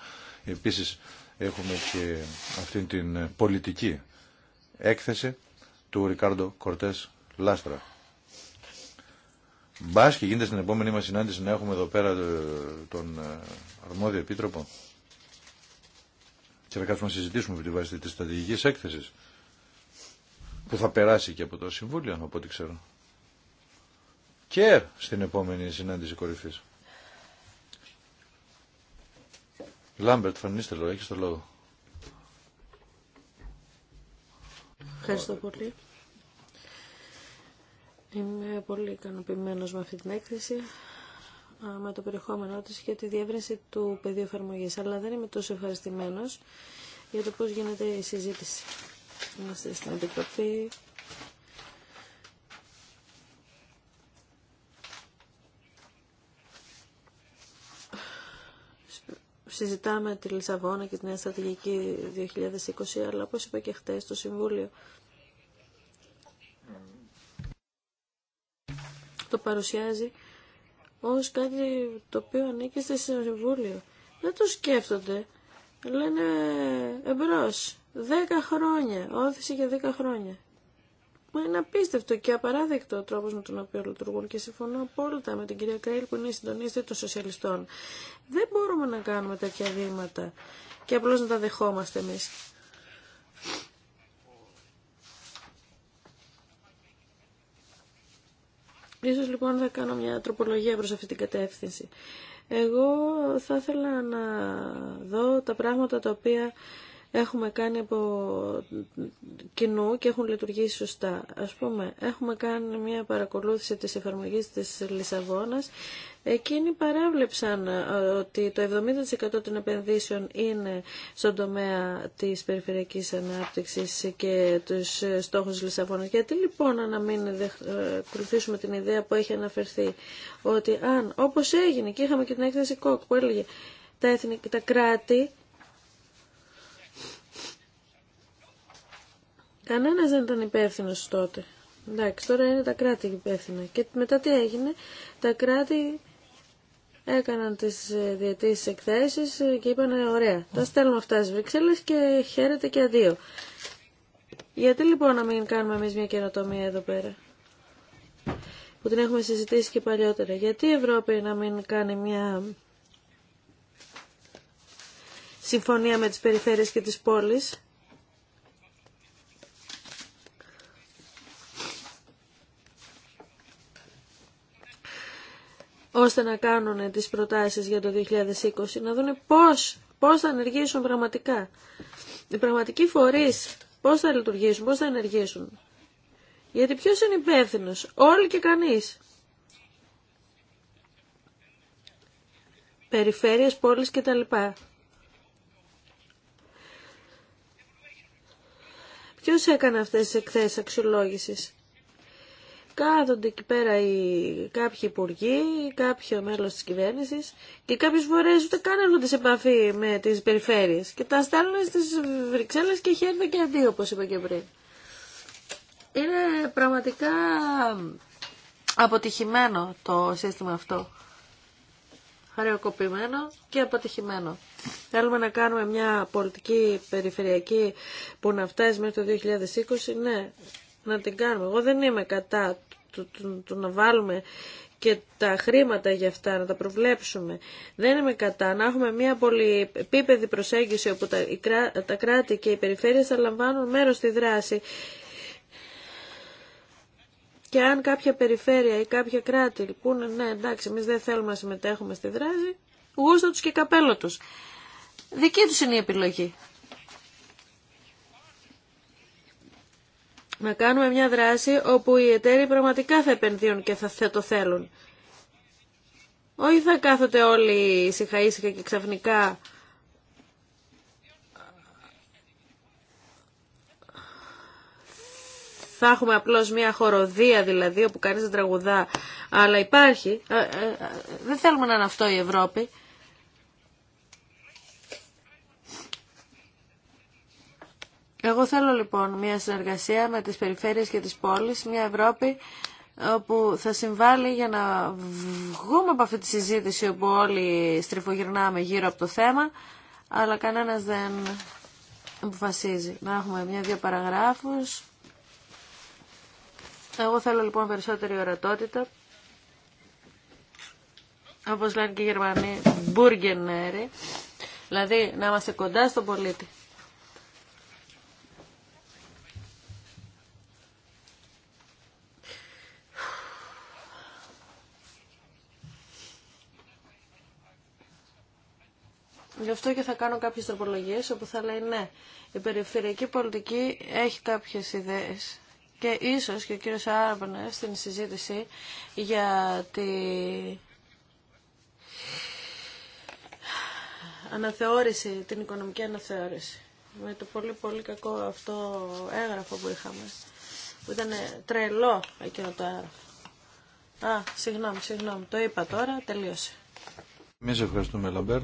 Επίση έχουμε και αυτή την πολιτική έκθεση του Ρικάρντο Κορτέ Λάστρα. Μπα και γίνεται στην επόμενη μα συνάντηση να έχουμε εδώ πέρα ε, τον ε, αρμόδιο επίτροπο και να κάτσουμε να συζητήσουμε με τη βάση τη στρατηγική έκθεση που θα περάσει και από το Συμβούλιο, από ό,τι ξέρω και στην επόμενη συνάντηση κορυφής. Λάμπερτ Φανίστελο, έχεις το λόγο. Ευχαριστώ πολύ. Είμαι πολύ ικανοποιημένο με αυτή την έκθεση, με το περιεχόμενό της και τη διεύρυνση του πεδίου εφαρμογή. Αλλά δεν είμαι τόσο ευχαριστημένος για το πώς γίνεται η συζήτηση. Είμαστε στην Επιτροπή συζητάμε τη Λισαβόνα και την Νέα Στρατηγική 2020, αλλά όπως είπα και χτες στο Συμβούλιο, το παρουσιάζει ως κάτι το οποίο ανήκει στο Συμβούλιο. Δεν το σκέφτονται. Λένε εμπρός. Δέκα χρόνια. Όθηση για δέκα χρόνια. Μα είναι απίστευτο και απαράδεκτο ο τρόπο με τον οποίο λειτουργούν και συμφωνώ απόλυτα με την κυρία Κρέιλ που είναι η συντονίστρια των σοσιαλιστών. Δεν μπορούμε να κάνουμε τέτοια βήματα και απλώ να τα δεχόμαστε εμεί. Ίσως λοιπόν θα κάνω μια τροπολογία προς αυτή την κατεύθυνση. Εγώ θα ήθελα να δω τα πράγματα τα οποία έχουμε κάνει από κοινού και έχουν λειτουργήσει σωστά. Ας πούμε, έχουμε κάνει μια παρακολούθηση της εφαρμογής της Λισαβόνας. Εκείνοι παράβλεψαν ε, ότι το 70% των επενδύσεων είναι στον τομέα της περιφερειακής ανάπτυξης και τους ε, στόχους της Λισαβόνας. Γιατί λοιπόν να μην ε, ακολουθήσουμε την ιδέα που έχει αναφερθεί ότι αν, όπως έγινε και είχαμε και την έκθεση ΚΟΚ που έλεγε τα κράτη Κανένα δεν ήταν υπεύθυνο τότε. Εντάξει, τώρα είναι τα κράτη υπεύθυνα. Και μετά τι έγινε, τα κράτη έκαναν τις ε, διετήσεις εκθέσεις ε, και είπαν ωραία, τα στέλνουμε αυτά στι Βρυξέλλε και χαίρεται και αντίο. Γιατί λοιπόν να μην κάνουμε εμεί μια καινοτομία εδώ πέρα που την έχουμε συζητήσει και παλιότερα. Γιατί η Ευρώπη να μην κάνει μια συμφωνία με τι περιφέρειες και τις πόλεις ώστε να κάνουν τις προτάσεις για το 2020, να δουν πώς, πώς θα ενεργήσουν πραγματικά. Οι πραγματικοί φορείς πώς θα λειτουργήσουν, πώς θα ενεργήσουν. Γιατί ποιος είναι υπεύθυνο, όλοι και κανείς. Περιφέρειες, πόλεις κτλ. Ποιος έκανε αυτές τις εκθέσεις αξιολόγησης κάθονται εκεί πέρα οι, κάποιοι υπουργοί, κάποιο μέλο τη κυβέρνηση και κάποιε φορέ ούτε καν έρχονται σε επαφή με τι περιφέρειε και τα στέλνουν στι Βρυξέλλε και χαίρονται και αντί όπω είπα και πριν. Είναι πραγματικά αποτυχημένο το σύστημα αυτό. Χαρεοκοπημένο και αποτυχημένο. Θέλουμε να κάνουμε μια πολιτική περιφερειακή που να φτάσει μέχρι το 2020, ναι, να την κάνουμε. Εγώ δεν είμαι κατά το, να βάλουμε και τα χρήματα για αυτά να τα προβλέψουμε. Δεν είμαι κατά να έχουμε μια πολύ πολυεπίπεδη προσέγγιση όπου τα, κράτη και οι περιφέρειες θα λαμβάνουν μέρος στη δράση και αν κάποια περιφέρεια ή κάποια κράτη πούνε ναι εντάξει εμείς δεν θέλουμε να συμμετέχουμε στη δράση, γούστα τους και καπέλο τους. Δική τους είναι η επιλογή. να κάνουμε μια δράση όπου οι εταίροι πραγματικά θα επενδύουν και θα το θέλουν. Όχι θα κάθονται όλοι ήσυχα και ξαφνικά θα έχουμε απλώς μια χοροδία δηλαδή όπου κανείς δεν τραγουδά αλλά υπάρχει ε, ε, ε, δεν θέλουμε να είναι αυτό η Ευρώπη Εγώ θέλω λοιπόν μια συνεργασία με τις περιφέρειες και τις πόλεις, μια Ευρώπη όπου θα συμβάλλει για να βγούμε από αυτή τη συζήτηση όπου όλοι στριφογυρνάμε γύρω από το θέμα, αλλά κανένας δεν αποφασίζει. Να έχουμε μια-δύο παραγράφους. Εγώ θέλω λοιπόν περισσότερη ορατότητα. Όπως λένε και οι Γερμανοί, Δηλαδή να είμαστε κοντά στον πολίτη. Γι' αυτό και θα κάνω κάποιες τροπολογίες όπου θα λέει ναι, η περιφερειακή πολιτική έχει κάποιες ιδέες και ίσως και ο κύριος Άρμπνε στην συζήτηση για τη αναθεώρηση, την οικονομική αναθεώρηση. Με το πολύ πολύ κακό αυτό έγγραφο που είχαμε, που ήταν τρελό εκείνο το έγγραφο. Α, συγγνώμη, συγγνώμη, το είπα τώρα, τελείωσε. Εμείς ευχαριστούμε Λαμπέρ.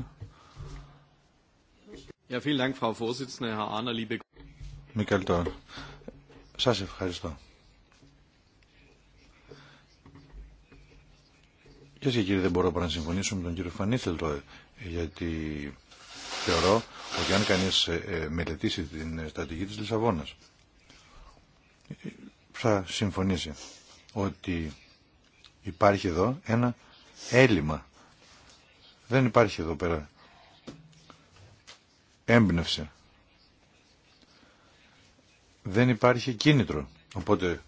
Ja, vielen Dank, Frau Vorsitzende, ευχαριστώ. Κυρίε και κύριοι, δεν μπορώ να συμφωνήσω με τον κύριο Φανίθελτο, γιατί θεωρώ ότι αν κανείς ε, ε, μελετήσει την στρατηγική της Λισαβόνας, θα συμφωνήσει ότι υπάρχει εδώ ένα έλλειμμα. Δεν υπάρχει εδώ πέρα έμπνευσε. Δεν υπάρχει κίνητρο. Οπότε,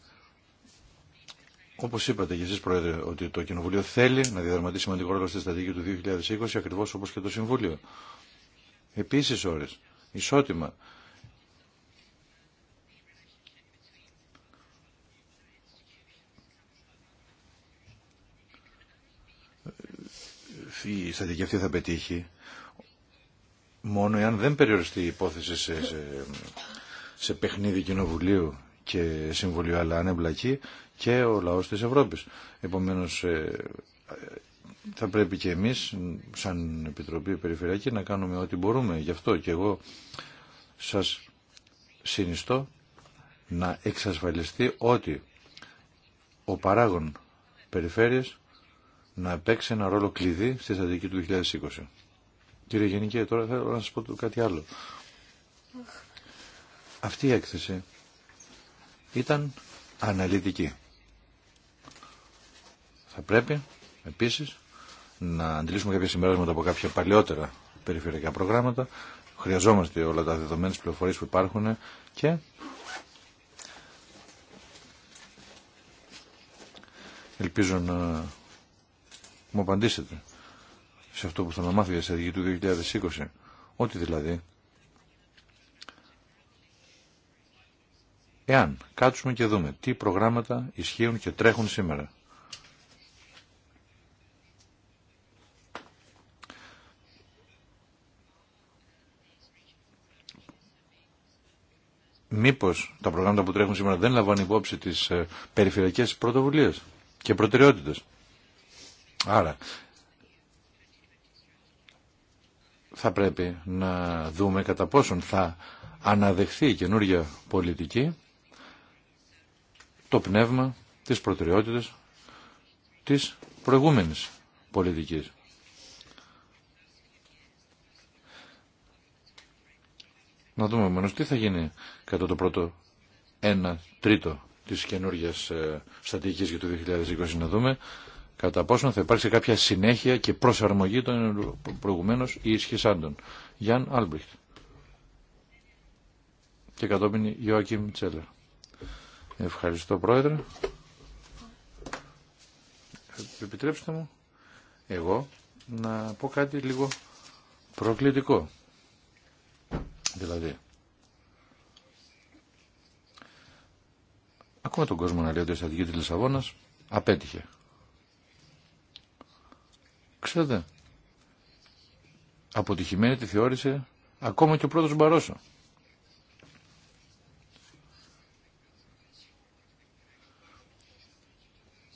όπως είπατε και εσείς Πρόεδρε, ότι το Κοινοβουλίο θέλει να διαδραματίσει σημαντικό ρόλο στη στρατηγική του 2020, ακριβώς όπως και το Συμβούλιο. Επίσης ώρες, ισότιμα. Η στρατηγική αυτή θα πετύχει μόνο εάν δεν περιοριστεί η υπόθεση σε, σε, σε παιχνίδι κοινοβουλίου και συμβουλίου, αλλά αν εμπλακεί και ο λαός της Ευρώπης. Επομένως, ε, θα πρέπει και εμείς, σαν Επιτροπή Περιφερειακή, να κάνουμε ό,τι μπορούμε. Γι' αυτό και εγώ σας συνιστώ να εξασφαλιστεί ότι ο παράγων περιφέρειας να παίξει ένα ρόλο κλειδί στη στρατηγική του 2020. Κύριε Γενική, τώρα θέλω να σας πω κάτι άλλο. Αυτή η έκθεση ήταν αναλυτική. Θα πρέπει επίσης να αντιλήσουμε κάποια συμπεράσματα από κάποια παλιότερα περιφερειακά προγράμματα. Χρειαζόμαστε όλα τα δεδομένα πληροφορίε που υπάρχουν και ελπίζω να μου απαντήσετε σε αυτό που θα να μάθω για στρατηγική του 2020. Ό,τι δηλαδή. Εάν κάτσουμε και δούμε τι προγράμματα ισχύουν και τρέχουν σήμερα. Μήπως τα προγράμματα που τρέχουν σήμερα δεν λαμβάνουν υπόψη τις ε, περιφερειακές πρωτοβουλίες και προτεραιότητες. Άρα θα πρέπει να δούμε κατά πόσον θα αναδεχθεί η καινούργια πολιτική το πνεύμα της προτεραιότητας της προηγούμενης πολιτικής. Να δούμε μόνο τι θα γίνει κατά το πρώτο ένα τρίτο της καινούργιας ε, στατικής για το 2020 να δούμε κατά πόσον θα υπάρξει κάποια συνέχεια και προσαρμογή των προηγουμένως ισχυσάντων. Γιάν Άλμπριχτ και κατόπιν Ιωάκιμ Τσέλερ. Ευχαριστώ Πρόεδρε. Επιτρέψτε μου εγώ να πω κάτι λίγο προκλητικό. Δηλαδή, ακόμα τον κόσμο να λέει ότι η στρατηγική της Λισαβόνας απέτυχε. Ξέρετε, αποτυχημένη τη θεώρησε ακόμα και ο πρώτος Μπαρόσο.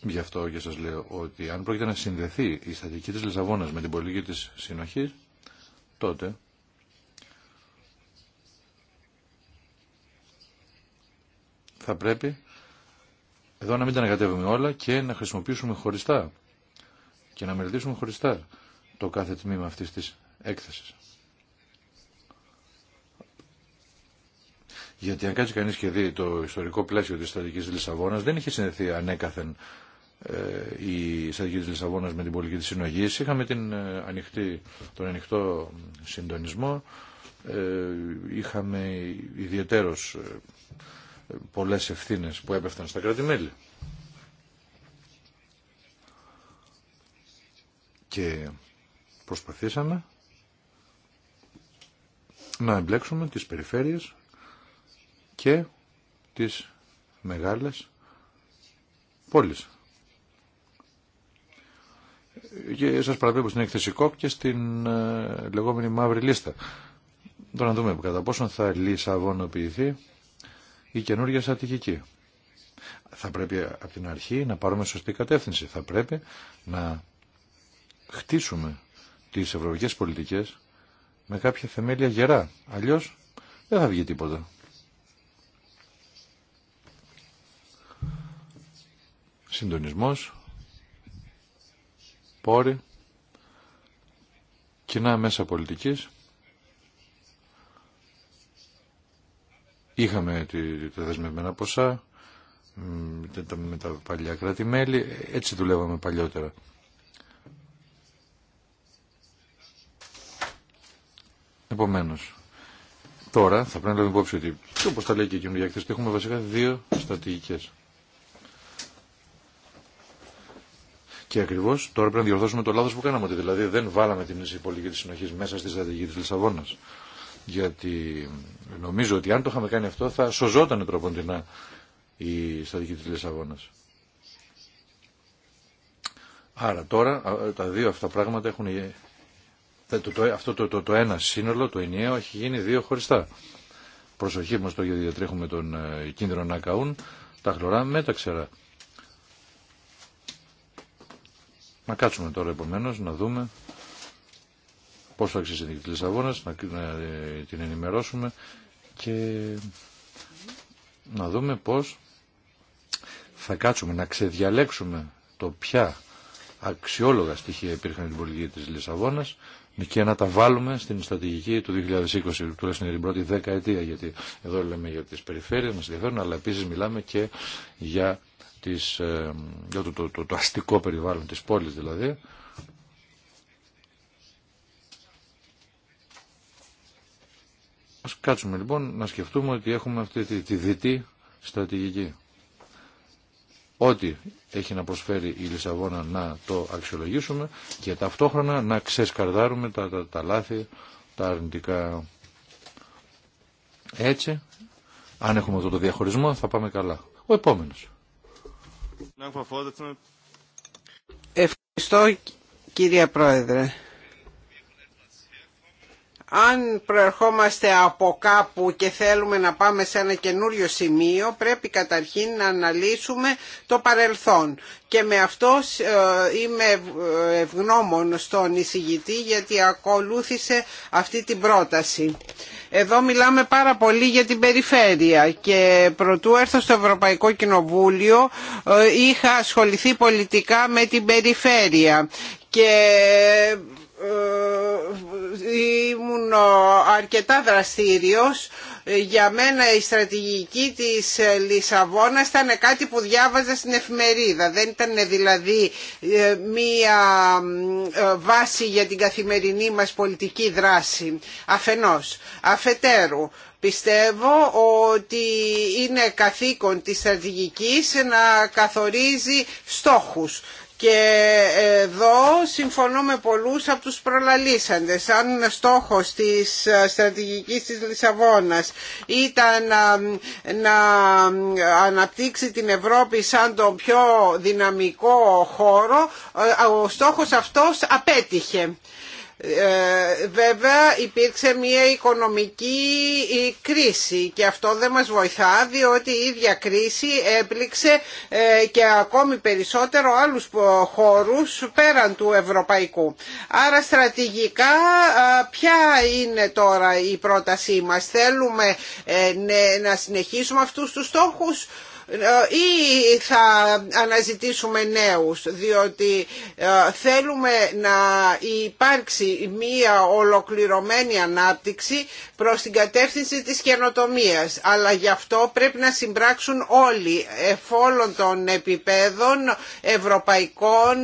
Γι' αυτό και σας λέω ότι αν πρόκειται να συνδεθεί η στατική της Λισαβόνας με την πολιτική της συνοχής, τότε θα πρέπει εδώ να μην τα ανακατεύουμε όλα και να χρησιμοποιήσουμε χωριστά και να μελετήσουμε χωριστά το κάθε τμήμα αυτής της έκθεσης. Γιατί αν κάτσει κανείς και δει το ιστορικό πλαίσιο της στρατηγικής Λισαβόνας, δεν είχε συνδεθεί ανέκαθεν ε, η στρατηγική της Λισαβόνας με την πολιτική της συνογής. Είχαμε την, ε, ανοιχτή, τον ανοιχτό συντονισμό, ε, είχαμε ιδιαίτερος πολλές ευθύνες που έπεφταν στα κράτη-μέλη. Και προσπαθήσαμε να εμπλέξουμε τις περιφέρειες και τις μεγάλες πόλεις. Και σας παραπέμπω στην έκθεση και στην ε, λεγόμενη μαύρη λίστα. Τώρα να δούμε κατά πόσον θα λισαβονοποιηθεί η καινούργια στρατηγική. Θα πρέπει από την αρχή να πάρουμε σωστή κατεύθυνση. Θα πρέπει να χτίσουμε τις ευρωπαϊκές πολιτικές με κάποια θεμέλια γερά. Αλλιώς δεν θα βγει τίποτα. Συντονισμός, πόροι, κοινά μέσα πολιτικής. Είχαμε τα δεσμευμένα ποσά, με τα παλιά κράτη-μέλη, έτσι δουλεύαμε παλιότερα. Επομένω, τώρα θα πρέπει να λάβουμε υπόψη ότι, και όπω τα λέει και η κοινωνία χθε, έχουμε βασικά δύο στρατηγικέ. Και ακριβώ τώρα πρέπει να διορθώσουμε το λάθο που κάναμε. Ότι δηλαδή δεν βάλαμε την πολιτική τη συνοχή μέσα στη στρατηγική τη Λισαβόνα. Γιατί νομίζω ότι αν το είχαμε κάνει αυτό θα σωζόταν τροποντινά η στρατηγική τη Λισαβόνα. Άρα τώρα τα δύο αυτά πράγματα έχουν αυτό το, το, το, ένα σύνολο, το ενιαίο, έχει γίνει δύο χωριστά. Προσοχή μας το γιατί διατρέχουμε τον ε, κίνδυνο να καούν τα χλωρά με τα ξερά. Να κάτσουμε τώρα επομένω να δούμε πώς θα αξίζει τη Λισαβόνα, να, ε, την ενημερώσουμε και να δούμε πώς θα κάτσουμε να ξεδιαλέξουμε το ποια αξιόλογα στοιχεία υπήρχαν στην πολιτική της Λισαβόνας και να τα βάλουμε στην στρατηγική του 2020, τουλάχιστον για την πρώτη δεκαετία, γιατί εδώ λέμε για τις περιφέρειες, μας ενδιαφέρουν, αλλά επίσης μιλάμε και για, τις, ε, για το, το, το, αστικό περιβάλλον της πόλης δηλαδή, Ας κάτσουμε λοιπόν να σκεφτούμε ότι έχουμε αυτή τη, τη στρατηγική ό,τι έχει να προσφέρει η Λισαβόνα να το αξιολογήσουμε και ταυτόχρονα να ξεσκαρδάρουμε τα, τα, τα λάθη, τα αρνητικά. Έτσι, αν έχουμε αυτό το διαχωρισμό θα πάμε καλά. Ο επόμενος. Ευχαριστώ κυρία Πρόεδρε αν προερχόμαστε από κάπου και θέλουμε να πάμε σε ένα καινούριο σημείο πρέπει καταρχήν να αναλύσουμε το παρελθόν και με αυτό ε, είμαι ευγνώμων στον εισηγητή γιατί ακολούθησε αυτή την πρόταση. Εδώ μιλάμε πάρα πολύ για την περιφέρεια και προτού έρθω στο Ευρωπαϊκό Κοινοβούλιο ε, είχα ασχοληθεί πολιτικά με την περιφέρεια και ε, ήμουν αρκετά δραστήριος για μένα η στρατηγική της Λισαβόνας ήταν κάτι που διάβαζα στην εφημερίδα. Δεν ήταν δηλαδή ε, μία ε, βάση για την καθημερινή μας πολιτική δράση. Αφενός, αφετέρου, Πιστεύω ότι είναι καθήκον της στρατηγικής να καθορίζει στόχους και εδώ συμφωνώ με πολλούς από τους προλαλήσαντες. Αν στόχος της ε, στρατηγικής της Λισαβόνας ήταν ε, να, ε, αναπτύξει την Ευρώπη σαν το πιο δυναμικό χώρο, ο στόχος αυτός απέτυχε. Ε, βέβαια υπήρξε μια οικονομική ε, κρίση και αυτό δεν μας βοηθά διότι η ίδια κρίση έπληξε ε, και ακόμη περισσότερο άλλους χώρους πέραν του ευρωπαϊκού. Άρα στρατηγικά ποια είναι τώρα η πρότασή μας. Θέλουμε να συνεχίσουμε αυτούς τους στόχους ε, ή θα αναζητήσουμε νέους διότι ε, θέλουμε να υπάρξει μία ολοκληρωμένη ανάπτυξη προς την κατεύθυνση της καινοτομίας αλλά γι' αυτό πρέπει να συμπράξουν όλοι εφόλων των επιπέδων ευρωπαϊκών,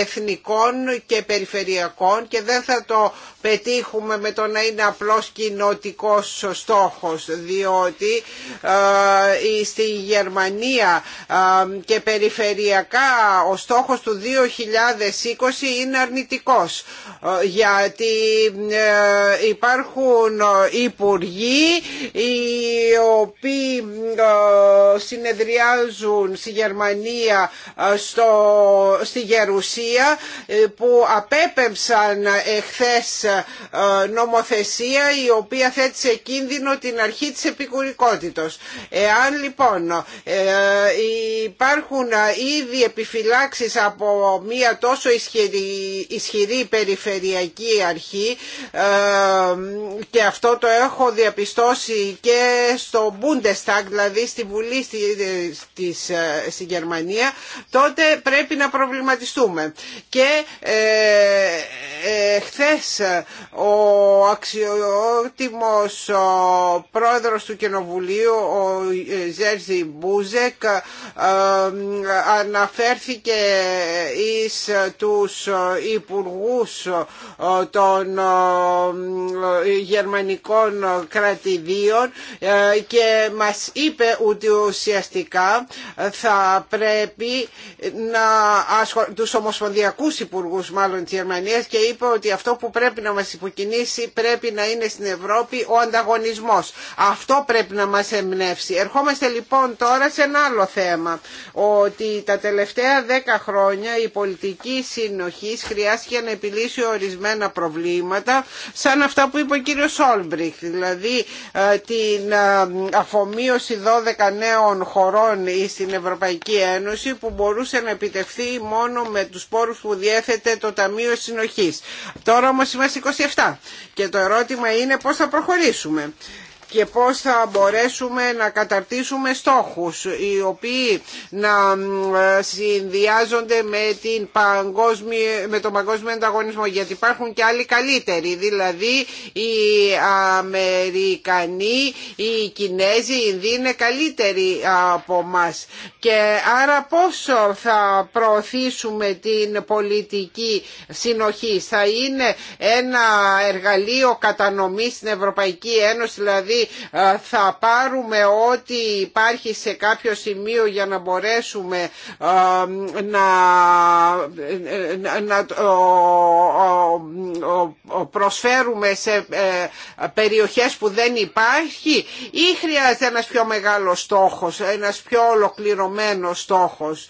εθνικών και περιφερειακών και δεν θα το πετύχουμε με το να είναι απλός κοινοτικός στόχος διότι ε, στη Γερμανία Γερμανία και περιφερειακά ο στόχος του 2020 είναι αρνητικός γιατί ε, υπάρχουν υπουργοί οι οποίοι συνεδριάζουν στη Γερμανία στο, στη Γερουσία ε, που απέπεψαν εχθές νομοθεσία η οποία θέτησε κίνδυνο την αρχή της επικουρικότητος. Εάν λοιπόν ε, ε, ε, υπάρχουν ε, ήδη επιφυλάξεις από μία τόσο ισχυρή, ισχυρή περιφερειακή αρχή και αυτό το έχω διαπιστώσει και στο Bundestag, δηλαδή στη Βουλή στη, Γερμανία, τότε πρέπει να προβληματιστούμε. Και ε, χθες ο αξιότιμος ο πρόεδρος του Κοινοβουλίου, ο Ζέρζι Μπούζ, Μπουζέκ ε, αναφέρθηκε εις τους υπουργούς ε, των ε, γερμανικών κρατηδίων και μας είπε ότι ουσιαστικά θα πρέπει να ασχολ... τους ομοσπονδιακούς υπουργούς μάλλον της Γερμανίας και είπε ότι αυτό που πρέπει να μας υποκινήσει πρέπει να είναι στην Ευρώπη ο ανταγωνισμός. Αυτό πρέπει να μας εμπνεύσει. Ερχόμαστε λοιπόν τώρα σε ένα άλλο θέμα, ότι τα τελευταία δέκα χρόνια η πολιτική συνοχή χρειάστηκε να επιλύσει ορισμένα προβλήματα, σαν αυτά που είπε ο κύριος Όλμπριχτ. δηλαδή ε, την ε, αφομοίωση 12 νέων χωρών στην Ευρωπαϊκή Ένωση που μπορούσε να επιτευχθεί μόνο με τους πόρους που διέθετε το Ταμείο Συνοχής. Τώρα όμως είμαστε 27 και το ερώτημα είναι πώς θα προχωρήσουμε και πώς θα μπορέσουμε να καταρτήσουμε στόχους οι οποίοι να συνδυάζονται με, την με τον παγκόσμιο ανταγωνισμό γιατί υπάρχουν και άλλοι καλύτεροι δηλαδή οι Αμερικανοί, οι Κινέζοι, οι Ινδοί είναι καλύτεροι από μας και άρα πώς θα προωθήσουμε την πολιτική συνοχή θα είναι ένα εργαλείο κατανομής στην Ευρωπαϊκή Ένωση δηλαδή θα πάρουμε ό,τι υπάρχει σε κάποιο σημείο για να μπορέσουμε να, να προσφέρουμε σε ε, περιοχές που δεν υπάρχει ή χρειάζεται ένας πιο μεγάλος στόχος, ένας πιο ολοκληρωμένος στόχος.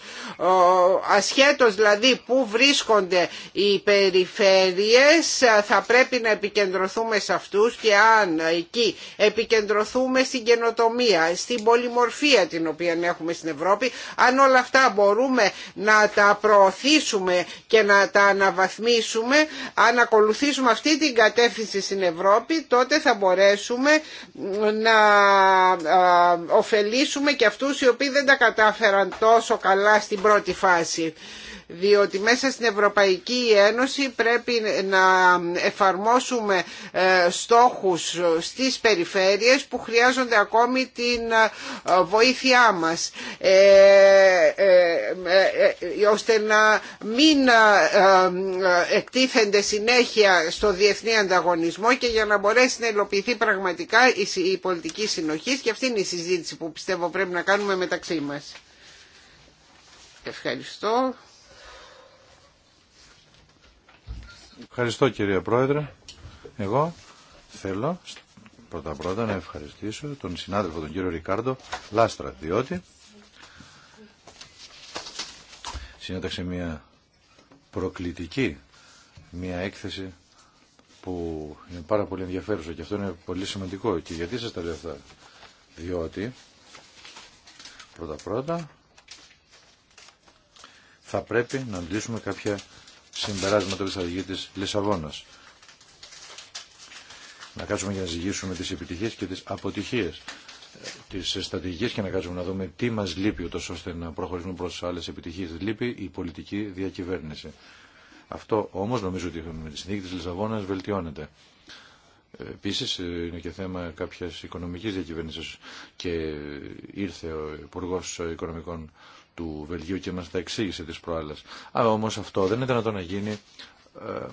Ασχέτως δηλαδή που βρίσκονται οι περιφέρειες θα πρέπει να επικεντρωθούμε σε αυτούς και αν εκεί επικεντρωθούμε στην καινοτομία, στην πολυμορφία την οποία έχουμε στην Ευρώπη. Αν όλα αυτά μπορούμε να τα προωθήσουμε και να τα αναβαθμίσουμε, αν ακολουθήσουμε αυτή την κατεύθυνση στην Ευρώπη, τότε θα μπορέσουμε να ωφελήσουμε και αυτούς οι οποίοι δεν τα κατάφεραν τόσο καλά στην πρώτη φάση διότι μέσα στην Ευρωπαϊκή Ένωση πρέπει να εφαρμόσουμε ε, στόχους στις περιφέρειες που χρειάζονται ακόμη την ε, βοήθειά μας ε, ώστε να μην εκτίθενται συνέχεια στο διεθνή ανταγωνισμό και για να μπορέσει να υλοποιηθεί πραγματικά η πολιτική συνοχή και αυτή είναι η συζήτηση που πιστεύω πρέπει να κάνουμε μεταξύ μας. Ευχαριστώ. Ευχαριστώ κυρία Πρόεδρε. Εγώ θέλω πρώτα πρώτα να ευχαριστήσω τον συνάδελφο τον κύριο Ρικάρντο Λάστρα διότι συνέταξε μια προκλητική μια έκθεση που είναι πάρα πολύ ενδιαφέρουσα και αυτό είναι πολύ σημαντικό και γιατί σας τα λέω αυτά διότι πρώτα πρώτα θα πρέπει να αντλήσουμε κάποια συμπεράσματα της στρατηγική της Λισαβόνας. Να κάτσουμε για να ζυγίσουμε τις επιτυχίες και τις αποτυχίες της στρατηγικής και να κάτσουμε να δούμε τι μας λείπει ούτως ώστε να προχωρήσουμε προς άλλες επιτυχίες. Λείπει η πολιτική διακυβέρνηση. Αυτό όμως νομίζω ότι με τη συνθήκη της Λισαβόνας βελτιώνεται. Επίση, είναι και θέμα κάποια οικονομική διακυβέρνηση και ήρθε ο Υπουργό Οικονομικών του Βελγίου και μας τα εξήγησε τις προάλλες. Αλλά όμως αυτό δεν ήταν να το να γίνει ε,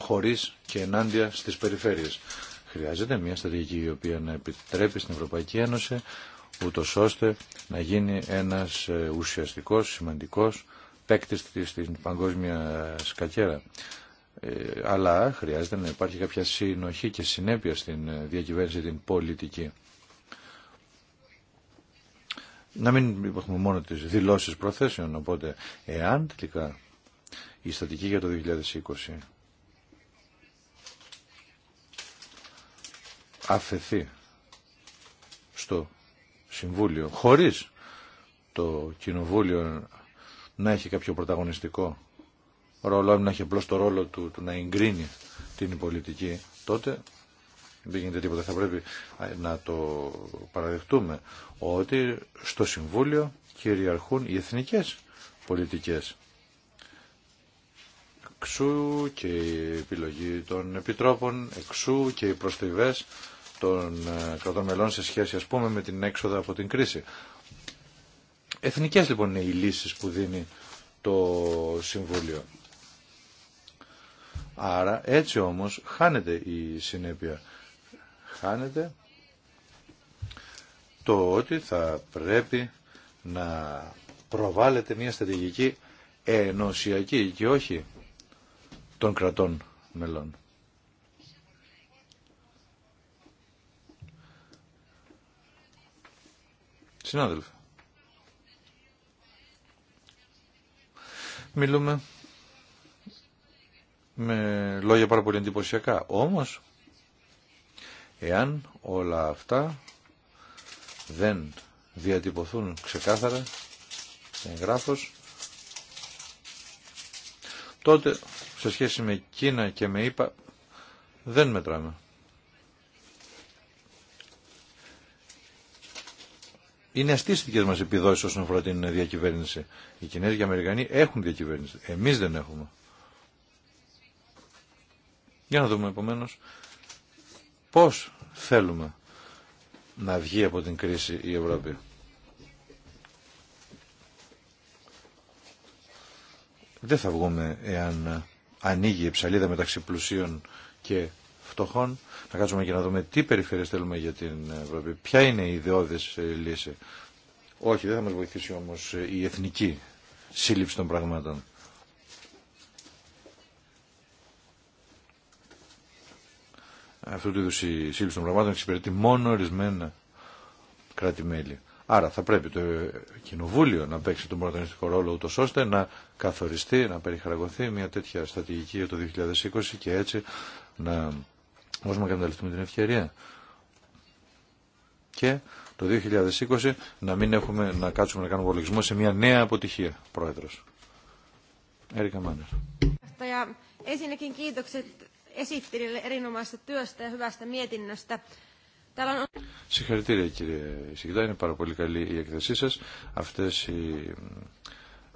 χωρίς και ενάντια στις περιφέρειες. Χρειάζεται μια στρατηγική η οποία να επιτρέπει στην Ευρωπαϊκή Ένωση ούτω ώστε να γίνει ένας ε, ουσιαστικός, σημαντικός παίκτη στην παγκόσμια σκακέρα. Ε, αλλά χρειάζεται να υπάρχει κάποια συνοχή και συνέπεια στην ε, διακυβέρνηση την πολιτική να μην έχουμε μόνο τις δηλώσεις προθέσεων, οπότε εάν τελικά η στατική για το 2020 αφαιθεί στο Συμβούλιο χωρίς το Κοινοβούλιο να έχει κάποιο πρωταγωνιστικό ρόλο, να έχει απλώς το ρόλο του, του να εγκρίνει την πολιτική, τότε δεν γίνεται τίποτα. Θα πρέπει να το παραδεχτούμε ότι στο Συμβούλιο κυριαρχούν οι εθνικές πολιτικές. Εξού και η επιλογή των επιτρόπων, εξού και οι προστριβές των ε, κρατών μελών σε σχέση ας πούμε με την έξοδα από την κρίση. Εθνικές λοιπόν είναι οι λύσεις που δίνει το Συμβούλιο. Άρα έτσι όμως χάνεται η συνέπεια χάνεται το ότι θα πρέπει να προβάλλεται μια στρατηγική ενωσιακή και όχι των κρατών μελών. Συνάδελφε. Μιλούμε με λόγια πάρα πολύ εντυπωσιακά. Όμως Εάν όλα αυτά δεν διατυπωθούν ξεκάθαρα εγγράφως τότε σε σχέση με Κίνα και με ΙΠΑ δεν μετράμε. Είναι αστείε μας επιδόσεις μα όσον αφορά την διακυβέρνηση. Οι Κινέζοι και οι Αμερικανοί έχουν διακυβέρνηση. Εμείς δεν έχουμε. Για να δούμε επομένως πώς θέλουμε να βγει από την κρίση η Ευρώπη. Δεν θα βγούμε εάν ανοίγει η ψαλίδα μεταξύ πλουσίων και φτωχών. Να κάτσουμε και να δούμε τι περιφέρειες θέλουμε για την Ευρώπη. Ποια είναι η ιδεώδης ε, λύση. Όχι, δεν θα μας βοηθήσει όμως η εθνική σύλληψη των πραγμάτων. αυτού του είδου η σύλληψη των πραγμάτων εξυπηρετεί μόνο ορισμένα κράτη-μέλη. Άρα θα πρέπει το Κοινοβούλιο να παίξει τον πρωταγωνιστικό ρόλο ούτως ώστε να καθοριστεί, να περιχαραγωθεί μια τέτοια στρατηγική για το 2020 και έτσι να μπορούμε να καταληφθούμε την ευκαιρία. Και το 2020 να μην έχουμε να κάτσουμε να κάνουμε υπολογισμό σε μια νέα αποτυχία, Πρόεδρος. Έρικα Μάνερ esittelijälle erinomaisesta työstä ja hyvästä Συγχαρητήρια κύριε Σιγητά, είναι πάρα πολύ καλή η έκθεσή σας. Αυτές οι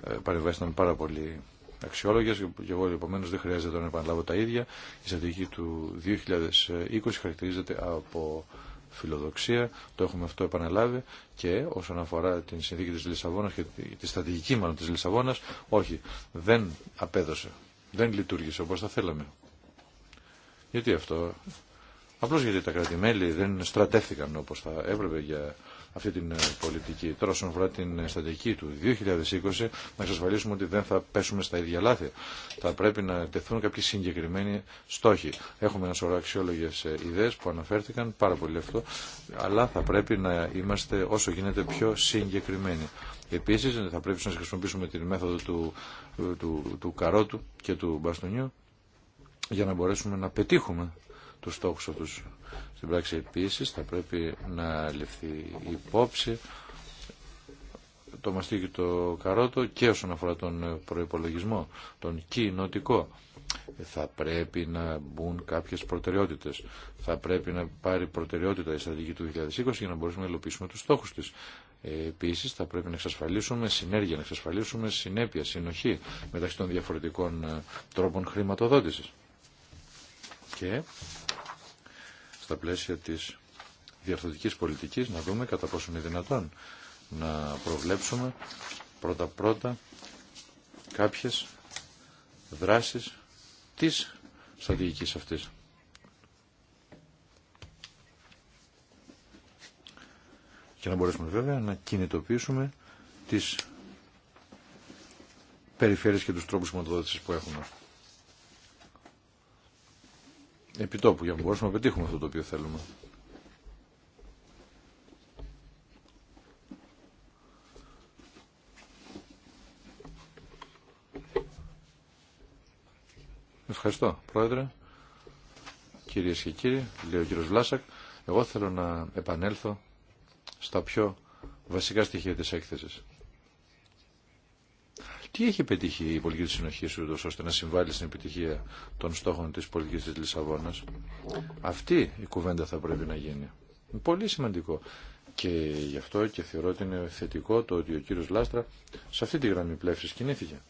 ε, παρεμβάσεις ήταν πάρα πολύ αξιόλογες και εγώ επομένως δεν χρειάζεται να επαναλάβω τα ίδια. Η στρατηγική του 2020 χαρακτηρίζεται από φιλοδοξία, το έχουμε αυτό επαναλάβει και όσον αφορά την συνθήκη της Λισαβόνας και τη στρατηγική μάλλον της Λισαβόνας, όχι, δεν απέδωσε, δεν λειτουργήσε όπως θα θέλαμε. Γιατί αυτό. Απλώ γιατί τα κράτη-μέλη δεν στρατεύτηκαν όπω θα έπρεπε για αυτή την ε, πολιτική. Τώρα, όσον αφορά την ε, στατική του 2020, να εξασφαλίσουμε ότι δεν θα πέσουμε στα ίδια λάθη. Θα πρέπει να τεθούν κάποιοι συγκεκριμένοι στόχοι. Έχουμε ένα σωρό αξιόλογε ε, ιδέε που αναφέρθηκαν, πάρα πολύ αυτό, αλλά θα πρέπει να είμαστε όσο γίνεται πιο συγκεκριμένοι. Επίση, θα πρέπει να χρησιμοποιήσουμε τη μέθοδο του, του, του, του καρότου και του μπαστονιού για να μπορέσουμε να πετύχουμε τους στόχους αυτούς. Στην πράξη επίσης θα πρέπει να ληφθεί υπόψη το μαστίκι το καρότο και όσον αφορά τον προϋπολογισμό, τον κοινοτικό. Θα πρέπει να μπουν κάποιες προτεραιότητες. Θα πρέπει να πάρει προτεραιότητα η στρατηγική του 2020 για να μπορέσουμε να υλοποιήσουμε τους στόχους της. Επίση, θα πρέπει να εξασφαλίσουμε συνέργεια, να εξασφαλίσουμε συνέπεια, συνοχή μεταξύ των διαφορετικών ε, τρόπων χρηματοδότησης και στα πλαίσια της διαρθρωτικής πολιτικής να δούμε κατά πόσο είναι δυνατόν να προβλέψουμε πρώτα-πρώτα κάποιες δράσεις της στρατηγικής αυτής. Και να μπορέσουμε βέβαια να κινητοποιήσουμε τις περιφέρειες και τους τρόπους χρηματοδότησης που έχουμε επιτόπου για να μπορέσουμε να πετύχουμε αυτό το οποίο θέλουμε. Ευχαριστώ, Πρόεδρε. Κυρίες και κύριοι, λέει ο κύριος Βλάσακ, εγώ θέλω να επανέλθω στα πιο βασικά στοιχεία της έκθεσης. Τι έχει πετύχει η πολιτική της σου ούτως ώστε να συμβάλλει στην επιτυχία των στόχων της πολιτικής της Λισαβόνας. Αυτή η κουβέντα θα πρέπει να γίνει. Πολύ σημαντικό. Και γι' αυτό και θεωρώ ότι είναι θετικό το ότι ο κύριος Λάστρα σε αυτή τη γραμμή πλεύσης κινήθηκε.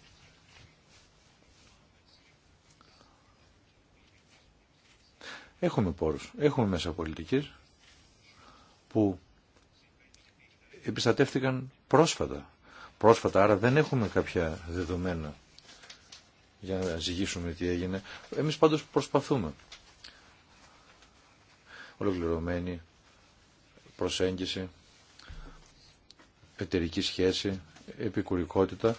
Έχουμε πόρους, έχουμε μέσα πολιτικής που επιστατεύτηκαν πρόσφατα πρόσφατα, άρα δεν έχουμε κάποια δεδομένα για να ζυγίσουμε τι έγινε. Εμείς πάντως προσπαθούμε. Ολοκληρωμένη προσέγγιση, εταιρική σχέση, επικουρικότητα,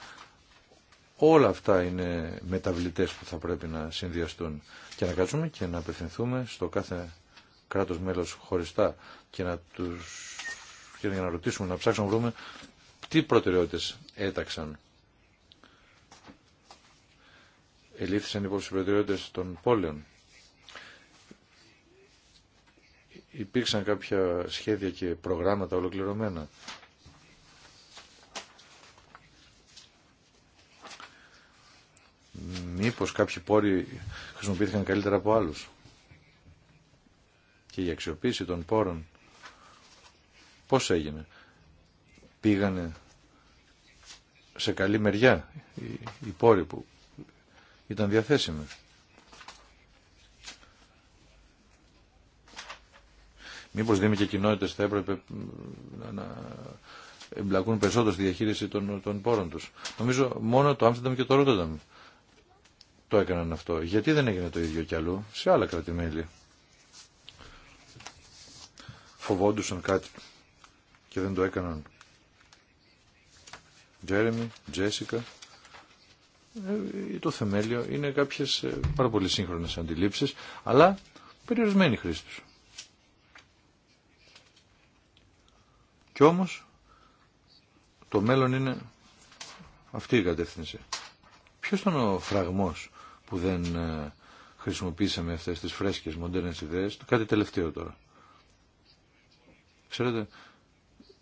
όλα αυτά είναι μεταβλητές που θα πρέπει να συνδυαστούν και να κάτσουμε και να απευθυνθούμε στο κάθε κράτος μέλος χωριστά και να τους και να ρωτήσουμε, να ψάξουμε να βρούμε τι προτεραιότητες έταξαν. Ελήφθησαν υπόψη προτεραιότητες των πόλεων. Υπήρξαν κάποια σχέδια και προγράμματα ολοκληρωμένα. Μήπως κάποιοι πόροι χρησιμοποιήθηκαν καλύτερα από άλλους. Και η αξιοποίηση των πόρων πώς έγινε. Πήγανε σε καλή μεριά οι πόροι που ήταν διαθέσιμοι. Μήπως δήμοι και κοινότητες θα έπρεπε να εμπλακούν περισσότερο στη διαχείριση των, πόρων τους. Νομίζω μόνο το Άμστερνταμ και το Ρότερνταμ το έκαναν αυτό. Γιατί δεν έγινε το ίδιο κι αλλού σε άλλα κρατημέλη. Φοβόντουσαν κάτι και δεν το έκαναν. Τζέρεμι, Τζέσικα. Ε, το θεμέλιο είναι κάποιες ε, πάρα πολύ σύγχρονες αντιλήψεις, αλλά περιορισμένη χρήση τους. Κι όμως το μέλλον είναι αυτή η κατεύθυνση. Ποιος ήταν ο φραγμός που δεν ε, χρησιμοποίησαμε αυτές τις φρέσκες μοντέρνες ιδέες, κάτι τελευταίο τώρα. Ξέρετε,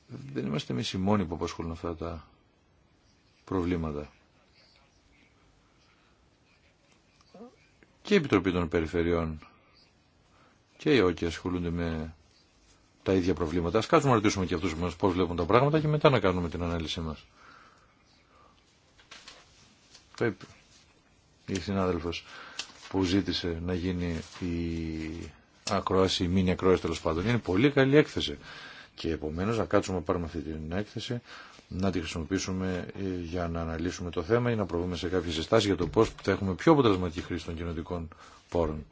δεν είμαστε εμείς οι μόνοι που απασχολούν αυτά τα προβλήματα. Και η Επιτροπή των Περιφερειών και οι ΟΚΙ ασχολούνται με τα ίδια προβλήματα. Ας κάτσουμε να ρωτήσουμε και αυτού μας πώς βλέπουν τα πράγματα και μετά να κάνουμε την ανάλυση μας. Το είπε η συνάδελφο που ζήτησε να γίνει η ακρόαση, η μήνυα ακρόαση τέλο πάντων. Είναι πολύ καλή έκθεση. Και επομένως να κάτσουμε να πάρουμε αυτή την έκθεση, να τη χρησιμοποιήσουμε ε, για να αναλύσουμε το θέμα ή να προβούμε σε κάποιες συστάσεις για το πώς θα έχουμε πιο αποτελεσματική χρήση των κοινωτικών πόρων.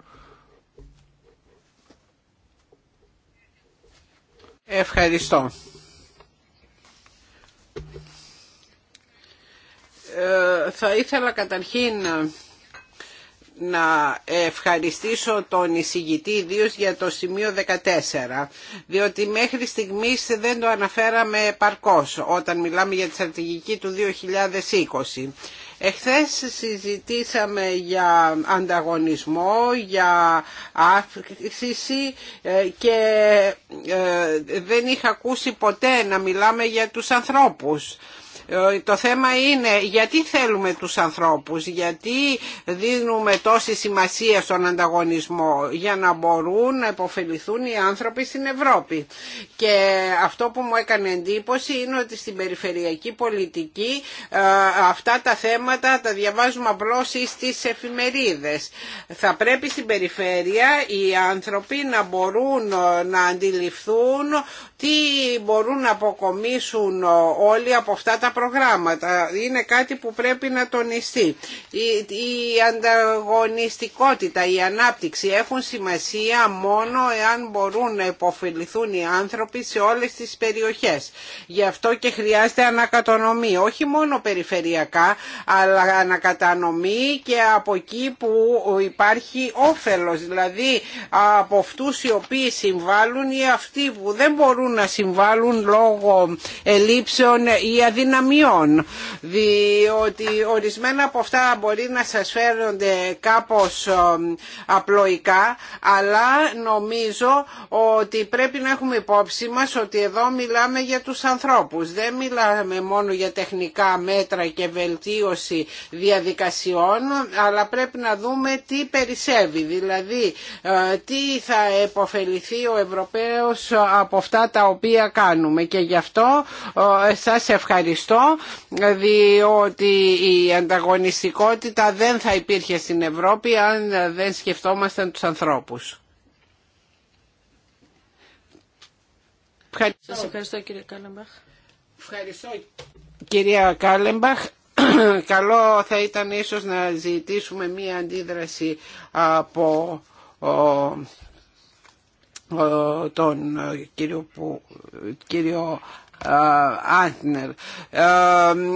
Ευχαριστώ. Ε, θα ήθελα καταρχήν να ευχαριστήσω τον εισηγητή ιδίω για το σημείο 14 διότι μέχρι στιγμής δεν το αναφέραμε παρκώς όταν μιλάμε για τη στρατηγική του 2020. Εχθές συζητήσαμε για ανταγωνισμό, για αύξηση ε, και ε, δεν είχα ακούσει ποτέ να μιλάμε για τους ανθρώπους. Ε, το θέμα είναι γιατί θέλουμε τους ανθρώπους, γιατί δίνουμε τόση σημασία στον ανταγωνισμό για να μπορούν να υποφεληθούν οι άνθρωποι στην Ευρώπη. Και αυτό που μου έκανε εντύπωση είναι ότι στην περιφερειακή πολιτική ε, αυτά τα θέματα τα διαβάζουμε απλώς στις εφημερίδες. Θα πρέπει στην περιφέρεια οι άνθρωποι να μπορούν ε, να αντιληφθούν τι μπορούν να αποκομίσουν όλοι από αυτά τα προγράμματα. Είναι κάτι που πρέπει να τονιστεί. Η ανταγωνιστικότητα, η ανάπτυξη έχουν σημασία μόνο εάν μπορούν να υποφεληθούν οι άνθρωποι σε όλες τις περιοχές. Γι' αυτό και χρειάζεται ανακατονομή, όχι μόνο περιφερειακά, αλλά ανακατανομή και από εκεί που υπάρχει όφελος, δηλαδή από αυτούς οι οποίοι συμβάλλουν ή αυτοί που δεν μπορούν να συμβάλλουν λόγω ελλείψεων ή αδυναμιών διότι ορισμένα από αυτά μπορεί να σας φέρονται κάπως ε, απλοϊκά αλλά νομίζω ότι πρέπει να έχουμε υπόψη μας ότι εδώ μιλάμε για τους ανθρώπους δεν μιλάμε μόνο για τεχνικά μέτρα και βελτίωση διαδικασιών αλλά πρέπει να δούμε τι περισσεύει δηλαδή ε, τι θα επωφεληθεί ο Ευρωπαίος από αυτά τα οποία κάνουμε και γι' αυτό ε, σας ευχαριστώ χωριστό διότι η ανταγωνιστικότητα δεν θα υπήρχε στην Ευρώπη αν δεν σκεφτόμασταν τους ανθρώπους. Ευχαριστώ. Σας ευχαριστώ κύριε Κάλεμπαχ. Ευχαριστώ κυρία Κάλεμπαχ. Καλό θα ήταν ίσως να ζητήσουμε μία αντίδραση από τον κύριο, που, κύριο Άντνερ.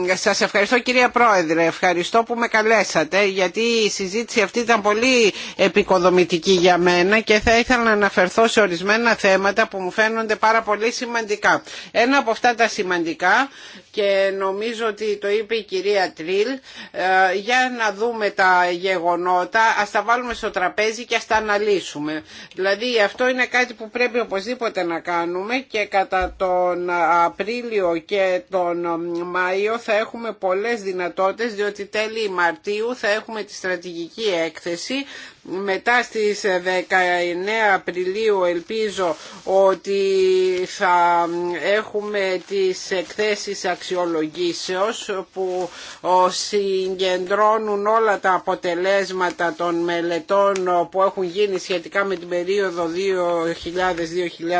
Ε, σας ευχαριστώ κυρία Πρόεδρε, ευχαριστώ που με καλέσατε γιατί η συζήτηση αυτή ήταν πολύ επικοδομητική για μένα και θα ήθελα να αναφερθώ σε ορισμένα θέματα που μου φαίνονται πάρα πολύ σημαντικά. Ένα από αυτά τα σημαντικά και νομίζω ότι το είπε η κυρία Τρίλ ε, για να δούμε τα γεγονότα, ας τα βάλουμε στο τραπέζι και ας τα αναλύσουμε. Δηλαδή αυτό είναι κάτι που πρέπει οπωσδήποτε να κάνουμε και κατά τον Απρίλιο και τον Μάιο θα έχουμε πολλές δυνατότητες διότι τέλη Μαρτίου θα έχουμε τη στρατηγική έκθεση μετά στις 19 Απριλίου ελπίζω ότι θα έχουμε τις εκθέσεις αξιολογήσεως που συγκεντρώνουν όλα τα αποτελέσματα των μελετών που έχουν γίνει σχετικά με την περίοδο 2000-2006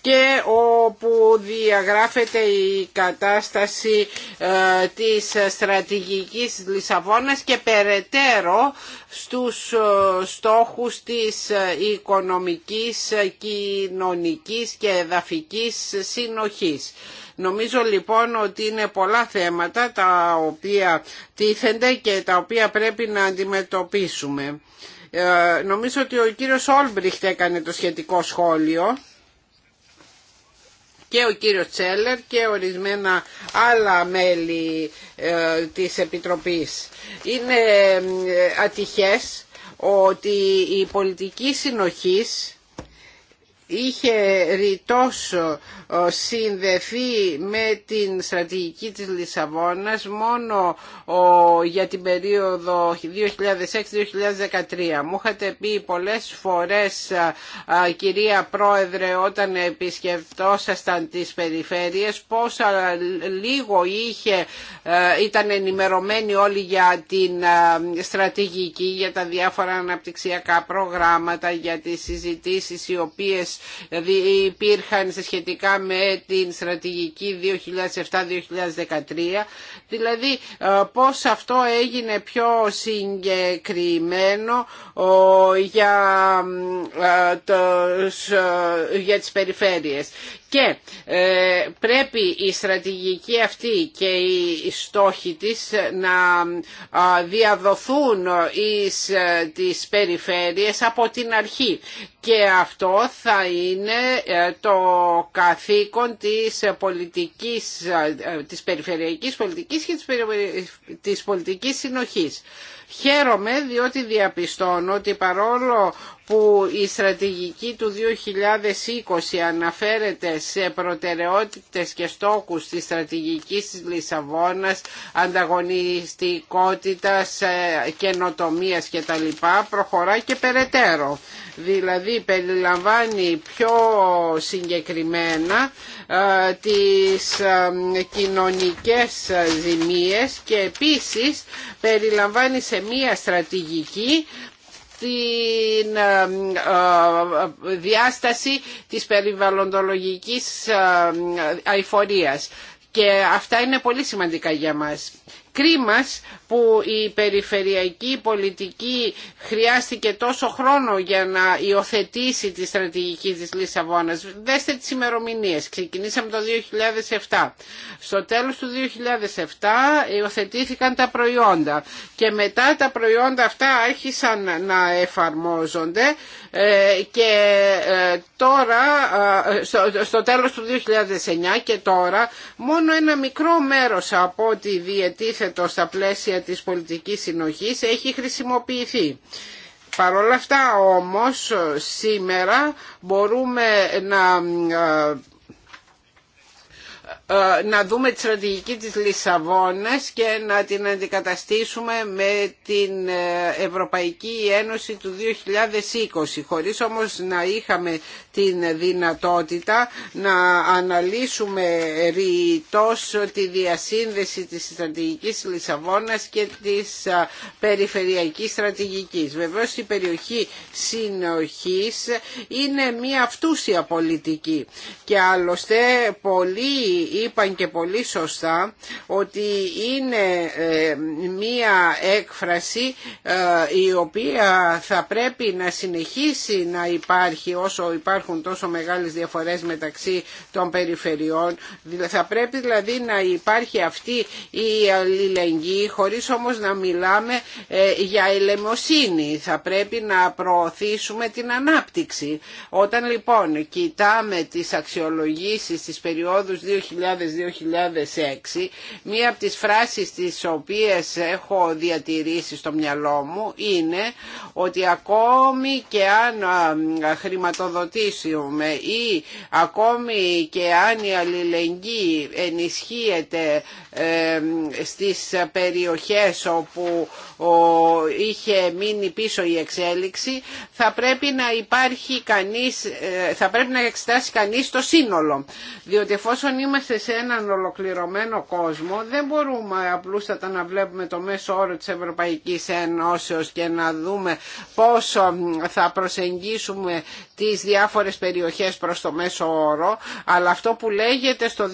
και όπου διαγράφεται η κατάσταση ε, της στρατηγικής Λισαβόνας και περαιτέρω στους ε, στόχους της ε, οικονομικής, κοινωνικής και εδαφικής συνοχής. Νομίζω λοιπόν ότι είναι πολλά θέματα τα οποία τίθενται και τα οποία πρέπει να αντιμετωπίσουμε. νομίζω ότι ο κύριος Όλμπριχτ έκανε το σχετικό σχόλιο και ο κύριος Τσέλερ και ορισμένα άλλα μέλη ε, της Επιτροπής. Είναι ε, ατυχές ότι η πολιτική συνοχής είχε ρητός συνδεθεί με την στρατηγική της Λισαβόνας μόνο για την περίοδο 2006-2013. Μου είχατε πει πολλές φορές κυρία Πρόεδρε όταν επισκεφτόσασταν τις περιφέρειες πόσα λίγο είχε, ήταν ενημερωμένοι όλοι για την στρατηγική, για τα διάφορα αναπτυξιακά προγράμματα, για τις συζητήσεις οι οποίες Δηλαδή, υπήρχαν σε σχετικά με την στρατηγική 2007-2013, δηλαδή ε, πώς αυτό έγινε πιο συγκεκριμένο για, ε, ε, για τις περιφέρειες. Και ε, πρέπει η στρατηγική αυτή και οι στόχοι της να διαδοθούν εις ε, τις περιφέρειες από την αρχή. Και αυτό θα είναι ε, το καθήκον της πολιτικής, της περιφερειακής πολιτικής και της πολιτικής συνοχής. Χαίρομαι διότι διαπιστώνω ότι παρόλο που η στρατηγική του 2020 αναφέρεται σε προτεραιότητες και στόχους της στρατηγικής της Λισαβόνας, ανταγωνιστικότητας, ε, καινοτομίας κτλ. προχωρά και περαιτέρω. Δηλαδή περιλαμβάνει πιο συγκεκριμένα ε, τις ε, κοινωνικές ζημίες και επίσης περιλαμβάνει σε μία στρατηγική στην ε, ε, διάσταση της περιβαλλοντολογικής ε, αηφορίας. Και αυτά είναι πολύ σημαντικά για μας. Κρίμας που η περιφερειακή πολιτική χρειάστηκε τόσο χρόνο για να υιοθετήσει τη στρατηγική της Λισαβόνας. Δέστε τις ημερομηνίες. Ξεκινήσαμε το 2007. Στο τέλος του 2007 υιοθετήθηκαν τα προϊόντα και μετά τα προϊόντα αυτά άρχισαν να εφαρμόζονται ε, και ε, τώρα ε, στο τέλος του 2009 και τώρα μόνο ένα μικρό μέρος από ό,τι διετίθετο στα πλαίσια της πολιτικής συνοχής έχει χρησιμοποιηθεί. Παρ' όλα αυτά όμως σήμερα μπορούμε να ε, ε, να δούμε τη στρατηγική της Λισαβόνας και να την αντικαταστήσουμε με την ε, Ευρωπαϊκή Ένωση του 2020 χωρίς όμως να είχαμε την δυνατότητα να αναλύσουμε ρητός τη διασύνδεση της στρατηγικής Λισαβόνας και της ε, περιφερειακής στρατηγικής. Βεβαίως η περιοχή συνοχής είναι μια αυτούσια πολιτική και άλλωστε πολλοί είπαν και πολύ σωστά ότι είναι ε, μία έκφραση ε, η οποία θα πρέπει να συνεχίσει να υπάρχει όσο υπάρχουν τόσο μεγάλες διαφορές μεταξύ των περιφερειών. Θα πρέπει δηλαδή να υπάρχει αυτή η αλληλεγγύη χωρίς όμως να μιλάμε ε, για ελεμοσύνη. Θα πρέπει να προωθήσουμε την ανάπτυξη. Όταν λοιπόν κοιτάμε τις αξιολογήσεις της περίοδου 2006 μία από τις φράσεις τις οποίες έχω διατηρήσει στο μυαλό μου είναι ότι ακόμη και αν χρηματοδοτήσουμε ή ακόμη και αν η αλληλεγγύη ενισχύεται στις περιοχές όπου είχε μείνει πίσω η εξέλιξη θα πρέπει να υπάρχει κανείς, ε, θα πρέπει να εξετάσει κανείς το σύνολο διότι εφόσον είμαστε σε έναν ολοκληρωμένο κόσμο δεν μπορούμε απλούστατα να βλέπουμε το μέσο όρο της Ευρωπαϊκής Ενώσεως και να δούμε πόσο θα προσεγγίσουμε τις διάφορες περιοχές προς το μέσο όρο αλλά αυτό που λέγεται στο 2020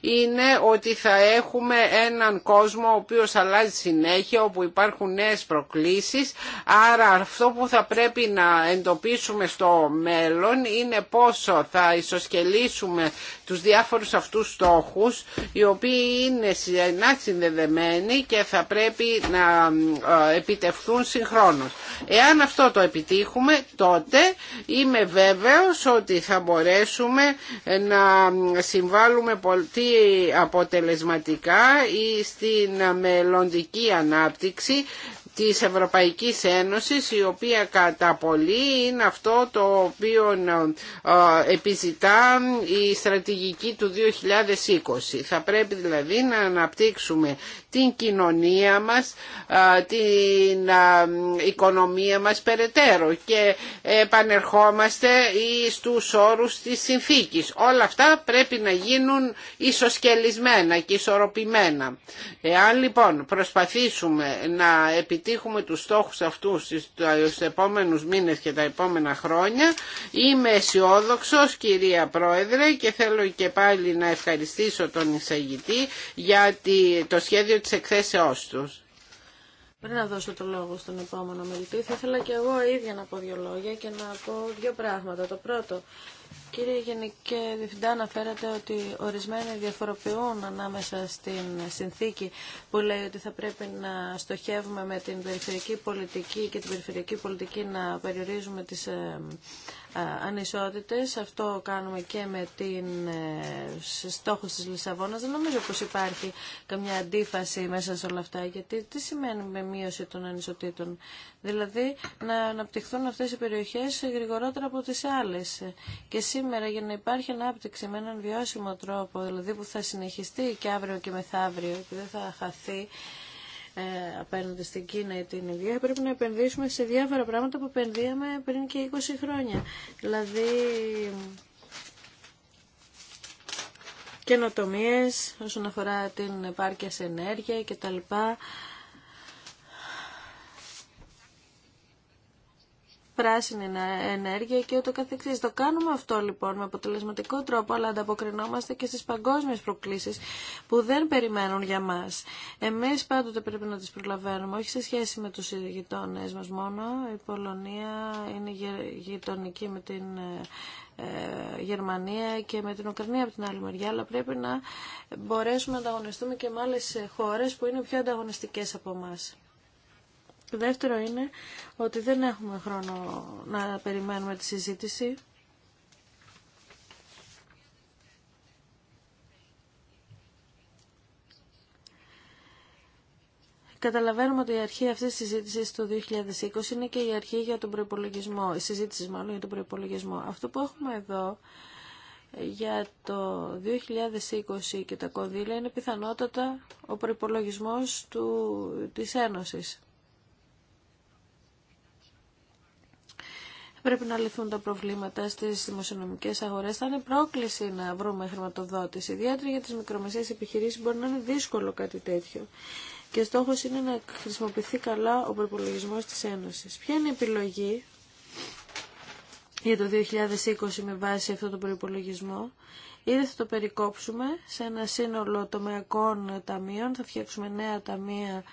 είναι ότι θα έχουμε έναν κόσμο ο οποίος αλλάζει συνέχεια όπου υπάρχουν νέες προκλήσεις άρα αυτό που θα πρέπει να εντοπίσουμε στο μέλλον είναι πόσο θα ισοσκελίσουμε τους διάφορους αυτούς στόχους οι οποίοι είναι συνδεδεμένοι και θα πρέπει να ε, επιτευχθούν συγχρόνως. Εάν αυτό το επιτύχουμε τότε είμαι βέβαιος ότι θα μπορέσουμε να συμβάλλουμε πολύ αποτελεσματικά ή στην μελλοντική η ανάπτυξη της Ευρωπαϊκής Ένωσης η οποία κατά πολύ είναι αυτό το οποίο ε, επιζητά η στρατηγική του 2020. Θα πρέπει δηλαδή να αναπτύξουμε την κοινωνία μας, ε, την ε, οικονομία μας περαιτέρω και επανερχόμαστε στους όρους της συνθήκης. Όλα αυτά πρέπει να γίνουν ισοσκελισμένα και ισορροπημένα. Εάν λοιπόν προσπαθήσουμε να επιτύχουμε πετύχουμε τους στόχους αυτούς στους επόμενους μήνες και τα επόμενα χρόνια. Είμαι αισιόδοξο, κυρία Πρόεδρε και θέλω και πάλι να ευχαριστήσω τον εισαγητή για το σχέδιο της εκθέσεώς τους. Πριν να δώσω το λόγο στον επόμενο μελητή, θα ήθελα και εγώ ίδια να πω δύο λόγια και να πω δύο πράγματα. Το πρώτο, Κύριε Γενική Διευθυντά, αναφέρατε ότι ορισμένοι διαφοροποιούν ανάμεσα στην συνθήκη που λέει ότι θα πρέπει να στοχεύουμε με την περιφερειακή πολιτική και την περιφερειακή πολιτική να περιορίζουμε τις ε, ανισότητες. Αυτό κάνουμε και με την ε, στόχους της Λισαβόνας. Δεν νομίζω πως υπάρχει καμιά αντίφαση μέσα σε όλα αυτά. Γιατί τι σημαίνει με μείωση των ανισοτήτων. Δηλαδή να αναπτυχθούν αυτές οι περιοχές γρηγορότερα από τις άλλες. Και σήμερα για να υπάρχει ανάπτυξη με έναν βιώσιμο τρόπο, δηλαδή που θα συνεχιστεί και αύριο και μεθαύριο και δεν θα χαθεί, ε, απέναντι στην Κίνα ή την Ινδία, πρέπει να επενδύσουμε σε διάφορα πράγματα που επενδύαμε πριν και 20 χρόνια. Δηλαδή, καινοτομίες όσον αφορά την επάρκεια σε ενέργεια και τα πράσινη ενέργεια και ούτω καθεξής. Το κάνουμε αυτό λοιπόν με αποτελεσματικό τρόπο, αλλά ανταποκρινόμαστε και στις παγκόσμιες προκλήσεις που δεν περιμένουν για μας. Εμείς πάντοτε πρέπει να τις προλαβαίνουμε, όχι σε σχέση με τους γειτόνε μας μόνο. Η Πολωνία είναι γειτονική με την ε, ε, Γερμανία και με την Ουκρανία από την άλλη μεριά, αλλά πρέπει να μπορέσουμε να ανταγωνιστούμε και με άλλε χώρες που είναι πιο ανταγωνιστικές από εμάς το Δεύτερο είναι ότι δεν έχουμε χρόνο να περιμένουμε τη συζήτηση. Καταλαβαίνουμε ότι η αρχή αυτής της συζήτησης του 2020 είναι και η αρχή για τον προϋπολογισμό, η συζήτηση μάλλον για τον προϋπολογισμό. Αυτό που έχουμε εδώ για το 2020 και τα κονδύλια είναι πιθανότατα ο προϋπολογισμός του, της Ένωσης. πρέπει να λυθούν τα προβλήματα στις δημοσιονομικές αγορές. Θα είναι πρόκληση να βρούμε χρηματοδότηση. Ιδιαίτερα για τις μικρομεσαίες επιχειρήσεις μπορεί να είναι δύσκολο κάτι τέτοιο. Και στόχος είναι να χρησιμοποιηθεί καλά ο προπολογισμό της Ένωσης. Ποια είναι η επιλογή για το 2020 με βάση αυτό τον προπολογισμό. Ήδη θα το περικόψουμε σε ένα σύνολο τομεακών ταμείων. Θα φτιάξουμε νέα ταμεία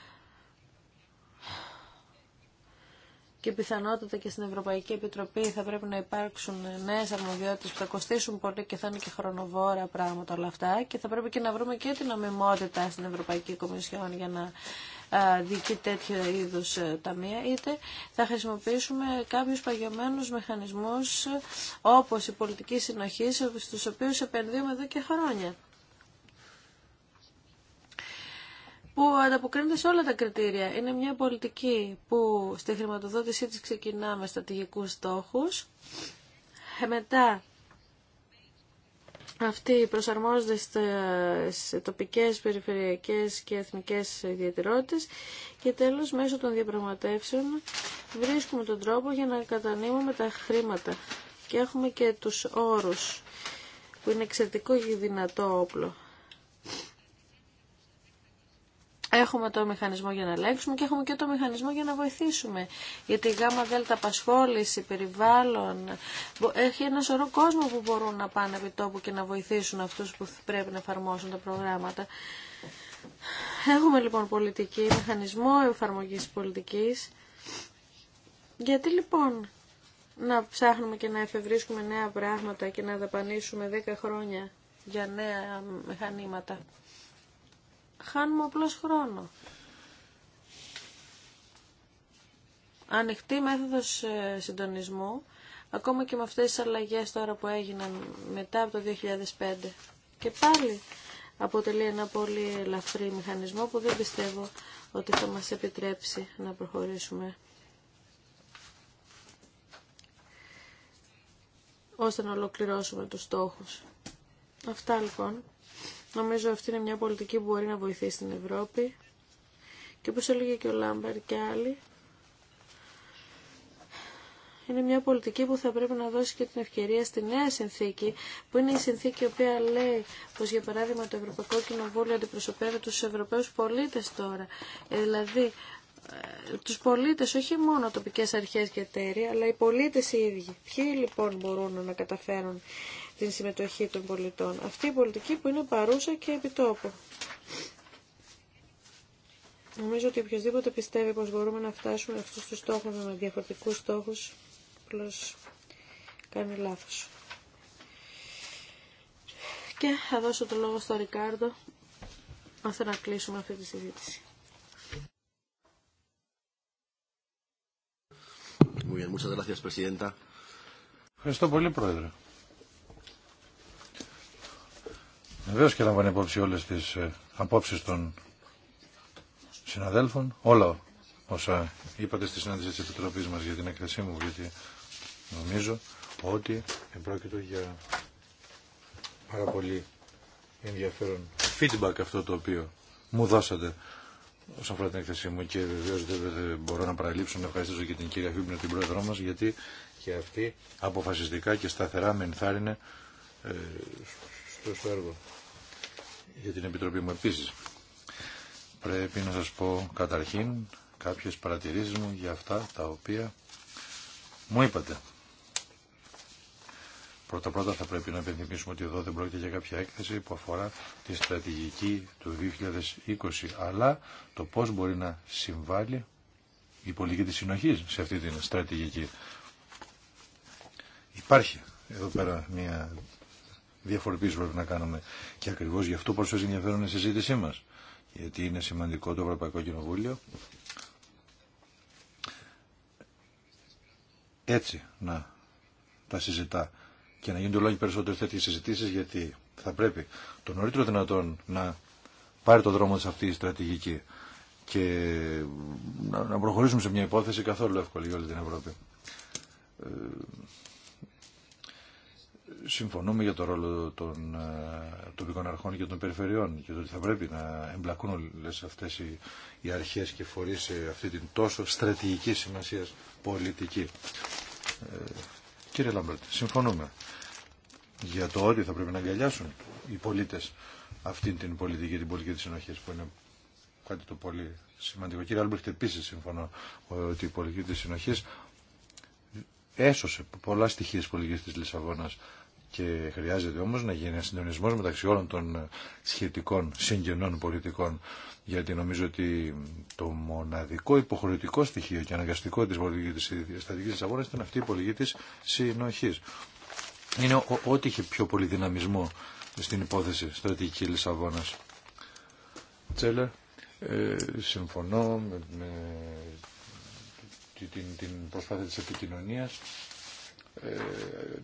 και πιθανότατα και στην Ευρωπαϊκή Επιτροπή θα πρέπει να υπάρξουν νέε αρμοδιότητε που θα κοστίσουν πολύ και θα είναι και χρονοβόρα πράγματα όλα αυτά και θα πρέπει και να βρούμε και την ομιμότητα στην Ευρωπαϊκή Κομισιόν για να διοικεί τέτοιο είδους ε, ταμεία, είτε θα χρησιμοποιήσουμε κάποιους παγιωμένους μηχανισμούς ε, όπως η πολιτική συνοχή στους οποίους επενδύουμε εδώ και χρόνια. που ανταποκρίνεται σε όλα τα κριτήρια. Είναι μια πολιτική που στη χρηματοδότησή της ξεκινά με στρατηγικούς στόχους. Ε, μετά αυτοί προσαρμόζονται σε τοπικές, περιφερειακές και εθνικές ιδιαιτερότητες και τέλος μέσω των διαπραγματεύσεων βρίσκουμε τον τρόπο για να κατανείμουμε τα χρήματα και έχουμε και τους όρους που είναι εξαιρετικό και δυνατό όπλο. Έχουμε το μηχανισμό για να ελέγξουμε και έχουμε και το μηχανισμό για να βοηθήσουμε. Γιατί η γάμα δέλτα απασχόληση, περιβάλλον, έχει ένα σωρό κόσμο που μπορούν να πάνε επί τόπου και να βοηθήσουν αυτούς που πρέπει να εφαρμόσουν τα προγράμματα. Έχουμε λοιπόν πολιτική, μηχανισμό εφαρμογής πολιτικής. Γιατί λοιπόν να ψάχνουμε και να εφευρίσκουμε νέα πράγματα και να δαπανίσουμε 10 χρόνια για νέα μηχανήματα χάνουμε απλώς χρόνο. Ανοιχτή μέθοδος ε, συντονισμού, ακόμα και με αυτές τις αλλαγές τώρα που έγιναν μετά από το 2005. Και πάλι αποτελεί ένα πολύ ελαφρύ μηχανισμό που δεν πιστεύω ότι θα μας επιτρέψει να προχωρήσουμε. ώστε να ολοκληρώσουμε τους στόχους. Αυτά λοιπόν. Νομίζω αυτή είναι μια πολιτική που μπορεί να βοηθήσει την Ευρώπη. Και όπως έλεγε και ο Λάμπερ και άλλοι, είναι μια πολιτική που θα πρέπει να δώσει και την ευκαιρία στη νέα συνθήκη, που είναι η συνθήκη η οποία λέει πως για παράδειγμα το Ευρωπαϊκό Κοινοβούλιο αντιπροσωπεύει τους Ευρωπαίους πολίτες τώρα. Ε, δηλαδή ε, τους πολίτες, όχι μόνο τοπικές αρχές και εταίροι, αλλά οι πολίτες οι ίδιοι. Ποιοι λοιπόν μπορούν να καταφέρουν την συμμετοχή των πολιτών. Αυτή η πολιτική που είναι παρούσα και επιτόπου. Νομίζω ότι οποιοδήποτε πιστεύει πως μπορούμε να φτάσουμε αυτούς τους στόχους με διαφορετικούς στόχους, απλώς κάνει λάθος. Και θα δώσω το λόγο στον Ρικάρδο, ώστε να κλείσουμε αυτή τη συζήτηση. Ευχαριστώ πολύ, Πρόεδρε. Βεβαίω και λαμβάνει υπόψη όλε τι ε, απόψει των συναδέλφων. Όλα όσα είπατε στη συνάντηση τη Επιτροπή μα για την έκθεσή μου, γιατί νομίζω ότι επρόκειτο για πάρα πολύ ενδιαφέρον feedback αυτό το οποίο μου δώσατε όσον αφορά την έκθεσή μου και βεβαίω δεν μπορώ να παραλείψω να ευχαριστήσω και την κυρία Φίμπνερ, την πρόεδρό μα, γιατί και αυτή αποφασιστικά και σταθερά με ενθάρρυνε ε, Ευχαριστώ έργο για την Επιτροπή μου επίσης. Πρέπει να σας πω καταρχήν κάποιες παρατηρήσεις μου για αυτά τα οποία μου είπατε. Πρώτα πρώτα θα πρέπει να επενθυμίσουμε ότι εδώ δεν πρόκειται για κάποια έκθεση που αφορά τη στρατηγική του 2020, αλλά το πώς μπορεί να συμβάλλει η πολιτική της συνοχής σε αυτή την στρατηγική. Υπάρχει εδώ πέρα μια διαφοροποίηση πρέπει να κάνουμε. Και ακριβώ γι' αυτό προσφέρει ενδιαφέρον η συζήτησή μα. Γιατί είναι σημαντικό το Ευρωπαϊκό Κοινοβούλιο έτσι να τα συζητά και να γίνονται λόγοι περισσότερε τέτοιε συζητήσει γιατί θα πρέπει το νωρίτερο δυνατόν να πάρει το δρόμο τη αυτή η στρατηγική και να προχωρήσουμε σε μια υπόθεση καθόλου εύκολη για όλη την Ευρώπη. Ε, συμφωνούμε για το ρόλο των ε, τοπικών αρχών και των περιφερειών και ότι θα πρέπει να εμπλακούν όλες αυτές οι, οι αρχές και φορείς σε αυτή την τόσο στρατηγική σημασία πολιτική. Ε, κύριε Λαμπέρτ, συμφωνούμε για το ότι θα πρέπει να αγκαλιάσουν οι πολίτες αυτή την πολιτική, την πολιτική της συνοχής που είναι κάτι το πολύ σημαντικό. Κύριε Άλμπρεχτ, επίση συμφωνώ ότι η πολιτική της συνοχής έσωσε πολλά στοιχεία της πολιτικής της Λισαβόνας και χρειάζεται όμως να γίνει ένα συντονισμό μεταξύ όλων των σχετικών συγγενών πολιτικών γιατί νομίζω ότι το μοναδικό υποχρεωτικό στοιχείο και αναγκαστικό της πολιτικής της της αγώνας ήταν αυτή η πολιτική της συνοχής. Είναι ό,τι είχε πιο πολύ δυναμισμό στην υπόθεση στρατηγική Λισαβόνας. Τσέλερ, ε, συμφωνώ με, με την, την προσπάθεια της επικοινωνίας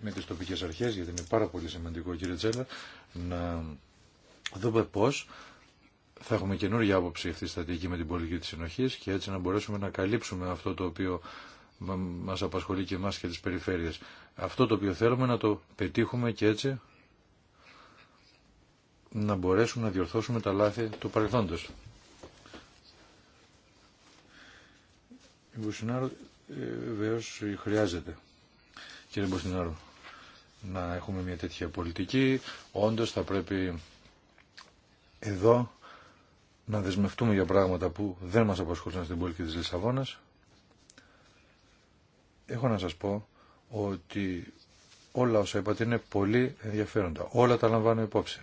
με τις τοπικές αρχές, γιατί είναι πάρα πολύ σημαντικό κύριε Τσέλα, να δούμε πώς θα έχουμε καινούργια άποψη αυτή τη στατική με την πολιτική της συνοχής και έτσι να μπορέσουμε να καλύψουμε αυτό το οποίο μας απασχολεί και εμάς και τις περιφέρειες. Αυτό το οποίο θέλουμε να το πετύχουμε και έτσι να μπορέσουμε να διορθώσουμε τα λάθη του παρελθόντος. Η ε, βεβαίω χρειάζεται κύριε Μποστινάρου, να έχουμε μια τέτοια πολιτική. Όντως θα πρέπει εδώ να δεσμευτούμε για πράγματα που δεν μας απασχολούν στην πολιτική της Λισαβόνας. Έχω να σας πω ότι όλα όσα είπατε είναι πολύ ενδιαφέροντα. Όλα τα λαμβάνω υπόψη.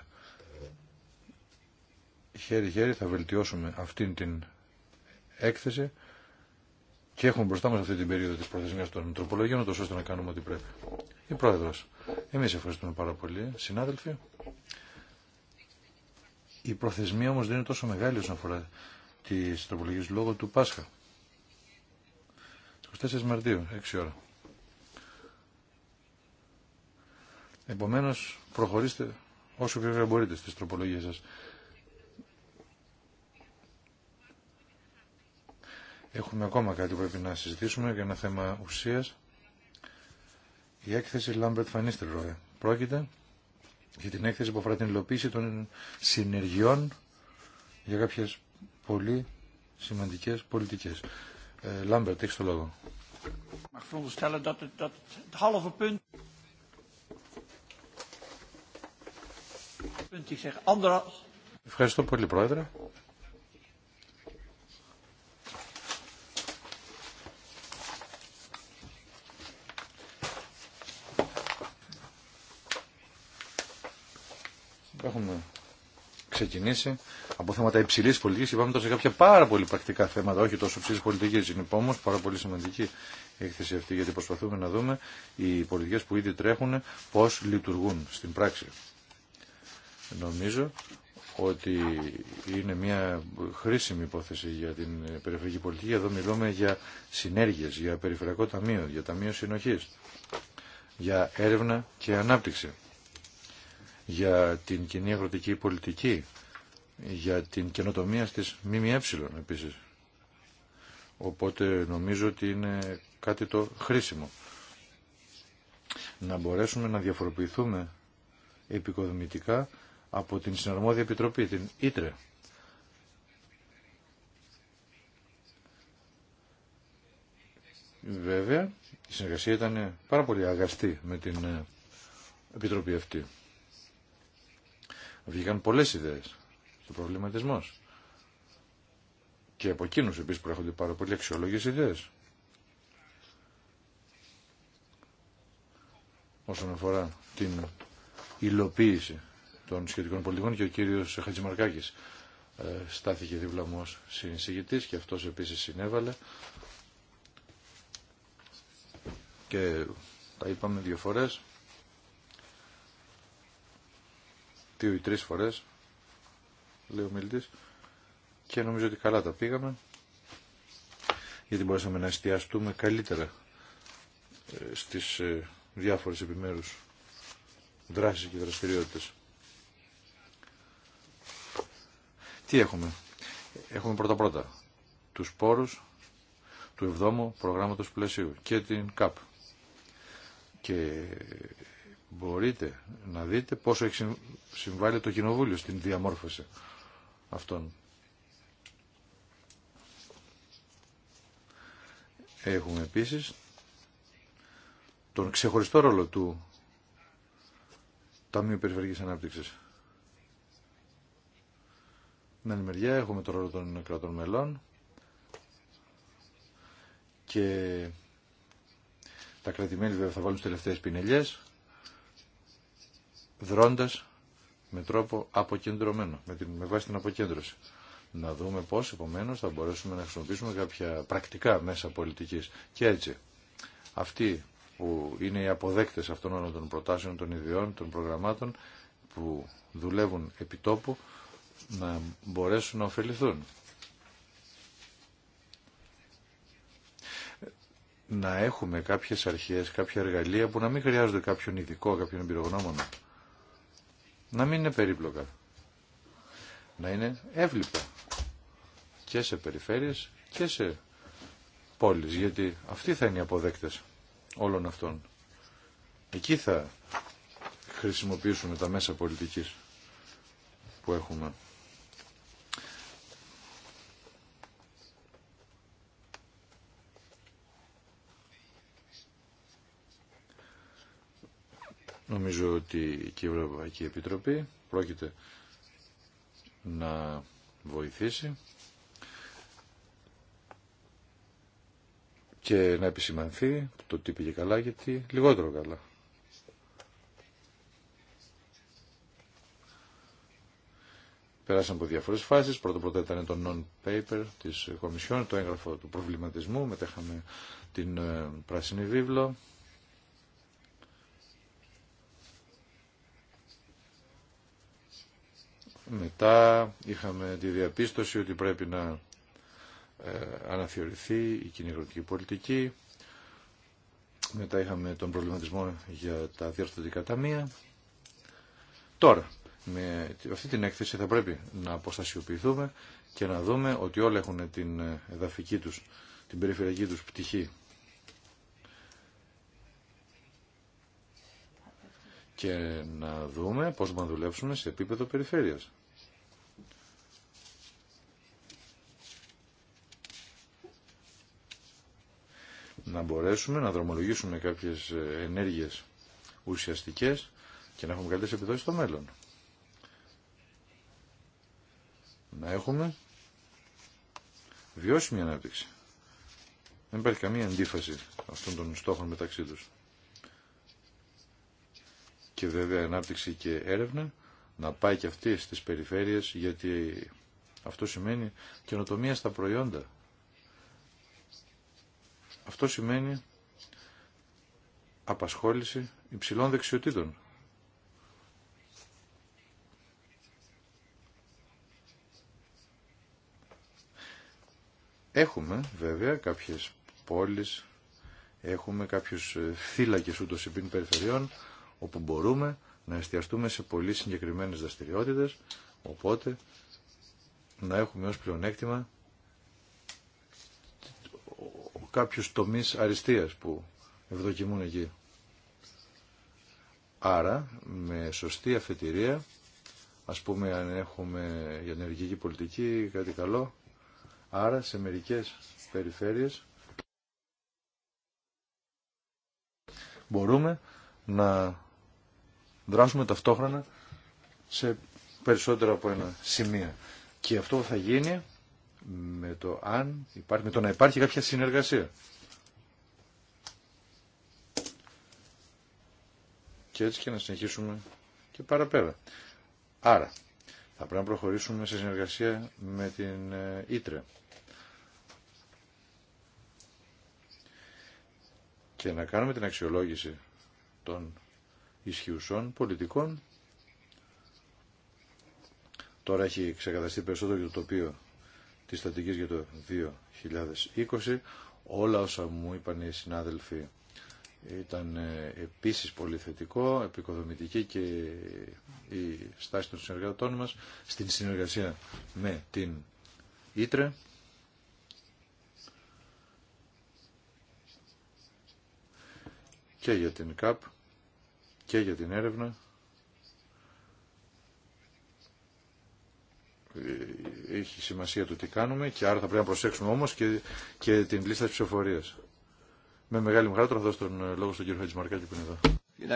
Χέρι-χέρι θα βελτιώσουμε αυτήν την έκθεση και έχουμε μπροστά μα αυτή την περίοδο τη προθεσμίας των τροπολογίων, τόσο ώστε να κάνουμε ό,τι πρέπει. Η πρόεδρο. Εμεί ευχαριστούμε πάρα πολύ. Συνάδελφοι, η προθεσμία όμω δεν είναι τόσο μεγάλη όσον αφορά τι τροπολογίε λόγω του Πάσχα. 24 Μαρτίου, 6 ώρα. Επομένω, προχωρήστε όσο πιο γρήγορα μπορείτε στι τροπολογίε σα. Έχουμε ακόμα κάτι που πρέπει να συζητήσουμε για ένα θέμα ουσίας. Η έκθεση Λάμπερτ Φανίστρ Ρόε. Πρόκειται για την έκθεση που αφορά την υλοποίηση των συνεργειών για κάποιες πολύ σημαντικές πολιτικές. Λάμπερτ, έχεις το λόγο. Ευχαριστώ πολύ, Πρόεδρε. έχουμε ξεκινήσει από θέματα υψηλή πολιτική και πάμε τώρα σε κάποια πάρα πολύ πρακτικά θέματα, όχι τόσο υψηλή πολιτική. Είναι όμω πάρα πολύ σημαντική η έκθεση αυτή, γιατί προσπαθούμε να δούμε οι πολιτικέ που ήδη τρέχουν πώ λειτουργούν στην πράξη. Νομίζω ότι είναι μια χρήσιμη υπόθεση για την περιφερειακή πολιτική. Εδώ μιλούμε για συνέργειες, για περιφερειακό ταμείο, για ταμείο συνοχής, για έρευνα και ανάπτυξη για την κοινή αγροτική πολιτική, για την καινοτομία στις ΜΜΕ επίσης. Οπότε νομίζω ότι είναι κάτι το χρήσιμο. Να μπορέσουμε να διαφοροποιηθούμε επικοδομητικά από την Συναρμόδια Επιτροπή, την Ήτρε. Βέβαια, η συνεργασία ήταν πάρα πολύ αγαστή με την ε, Επιτροπή αυτή. Βγήκαν πολλές ιδέες στο προβληματισμό Και από εκείνους επίσης προέρχονται πάρα πολύ αξιόλογε ιδέες. όσον αφορά την υλοποίηση των σχετικών πολιτικών και ο κύριος Χατζημαρκάκης ε, στάθηκε δίπλα μου ως συνεισηγητής και αυτός επίσης συνέβαλε και τα είπαμε δύο φορές δύο ή τρεις φορές, λέει ο μιλητής, και νομίζω ότι καλά τα πήγαμε, γιατί μπορέσαμε να εστιαστούμε καλύτερα ε, στις ε, διάφορες επιμέρους δράσεις και δραστηριότητες. Τι έχουμε. Έχουμε πρώτα-πρώτα τους πόρους του 7ου προγράμματος πλαισίου και την ΚΑΠ. Και μπορείτε να δείτε πόσο έχει συμβάλει το Κοινοβούλιο στην διαμόρφωση αυτών. Έχουμε επίσης τον ξεχωριστό ρόλο του Ταμείου Περιφερειακής Ανάπτυξης. Με άλλη μεριά έχουμε τον ρόλο των κρατών μελών και τα κρατημέλη βέβαια θα βάλουν στις τελευταίες πινελιές δρώντας με τρόπο αποκεντρωμένο, με, την, με βάση την αποκέντρωση. Να δούμε πώς επομένως θα μπορέσουμε να χρησιμοποιήσουμε κάποια πρακτικά μέσα πολιτικής. Και έτσι, αυτοί που είναι οι αποδέκτες αυτών όλων των προτάσεων, των ιδιών, των προγραμμάτων, που δουλεύουν επί τόπου, να μπορέσουν να ωφεληθούν. Να έχουμε κάποιες αρχές, κάποια εργαλεία που να μην χρειάζονται κάποιον ειδικό, κάποιον εμπειρογνώμονα να μην είναι περίπλοκα. Να είναι εύληπτα και σε περιφέρειες και σε πόλεις, γιατί αυτοί θα είναι οι αποδέκτες όλων αυτών. Εκεί θα χρησιμοποιήσουμε τα μέσα πολιτικής που έχουμε. Νομίζω ότι και η Ευρωπαϊκή Επιτροπή πρόκειται να βοηθήσει και να επισημανθεί το τι πήγε καλά γιατί λιγότερο καλά. Περάσαμε από διαφορές φάσεις. Πρώτο πρώτα ήταν το non-paper της Κομισιόν, το έγγραφο του προβληματισμού. Μετέχαμε την ε, πράσινη βίβλο Μετά είχαμε τη διαπίστωση ότι πρέπει να ε, αναθεωρηθεί η κοινωνική πολιτική. Μετά είχαμε τον προβληματισμό για τα διορθωτικά ταμεία. Τώρα, με αυτή την έκθεση θα πρέπει να αποστασιοποιηθούμε και να δούμε ότι όλα έχουν την ε, εδαφική τους, την περιφερειακή τους πτυχή και να δούμε πώς να δουλέψουμε σε επίπεδο περιφέρειας. Να μπορέσουμε να δρομολογήσουμε κάποιες ενέργειες ουσιαστικές και να έχουμε καλύτερες επιδόσεις στο μέλλον. Να έχουμε βιώσιμη ανάπτυξη. Δεν υπάρχει καμία αντίφαση αυτών των στόχων μεταξύ τους και βέβαια ανάπτυξη και έρευνα να πάει και αυτή στις περιφέρειες γιατί αυτό σημαίνει καινοτομία στα προϊόντα. Αυτό σημαίνει απασχόληση υψηλών δεξιοτήτων. Έχουμε βέβαια κάποιες πόλεις, έχουμε κάποιους ε, θύλακες ούτως υπήν περιφερειών όπου μπορούμε να εστιαστούμε σε πολύ συγκεκριμένες δραστηριότητες, οπότε να έχουμε ως πλεονέκτημα κάποιους τομείς αριστείας που ευδοκιμούν εκεί. Άρα, με σωστή αφετηρία, ας πούμε αν έχουμε για ενεργική πολιτική κάτι καλό, άρα σε μερικές περιφέρειες μπορούμε να δράσουμε ταυτόχρονα σε περισσότερα από ένα σημείο. Και αυτό θα γίνει με το, αν υπάρχει, με το να υπάρχει κάποια συνεργασία. Και έτσι και να συνεχίσουμε και παραπέρα. Άρα, θα πρέπει να προχωρήσουμε σε συνεργασία με την ε, Ήτρε. Και να κάνουμε την αξιολόγηση των ισχυουσών πολιτικών. Τώρα έχει ξεκαταστεί περισσότερο για το τοπίο της στατικής για το 2020. Όλα όσα μου είπαν οι συνάδελφοι ήταν ε, επίσης πολύ θετικό, επικοδομητική και η στάση των συνεργατών μας στην συνεργασία με την Ήτρε. και για την ΚΑΠ και για την έρευνα. Έχει σημασία το τι κάνουμε και άρα θα πρέπει να προσέξουμε όμως και, και την λίστα της ψηφοφορίας. Με μεγάλη μου χαρά τώρα θα δώσω τον λόγο στον κύριο Χατζημαρκάκη που είναι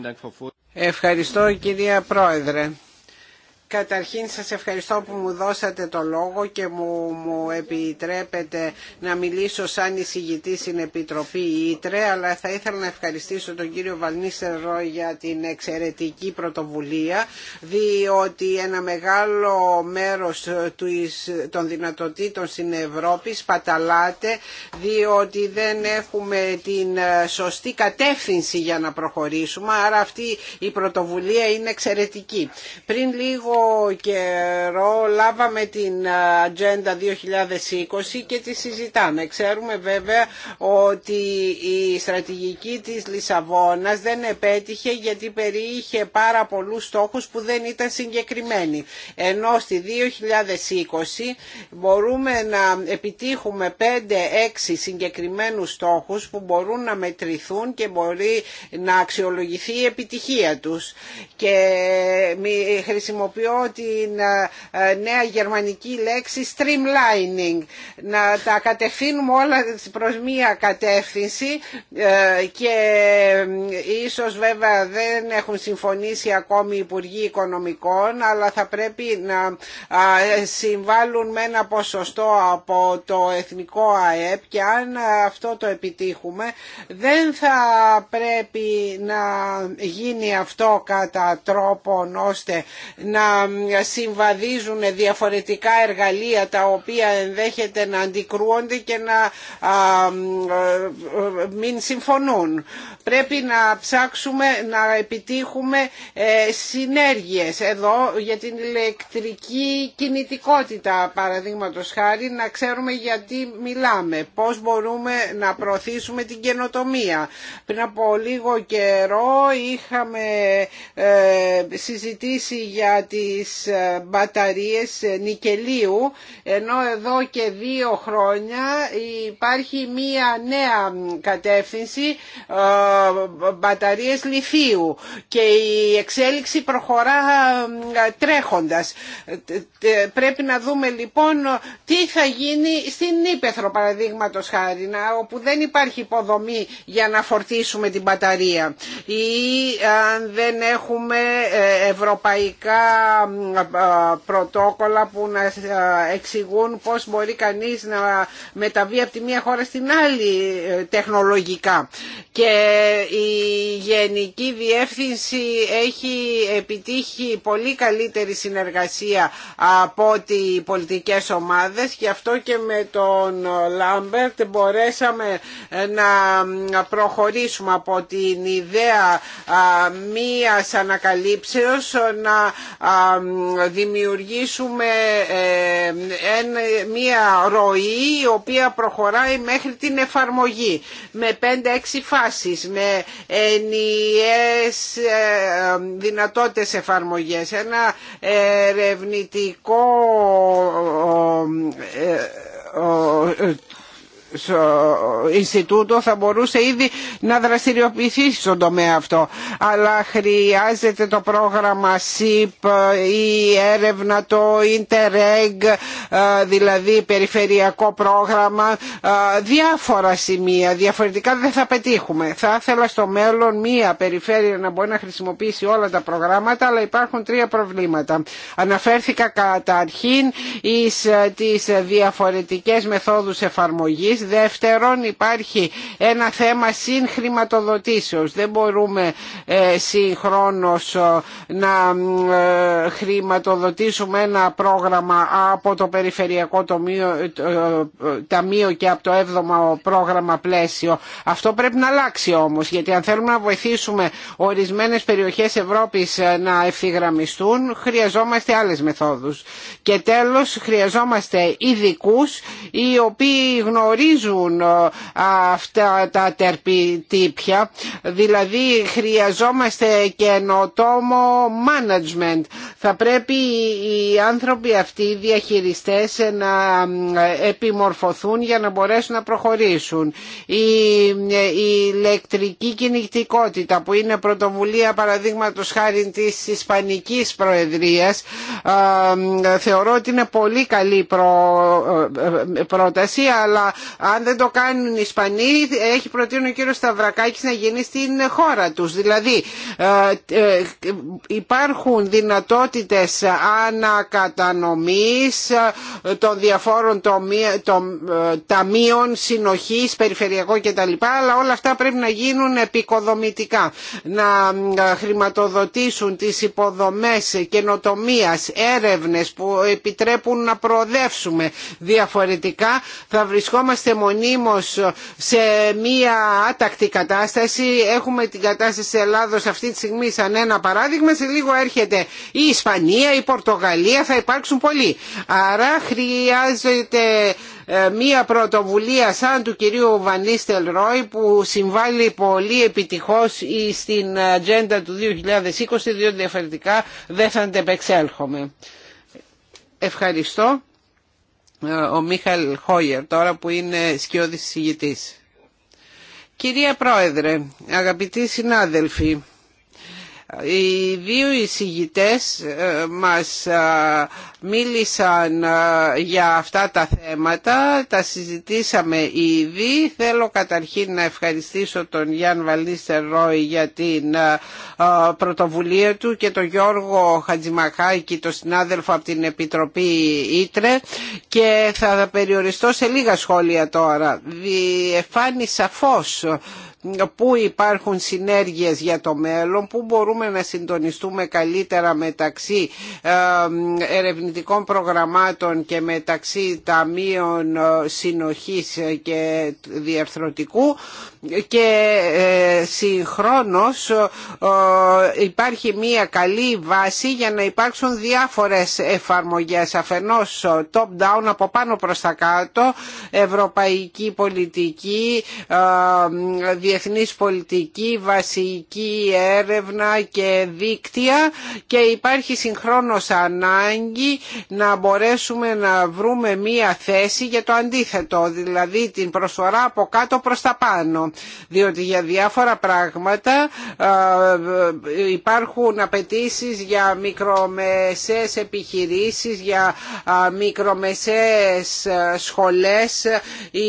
εδώ. Ευχαριστώ κυρία Πρόεδρε. Καταρχήν σας ευχαριστώ που μου δώσατε το λόγο και μου, μου επιτρέπετε να μιλήσω σαν εισηγητή στην Επιτροπή Ήτρε, αλλά θα ήθελα να ευχαριστήσω τον κύριο Βαλνίστερ για την εξαιρετική πρωτοβουλία, διότι ένα μεγάλο μέρος των δυνατοτήτων στην Ευρώπη σπαταλάται, διότι δεν έχουμε την ε, σωστή κατεύθυνση για να προχωρήσουμε, άρα αυτή η πρωτοβουλία είναι εξαιρετική. Πριν λίγο καιρό λάβαμε την Ατζέντα 2020 και τη συζητάμε. Ξέρουμε βέβαια ότι η στρατηγική της Λισαβόνας δεν επέτυχε γιατί περιείχε πάρα πολλούς στόχους που δεν ήταν συγκεκριμένοι. Ενώ στη 2020 μπορούμε να επιτύχουμε 5-6 συγκεκριμένους στόχους που μπορούν να μετρηθούν και μπορεί να αξιολογηθεί η επιτυχία τους. Και χρησιμοποιώ χρησιμοποιώ την ε, νέα γερμανική λέξη streamlining, να τα κατευθύνουμε όλα προς μία κατεύθυνση ε, και ε, ίσως βέβαια δεν έχουν συμφωνήσει ακόμη οι Υπουργοί Οικονομικών, αλλά θα πρέπει να συμβάλλουν με ένα ποσοστό από το εθνικό ΑΕΠ και αν αυτό το επιτύχουμε δεν θα πρέπει να γίνει αυτό κατά τρόπον ώστε να συμβαδίζουν διαφορετικά εργαλεία τα οποία ενδέχεται να αντικρούονται και να ε, μην συμφωνούν. Πρέπει να ψάξουμε να επιτύχουμε ε, συνέργειες εδώ για την ηλεκτρική κινητικότητα παραδείγματος χάρη να ξέρουμε γιατί μιλάμε, πώς μπορούμε να προωθήσουμε την καινοτομία. Πριν από λίγο καιρό είχαμε ε, συζητήσει για τη τις ε, μπαταρίες ε, νικελίου ενώ εδώ και δύο χρόνια υπάρχει μία νέα κατεύθυνση ε, μπαταρίες λιθίου και η εξέλιξη προχωρά τρέχοντας. Πρέπει να δούμε λοιπόν τι θα γίνει στην Ήπεθρο παραδείγματο χάρη όπου δεν υπάρχει υποδομή για να φορτίσουμε την μπαταρία ή αν δεν έχουμε ευρωπαϊκά πρωτόκολλα που να εξηγούν πώς μπορεί κανείς να μεταβεί από τη μία χώρα στην άλλη ε, τεχνολογικά. Και η Γενική Διεύθυνση έχει επιτύχει πολύ καλύτερη συνεργασία από ό,τι οι πολιτικές ομάδες και αυτό και με τον Λάμπερτ μπορέσαμε ε, να προχωρήσουμε από την ιδέα μίας ανακαλύψεως να δημιουργήσουμε ε, μία ροή η οποία προχωράει μέχρι την εφαρμογή με 5-6 φάσεις, με ενιαίες ε, δυνατότητες εφαρμογές, ένα ερευνητικό Ινστιτούτο θα μπορούσε ήδη να δραστηριοποιηθεί στον τομέα αυτό. Αλλά χρειάζεται το πρόγραμμα SIP, η έρευνα, το Interreg, ε, δηλαδή περιφερειακό πρόγραμμα, ε, διάφορα σημεία. Διαφορετικά δεν θα πετύχουμε. Θα ήθελα στο μέλλον μία περιφέρεια να μπορεί να χρησιμοποιήσει όλα τα προγράμματα, αλλά υπάρχουν τρία προβλήματα. Αναφέρθηκα καταρχήν εις ε, τις διαφορετικές μεθόδους εφαρμογής Δεύτερον υπάρχει ένα θέμα συγχρηματοδοτήσεως. Δεν μπορούμε ε, συγχρόνως ε, να ε, χρηματοδοτήσουμε ένα πρόγραμμα από το Περιφερειακό Ταμείο και από το 7ο πρόγραμμα πλαίσιο. Αυτό πρέπει να αλλάξει όμως γιατί αν θέλουμε να βοηθήσουμε ορισμένες περιοχές Ευρώπης να ευθυγραμμιστούν χρειαζόμαστε άλλες μεθόδους. Και τέλος χρειαζόμαστε ειδικού οι οποίοι γνωρίζουν ε, αυτά τα τερπιτήπια, Δηλαδή χρειαζόμαστε καινοτόμο management. Θα πρέπει οι άνθρωποι αυτοί, οι διαχειριστές να ε, επιμορφωθούν για να μπορέσουν να προχωρήσουν. Ε, η, ηλεκτρική κινητικότητα που είναι πρωτοβουλία παραδείγματος χάρη της Ισπανικής Προεδρίας θεωρώ ότι είναι πολύ καλή πρόταση αλλά αν δεν το κάνουν οι Ισπανοί, έχει προτείνει ο κύριος Σταυρακάκης να γίνει στην χώρα τους. Δηλαδή ε, ε, υπάρχουν δυνατότητες ανακατανομής ε, των διαφόρων ταμείων, συνοχής, περιφερειακό κτλ. Αλλά όλα αυτά πρέπει να γίνουν επικοδομητικά. Να χρηματοδοτήσουν τις υποδομές καινοτομία, έρευνες που επιτρέπουν να προοδεύσουμε διαφορετικά. Θα βρισκόμαστε είμαστε μονίμως σε μία άτακτη κατάσταση. Έχουμε την κατάσταση της Ελλάδος αυτή τη στιγμή σαν ένα παράδειγμα. Σε λίγο έρχεται η Ισπανία, η Πορτογαλία, θα υπάρξουν πολλοί. Άρα χρειάζεται ε, μία πρωτοβουλία σαν του κυρίου Βανίστελ Ρόι που συμβάλλει πολύ επιτυχώς στην ατζέντα του 2020 διότι διαφορετικά δεν θα αντεπεξέλχομαι. Ευχαριστώ. Ε, ο Μίχαλ Χόγερ τώρα που είναι σκιώδης συγητής. Κυρία Πρόεδρε, αγαπητοί συνάδελφοι, οι δύο εισηγητές ε, μας ε, μίλησαν ε, για αυτά τα θέματα, τα συζητήσαμε ήδη. Θέλω καταρχήν να ευχαριστήσω τον Γιάνν Βαλίστερ Ρόι για την πρωτοβουλία του και τον Γιώργο Χατζημακάκη, τον συνάδελφο από την Επιτροπή Ήτρε και θα περιοριστώ σε λίγα σχόλια τώρα. Διεφάνει σαφώς πού υπάρχουν συνέργειες για το μέλλον, πού μπορούμε να συντονιστούμε καλύτερα μεταξύ ε, ερευνητικών προγραμμάτων και μεταξύ ταμείων ε, συνοχής ε, και διαρθρωτικού και ε, συγχρόνως υπάρχει μια καλή βάση για να υπάρξουν διάφορες εφαρμογές αφενός top down από πάνω προς τα κάτω ευρωπαϊκή πολιτική ε, διεθνής πολιτική βασική έρευνα και δίκτυα και υπάρχει συγχρόνως ανάγκη να μπορέσουμε να βρούμε μια θέση για το αντίθετο δηλαδή την προσφορά από κάτω προς τα πάνω διότι για διάφορα πράγματα υπάρχουν απαιτήσει για μικρομεσαίες επιχειρήσεις, για μικρομεσαίες σχολές οι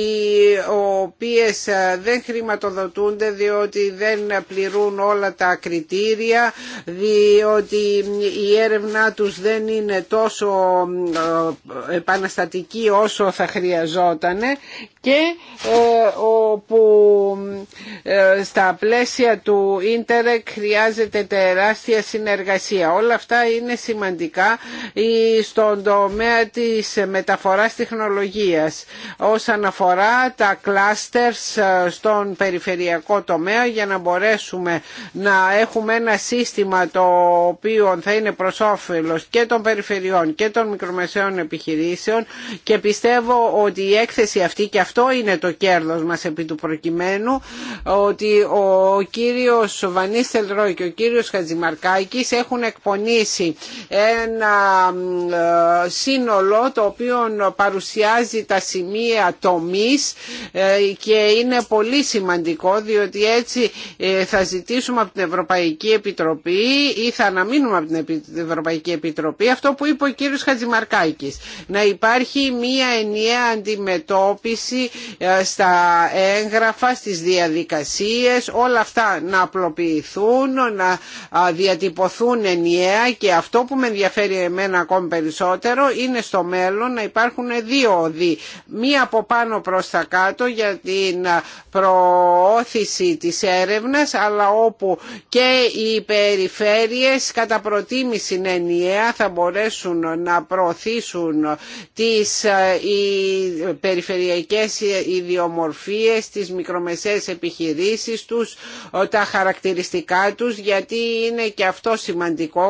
οποίες δεν χρηματοδοτούνται διότι δεν πληρούν όλα τα κριτήρια, διότι η έρευνά τους δεν είναι τόσο επαναστατική όσο θα χρειαζόταν και ε, όπου ε, στα πλαίσια του Ίντερεκ χρειάζεται τεράστια συνεργασία. Όλα αυτά είναι σημαντικά ε, στον τομέα της μεταφοράς τεχνολογίας όσον αφορά τα clusters στον περιφερειακό τομέα για να μπορέσουμε να έχουμε ένα σύστημα το οποίο θα είναι προς όφελος και των περιφερειών και των μικρομεσαίων επιχειρήσεων και πιστεύω ότι η έκθεση αυτή και αυτό είναι το κέρδος μας επί του προκειμένου ότι ο κύριος Βανίστελ Ρόι και ο κύριος Χατζημαρκάκης έχουν εκπονήσει ένα ε, σύνολο το οποίο παρουσιάζει τα σημεία τομής ε, και είναι πολύ σημαντικό διότι έτσι ε, θα ζητήσουμε από την Ευρωπαϊκή Επιτροπή ή θα αναμείνουμε από την Ευρωπαϊκή Επιτροπή αυτό που είπε ο κύριος Χατζημαρκάκης να υπάρχει μία ενιαία αντιμετώπιση ε, στα έγγραφα, στις διαδικασίες, όλα αυτά να απλοποιηθούν, να διατυπωθούν ενιαία και αυτό που με ενδιαφέρει εμένα ακόμη περισσότερο είναι στο μέλλον να υπάρχουν δύο οδοί. Μία από πάνω προς τα κάτω για την προώθηση της έρευνας αλλά όπου και οι περιφέρειες κατά προτίμηση ενιαία θα μπορέσουν να προωθήσουν τις ε, περιφερειακές οι ιδιομορφίες, τις μικρομεσαίες επιχειρήσεις τους, τα χαρακτηριστικά τους, γιατί είναι και αυτό σημαντικό.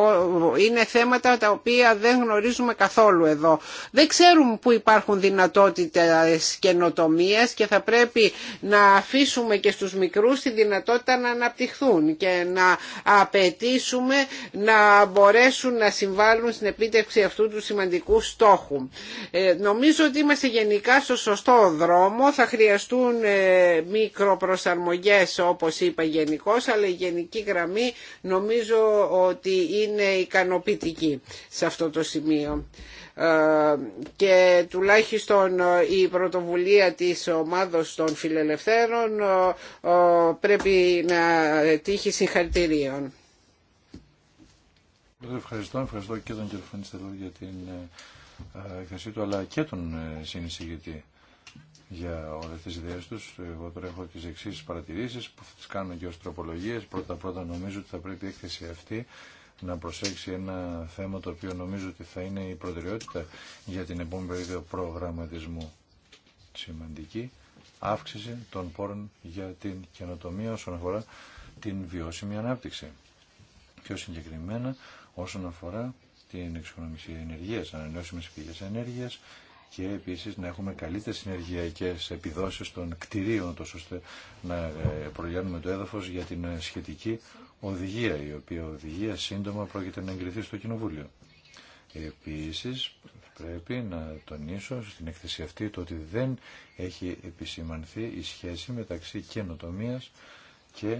Είναι θέματα τα οποία δεν γνωρίζουμε καθόλου εδώ. Δεν ξέρουμε που υπάρχουν δυνατότητες καινοτομία και θα πρέπει να αφήσουμε και στους μικρούς τη δυνατότητα να αναπτυχθούν και να απαιτήσουμε να μπορέσουν να συμβάλλουν στην επίτευξη αυτού του σημαντικού στόχου. Ε, νομίζω ότι είμαστε γενικά στο σωστό δρόμο δρόμο. Θα χρειαστούν ε, μικροπροσαρμογές όπως είπα γενικώ, αλλά η γενική γραμμή νομίζω ότι είναι ικανοποιητική σε αυτό το σημείο ε, και τουλάχιστον ε, η πρωτοβουλία της ομάδος των φιλελευθέρων πρέπει να τύχει συγχαρητηρίων. Ευχαριστώ, ευχαριστώ και τον κύριο Φανιστερό για την εκθεσή του αλλά και τον συνεισηγητή για όλε τι ιδέε του. Εγώ τώρα έχω τι εξή παρατηρήσει που θα τι κάνω και ω τροπολογίε. Πρώτα-πρώτα νομίζω ότι θα πρέπει η έκθεση αυτή να προσέξει ένα θέμα το οποίο νομίζω ότι θα είναι η προτεραιότητα για την επόμενη περίοδο προγραμματισμού. Σημαντική αύξηση των πόρων για την καινοτομία όσον αφορά την βιώσιμη ανάπτυξη. Πιο συγκεκριμένα όσον αφορά την εξοικονομική ενεργείας, ανανεώσιμες πηγές ενέργειας, και επίσης να έχουμε καλύτερες συνεργειακές επιδόσεις των κτηρίων τόσο ώστε να ε, προγιάνουμε το έδαφος για την ε, σχετική οδηγία η οποία οδηγία σύντομα πρόκειται να εγκριθεί στο Κοινοβούλιο. Επίσης πρέπει να τονίσω στην εκθέση αυτή το ότι δεν έχει επισημανθεί η σχέση μεταξύ καινοτομία και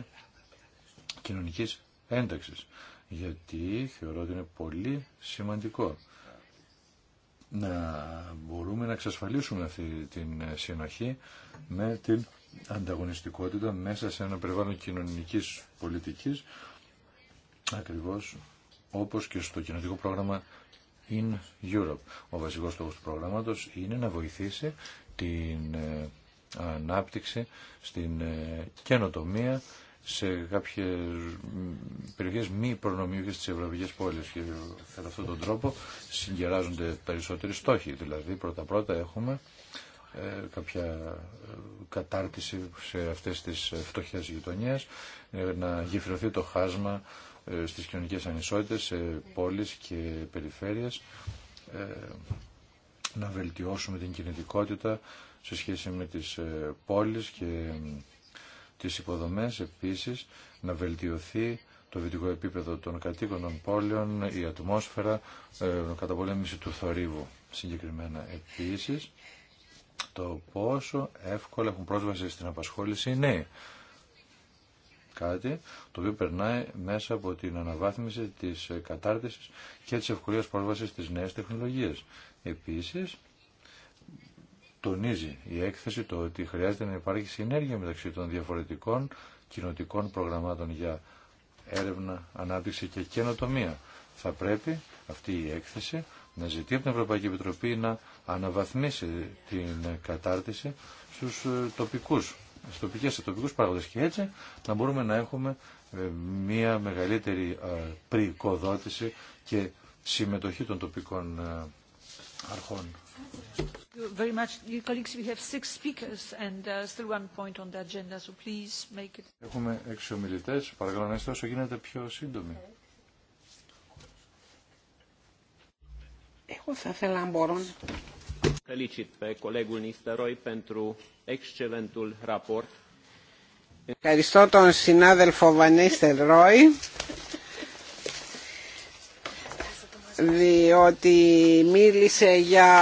κοινωνικής ένταξης γιατί θεωρώ ότι είναι πολύ σημαντικό να μπορούμε να εξασφαλίσουμε αυτή την συνοχή με την ανταγωνιστικότητα μέσα σε ένα περιβάλλον κοινωνικής πολιτικής ακριβώς όπως και στο κοινωνικό πρόγραμμα in Europe. Ο βασικός στόχος του προγράμματος είναι να βοηθήσει την ε, ανάπτυξη, στην ε, καινοτομία σε κάποιες περιοχές μη προνομιούχες τη ευρωπαϊκή πόλη και κατά αυτόν τον τρόπο συγκεράζονται περισσότεροι στόχοι. Δηλαδή πρώτα-πρώτα έχουμε ε, κάποια ε, κατάρτιση σε αυτές τις ε, φτωχές γειτονιές, ε, να γεφυρωθεί το χάσμα ε, στις κοινωνικές ανισότητες σε πόλεις και περιφέρειες, να βελτιώσουμε την κινητικότητα σε σχέση με τις πόλεις και τις υποδομές, επίσης να βελτιωθεί το βιωτικό επίπεδο των κατοίκων των πόλεων, η ατμόσφαιρα, ε, η καταπολέμηση του θορύβου συγκεκριμένα επίσης, το πόσο εύκολα έχουν πρόσβαση στην απασχόληση οι νέοι. Κάτι το οποίο περνάει μέσα από την αναβάθμιση της κατάρτισης και της ευκολίας πρόσβασης στις νέες τεχνολογίες. Επίσης, τονίζει η έκθεση το ότι χρειάζεται να υπάρχει συνέργεια μεταξύ των διαφορετικών κοινοτικών προγραμμάτων για έρευνα, ανάπτυξη και καινοτομία. Θα πρέπει αυτή η έκθεση να ζητεί από την Ευρωπαϊκή Επιτροπή να αναβαθμίσει την κατάρτιση στους ε, τοπικούς, στις τοπικές, και έτσι να μπορούμε να έχουμε ε, μια μεγαλύτερη ε, πρικοδότηση και συμμετοχή των τοπικών αρχών. Έχουμε έξι ομιλητέ. Παρακαλώ να είστε όσο γίνεται πιο σύντομοι. Εγώ θα ήθελα αν μπορώ. Ευχαριστώ τον συνάδελφο Βανίστερ Ρόι διότι μίλησε για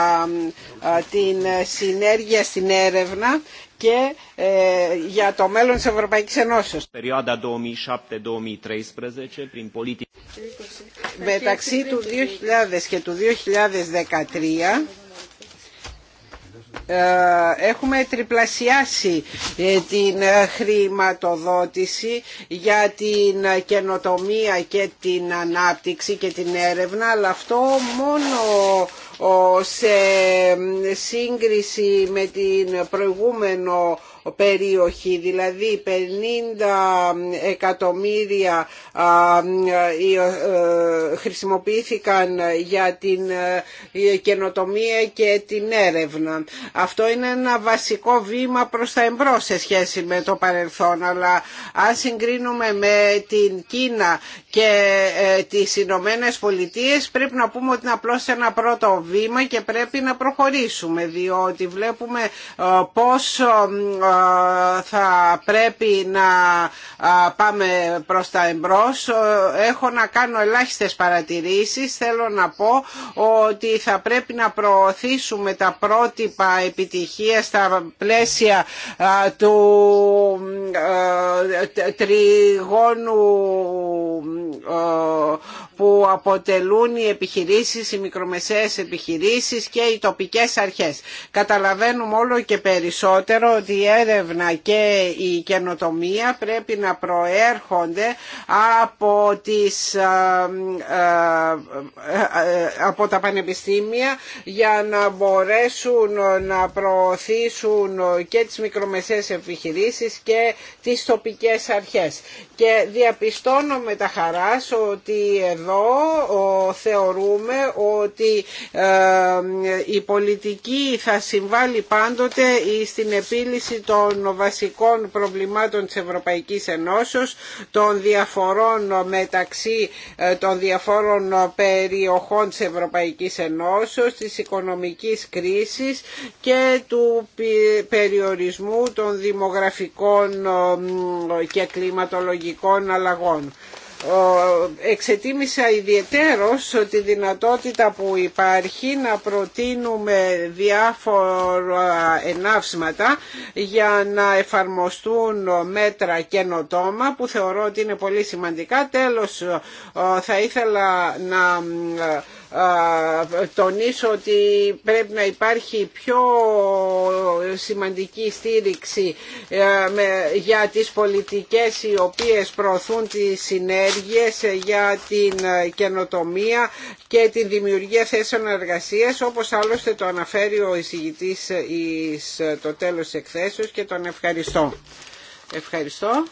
την συνέργεια στην έρευνα και ε, για το μέλλον της Ευρωπαϊκής Ενώσεως. Περίοδα 2007-2013, μεταξύ του 2000 και του 2013, ε, έχουμε τριπλασιάσει ε, την ε, χρηματοδότηση για την καινοτομία και την ανάπτυξη και την έρευνα αλλά αυτό μόνο σε σύγκριση με την προηγούμενο περιοχή, δηλαδή 50 εκατομμύρια ε, χρησιμοποιήθηκαν για την ε, καινοτομία και την έρευνα. Αυτό είναι ένα βασικό βήμα προς τα εμπρό σε σχέση με το παρελθόν, αλλά αν συγκρίνουμε με την Κίνα και ε, τις Ηνωμένε Πολιτείε πρέπει να πούμε ότι είναι απλώς ένα πρώτο βήμα και πρέπει να προχωρήσουμε διότι βλέπουμε πώς θα πρέπει να πάμε προς τα εμπρός. Ε, έχω να κάνω ελάχιστες παρατηρήσεις. Θέλω να πω ότι θα πρέπει να προωθήσουμε τα πρότυπα επιτυχία στα πλαίσια του τριγώνου που αποτελούν οι επιχειρήσεις, οι μικρομεσαίες επιχειρήσεις και οι τοπικές αρχές. Καταλαβαίνουμε όλο και περισσότερο ότι η έρευνα και η καινοτομία πρέπει να προέρχονται από, τις, ε, ε, ε, από τα πανεπιστήμια για να μπορέσουν να προωθήσουν και τις μικρομεσαίες επιχειρήσεις και τις τοπικές αρχές. Και διαπιστώνω με τα χαράς ότι εδώ θεωρούμε ότι ε, η πολιτική θα συμβάλλει πάντοτε στην επίλυση των βασικών προβλημάτων της Ευρωπαϊκής Ενώσεως, των διαφορών μεταξύ ε, των διαφόρων περιοχών της Ευρωπαϊκής Ενώσεως, της οικονομικής κρίσης και του περιορισμού των δημογραφικών ε, και κλιματολογικών αλλαγών εξετίμησα ιδιαιτέρως τη δυνατότητα που υπάρχει να προτείνουμε διάφορα εναύσματα για να εφαρμοστούν μέτρα καινοτόμα που θεωρώ ότι είναι πολύ σημαντικά. Τέλος θα ήθελα να τονίσω ότι πρέπει να υπάρχει πιο σημαντική στήριξη ε, για τις πολιτικές οι οποίες προωθούν τις συνέργειες ε, για την ε, καινοτομία και την δημιουργία θέσεων εργασίας όπως άλλωστε το αναφέρει ο εισηγητής το τέλος εκθέσεως και τον ευχαριστώ. Ευχαριστώ.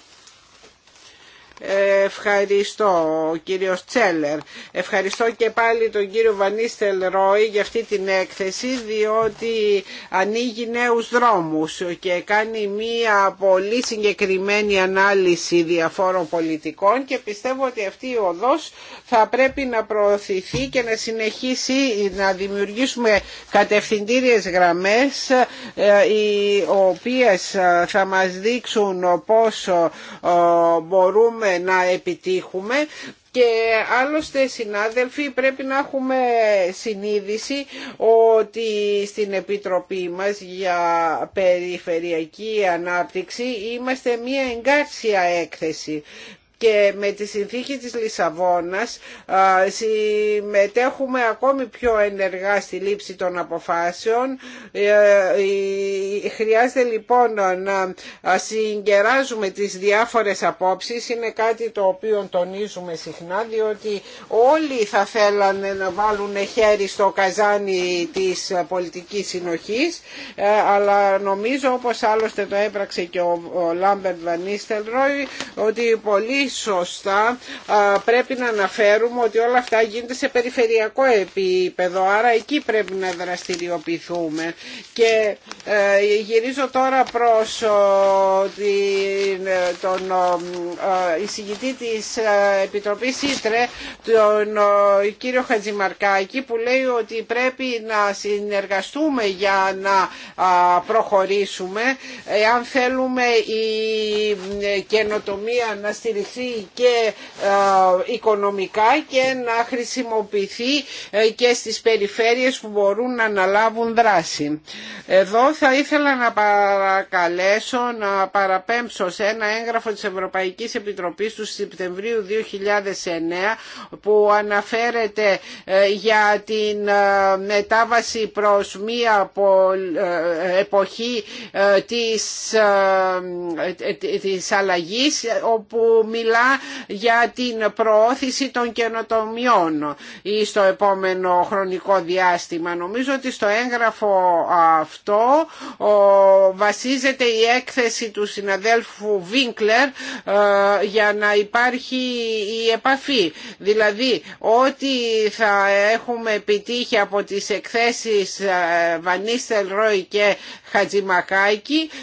Ευχαριστώ κύριος Τσέλερ. Ευχαριστώ και πάλι τον κύριο Βανίστελ Ρόι για αυτή την έκθεση διότι ανοίγει νέους δρόμους και κάνει μία πολύ συγκεκριμένη ανάλυση διαφόρων πολιτικών και πιστεύω ότι αυτή η οδός θα πρέπει να προωθηθεί και να συνεχίσει να δημιουργήσουμε κατευθυντήριες γραμμές ε, οι οποίες θα μας δείξουν πόσο ε, μπορούμε να επιτύχουμε και άλλωστε συνάδελφοι πρέπει να έχουμε συνείδηση ότι στην Επιτροπή μας για Περιφερειακή Ανάπτυξη είμαστε μια εγκάρσια έκθεση και με τη συνθήκη της Λισαβόνας συμμετέχουμε ακόμη πιο ενεργά στη λήψη των αποφάσεων. Ε, χρειάζεται λοιπόν να συγκεράζουμε τις διάφορες απόψεις. Είναι κάτι το οποίο τονίζουμε συχνά διότι όλοι θα θέλανε να βάλουν χέρι στο καζάνι της πολιτικής συνοχής ε, αλλά νομίζω όπως άλλωστε το έπραξε και ο Λάμπερτ Βανίστελ ότι πολλοί σωστά πρέπει να αναφέρουμε ότι όλα αυτά γίνονται σε περιφερειακό επίπεδο, άρα εκεί πρέπει να δραστηριοποιηθούμε. Και ε, γυρίζω τώρα προς ε, τον ε, εισηγητή της Επιτροπής Ήτρε, τον κύριο Χατζημαρκάκη, που λέει ότι πρέπει να συνεργαστούμε για να προχωρήσουμε, Αν θέλουμε η καινοτομία να στηριχθεί και ε, οικονομικά και να χρησιμοποιηθεί ε, και στις περιφέρειες που μπορούν να αναλάβουν δράση. Εδώ θα ήθελα να παρακαλέσω να παραπέμψω σε ένα έγγραφο της Ευρωπαϊκής Επιτροπής του Σεπτεμβρίου 2009 που αναφέρεται ε, για την μετάβαση προς μία εποχή της, της αλλαγής όπου μιλά για την προώθηση των καινοτομιών ή στο επόμενο χρονικό διάστημα. Νομίζω ότι στο έγγραφο αυτό βασίζεται η έκθεση του συναδέλφου Βίνκλερ για να υπάρχει η επαφή. Δηλαδή ότι θα έχουμε επιτύχει από τις εκθέσεις Βανίστελ Ρόι και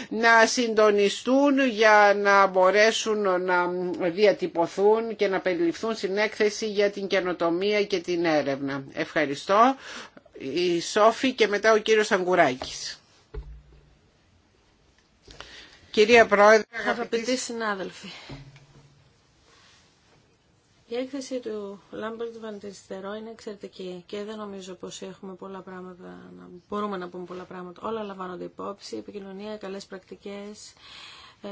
να συντονιστούν για να μπορέσουν να διατυπωθούν και να περιληφθούν στην έκθεση για την καινοτομία και την έρευνα. Ευχαριστώ. Η Σόφη και μετά ο κύριος Αγκουράκης. Κυρία Πρόεδρε, αγαπητοί συνάδελφοι. Η έκθεση του Λάμπερτ Βαντιστερό είναι εξαιρετική και δεν νομίζω πως έχουμε πολλά πράγματα, μπορούμε να πούμε πολλά πράγματα. Όλα λαμβάνονται υπόψη, επικοινωνία, καλές πρακτικές, ε,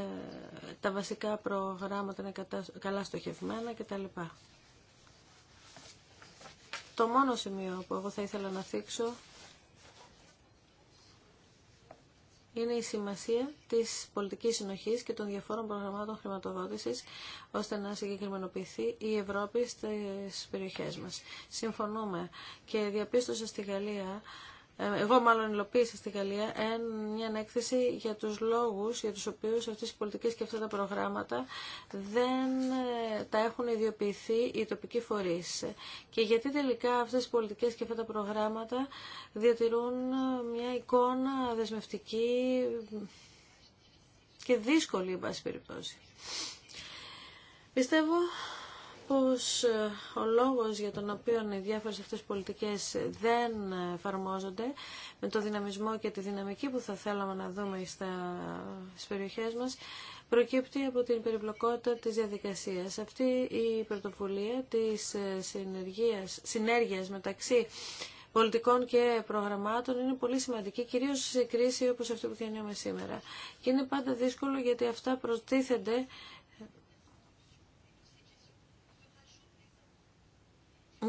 τα βασικά προγράμματα είναι καλά στοχευμένα κτλ. Το μόνο σημείο που εγώ θα ήθελα να θίξω είναι η σημασία της πολιτικής συνοχής και των διαφόρων προγραμμάτων χρηματοδότησης ώστε να συγκεκριμενοποιηθεί η Ευρώπη στις περιοχές μας. Συμφωνούμε και διαπίστωσα στη Γαλλία εγώ μάλλον υλοποίησα στη Γαλλία μια ανέκθεση για τους λόγους για τους οποίους αυτές οι πολιτικές και αυτά τα προγράμματα δεν ε, τα έχουν ιδιοποιηθεί οι τοπικοί φορείς και γιατί τελικά αυτές οι πολιτικές και αυτά τα προγράμματα διατηρούν ε, μια εικόνα δεσμευτική και δύσκολη, εν πάση περιπτώσει. Πιστεύω πως ε, ο λόγος για τον οποίο οι διάφορες αυτές πολιτικές δεν εφαρμόζονται με το δυναμισμό και τη δυναμική που θα θέλαμε να δούμε στα, στις περιοχές μας προκύπτει από την περιπλοκότητα της διαδικασίας. Αυτή η πρωτοβουλία της ε, συνεργίας, συνέργειας μεταξύ πολιτικών και προγραμμάτων είναι πολύ σημαντική, κυρίως σε κρίση όπως αυτή που διανύουμε σήμερα. Και είναι πάντα δύσκολο γιατί αυτά προτίθενται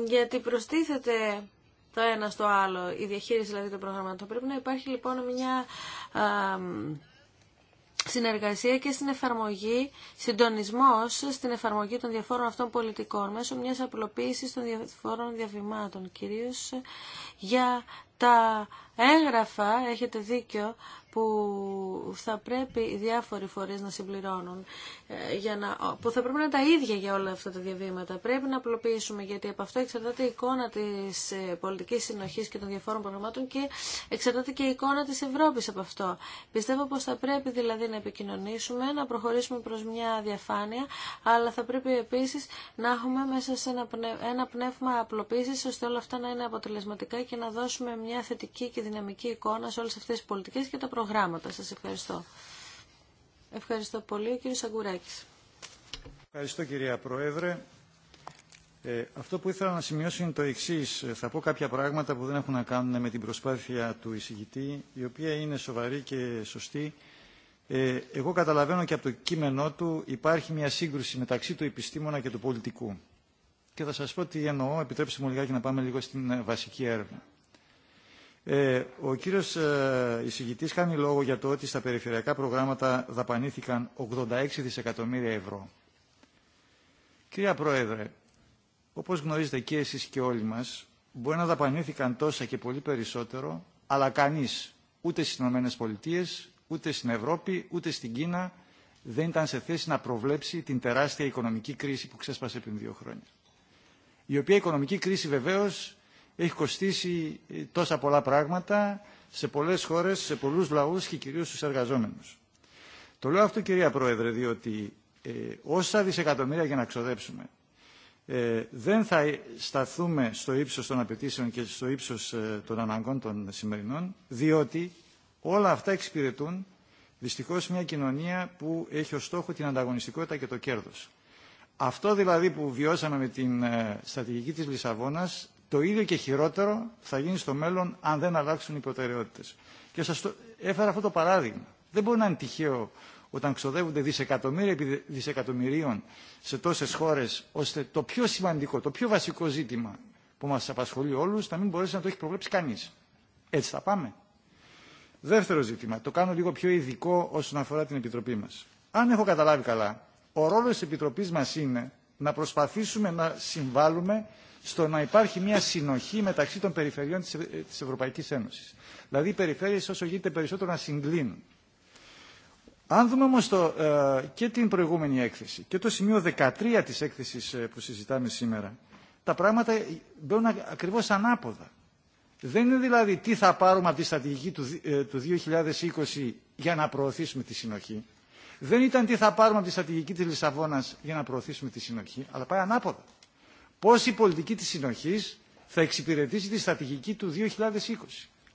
γιατί προστίθεται το ένα στο άλλο, η διαχείριση δηλαδή των προγραμμάτων. Πρέπει να υπάρχει λοιπόν μια συνεργασία και στην εφαρμογή, συντονισμός στην εφαρμογή των διαφόρων αυτών πολιτικών μέσω μιας απλοποίησης των διαφόρων διαβημάτων, κυρίως για τα έγγραφα, έχετε δίκιο, που θα πρέπει οι διάφοροι φορείς να συμπληρώνουν, ε, για να, που θα πρέπει να είναι τα ίδια για όλα αυτά τα διαβήματα. Πρέπει να απλοποιήσουμε, γιατί από αυτό εξαρτάται η εικόνα της ε, πολιτικής συνοχής και των διαφόρων προγραμμάτων και εξαρτάται και η εικόνα της Ευρώπης από αυτό. Πιστεύω πως θα πρέπει δηλαδή να επικοινωνήσουμε, να προχωρήσουμε προς μια διαφάνεια, αλλά θα πρέπει επίσης να έχουμε μέσα σε ένα, πνεύμα απλοποίησης, ώστε όλα αυτά να είναι αποτελεσματικά και να δώσουμε μια μια θετική και δυναμική εικόνα σε όλες αυτές τις πολιτικές και τα προγράμματα. Σας ευχαριστώ. Ευχαριστώ πολύ, κύριε Σαγκουράκης. Ευχαριστώ, κυρία Πρόεδρε. Ε, αυτό που ήθελα να σημειώσω είναι το εξή. Θα πω κάποια πράγματα που δεν έχουν να κάνουν με την προσπάθεια του εισηγητή, η οποία είναι σοβαρή και σωστή. Ε, εγώ καταλαβαίνω και από το κείμενό του υπάρχει μια σύγκρουση μεταξύ του επιστήμονα και του πολιτικού. Και θα σας πω τι εννοώ, επιτρέψτε μου λιγάκι να πάμε λίγο στην βασική έρευνα. Ε, ο κύριος ε, εισηγητής κάνει λόγο για το ότι στα περιφερειακά προγράμματα δαπανήθηκαν 86 δισεκατομμύρια ευρώ. Κυρία Πρόεδρε, όπως γνωρίζετε και εσείς και όλοι μας, μπορεί να δαπανήθηκαν τόσα και πολύ περισσότερο, αλλά κανείς, ούτε στις ΗΠΑ, ούτε στην Ευρώπη, ούτε στην Κίνα, δεν ήταν σε θέση να προβλέψει την τεράστια οικονομική κρίση που ξέσπασε πριν δύο χρόνια. Η οποία οικονομική κρίση βεβαίως έχει κοστίσει ε, τόσα πολλά πράγματα σε πολλές χώρες, σε πολλούς λαούς και κυρίως στους εργαζόμενους. Το λέω αυτό κυρία Πρόεδρε διότι ε, όσα δισεκατομμύρια για να ξοδέψουμε ε, δεν θα σταθούμε στο ύψος των απαιτήσεων και στο ύψος των αναγκών των σημερινών διότι όλα αυτά εξυπηρετούν δυστυχώς μια κοινωνία που έχει ως στόχο την ανταγωνιστικότητα και το κέρδος. Αυτό δηλαδή που βιώσαμε με την στρατηγική της Λισαβόνας το ίδιο και χειρότερο θα γίνει στο μέλλον αν δεν αλλάξουν οι προτεραιότητε. Και σα έφερα αυτό το παράδειγμα. Δεν μπορεί να είναι τυχαίο όταν ξοδεύονται δισεκατομμύρια επί δισεκατομμυρίων σε τόσε χώρε ώστε το πιο σημαντικό, το πιο βασικό ζήτημα που μα απασχολεί όλου, να μην μπορέσει να το έχει προβλέψει κανεί. Έτσι θα πάμε. Δεύτερο ζήτημα, το κάνω λίγο πιο ειδικό όσον αφορά την Επιτροπή μα. Αν έχω καταλάβει καλά, ο ρόλο τη επιτροπή μα είναι να προσπαθήσουμε να συμβάλλουμε στο να υπάρχει μια συνοχή μεταξύ των περιφερειών ε, της Ευρωπαϊκής Ένωσης. Δηλαδή οι περιφέρειες όσο γίνεται περισσότερο να συγκλίνουν. Αν δούμε όμως ε, και την προηγούμενη έκθεση και το σημείο 13 της έκθεσης ε, που συζητάμε σήμερα, τα πράγματα μπαίνουν ακριβώς ανάποδα. Δεν είναι δηλαδή τι θα πάρουμε από τη στρατηγική του, του 2020 για να προωθήσουμε τη συνοχή δεν ήταν τι θα πάρουμε από τη στρατηγική της Λισαβόνας για να προωθήσουμε τη συνοχή, αλλά πάει ανάποδα. Πώς η πολιτική της συνοχής θα εξυπηρετήσει τη στρατηγική του 2020.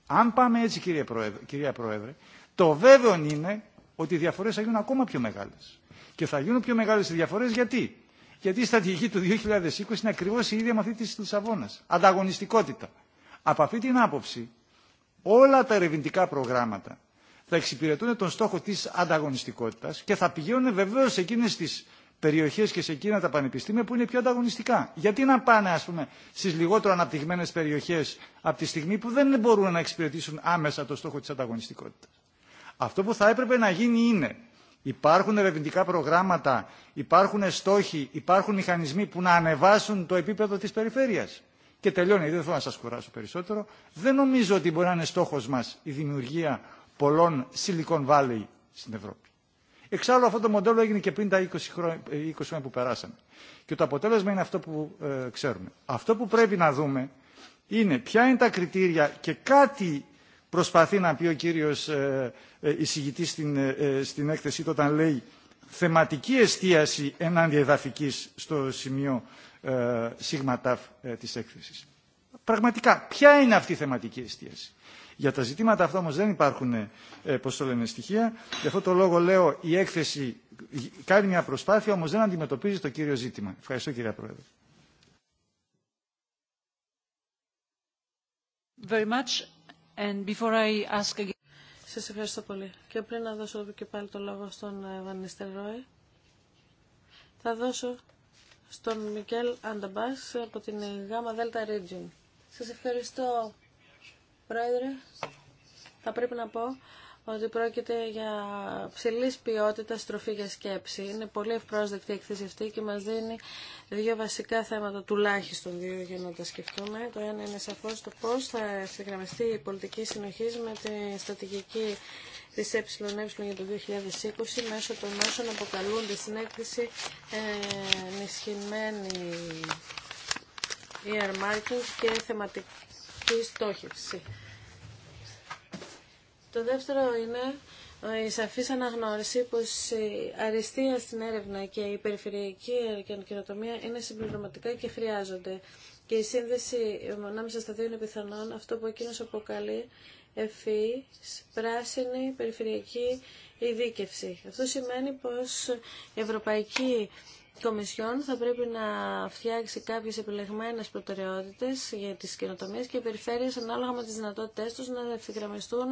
Αν πάμε έτσι Πρόεδρε, κυρία Πρόεδρε, το βέβαιο είναι ότι οι διαφορές θα γίνουν ακόμα πιο μεγάλες. Και θα γίνουν πιο μεγάλες οι διαφορές γιατί. Γιατί η στρατηγική του 2020 είναι ακριβώς η ίδια με αυτή της Λισαβόνας. Ανταγωνιστικότητα. Από αυτή την άποψη όλα τα ερευνητικά προγράμματα θα εξυπηρετούν τον στόχο της ανταγωνιστικότητας και θα πηγαίνουν βεβαίως σε εκείνες τις περιοχές και σε εκείνα τα πανεπιστήμια που είναι πιο ανταγωνιστικά. Γιατί να πάνε ας πούμε στις λιγότερο αναπτυγμένες περιοχές από τη στιγμή που δεν μπορούν να εξυπηρετήσουν άμεσα το στόχο της ανταγωνιστικότητας. Αυτό που θα έπρεπε να γίνει είναι υπάρχουν ερευνητικά προγράμματα, υπάρχουν στόχοι, υπάρχουν μηχανισμοί που να ανεβάσουν το επίπεδο της περιφέρειας. Και τελειώνει, δεν θέλω να σας κουράσω περισσότερο. Δεν νομίζω ότι μπορεί να είναι στόχος μας η δημιουργία πολλών Silicon Valley στην Ευρώπη. Εξάλλου αυτό το μοντέλο έγινε και πριν τα 20 ε, χρόνια, που περάσαμε. Και το αποτέλεσμα είναι αυτό που ε, ξέρουμε. Αυτό που πρέπει να δούμε είναι ποια είναι τα κριτήρια και κάτι προσπαθεί να πει ο κύριος ε, ε, εισηγητής στην, ε, έκθεσή όταν λέει θεματική εστίαση ενάντια εδαφικής στο σημείο σίγμα ταφ της έκθεσης. Πραγματικά, ποια είναι αυτή η θεματική εστίαση. Για τα ζητήματα αυτά όμω δεν υπάρχουν ε, πώς το λένε, στοιχεία. Γι' αυτό το λόγο λέω η έκθεση κάνει μια προσπάθεια όμω δεν αντιμετωπίζει το κύριο ζήτημα. Ευχαριστώ κύριε Πρόεδρε. Very much. And before I ask again... Σας ευχαριστώ πολύ. Και πριν να δώσω και πάλι το λόγο στον ε, Βανίστερόι, θα δώσω στον Μικέλ Ανταμπάς από την ε, ΓΑΜΑ ΔΕΛΤΑ Region. Σας ευχαριστώ Πρόεδρε, θα πρέπει να πω ότι πρόκειται για ψηλής ποιότητα στροφή για σκέψη. Είναι πολύ ευπρόσδεκτη η εκθέση αυτή και μας δίνει δύο βασικά θέματα, τουλάχιστον δύο για να τα σκεφτούμε. Το ένα είναι σαφώς το πώς θα συγγραμμιστεί η πολιτική συνοχή με τη στρατηγική της ΕΕ για το 2020 μέσω των όσων αποκαλούνται στην έκθεση ε, ενισχυμένη earmarking και θεματική η στόχευση. Το δεύτερο είναι η σαφής αναγνώριση πως η αριστεία στην έρευνα και η περιφερειακή καινοτομία είναι συμπληρωματικά και χρειάζονται. Και η σύνδεση ανάμεσα στα δύο είναι πιθανόν αυτό που εκείνο αποκαλεί ευφύ, πράσινη, περιφερειακή ειδίκευση. Αυτό σημαίνει πως η ευρωπαϊκή Κομισιόν θα πρέπει να φτιάξει κάποιε επιλεγμένες προτεραιότητες για τις καινοτομίε και περιφέρειες ανάλογα με τι δυνατότητε του να ευθυγραμμιστούν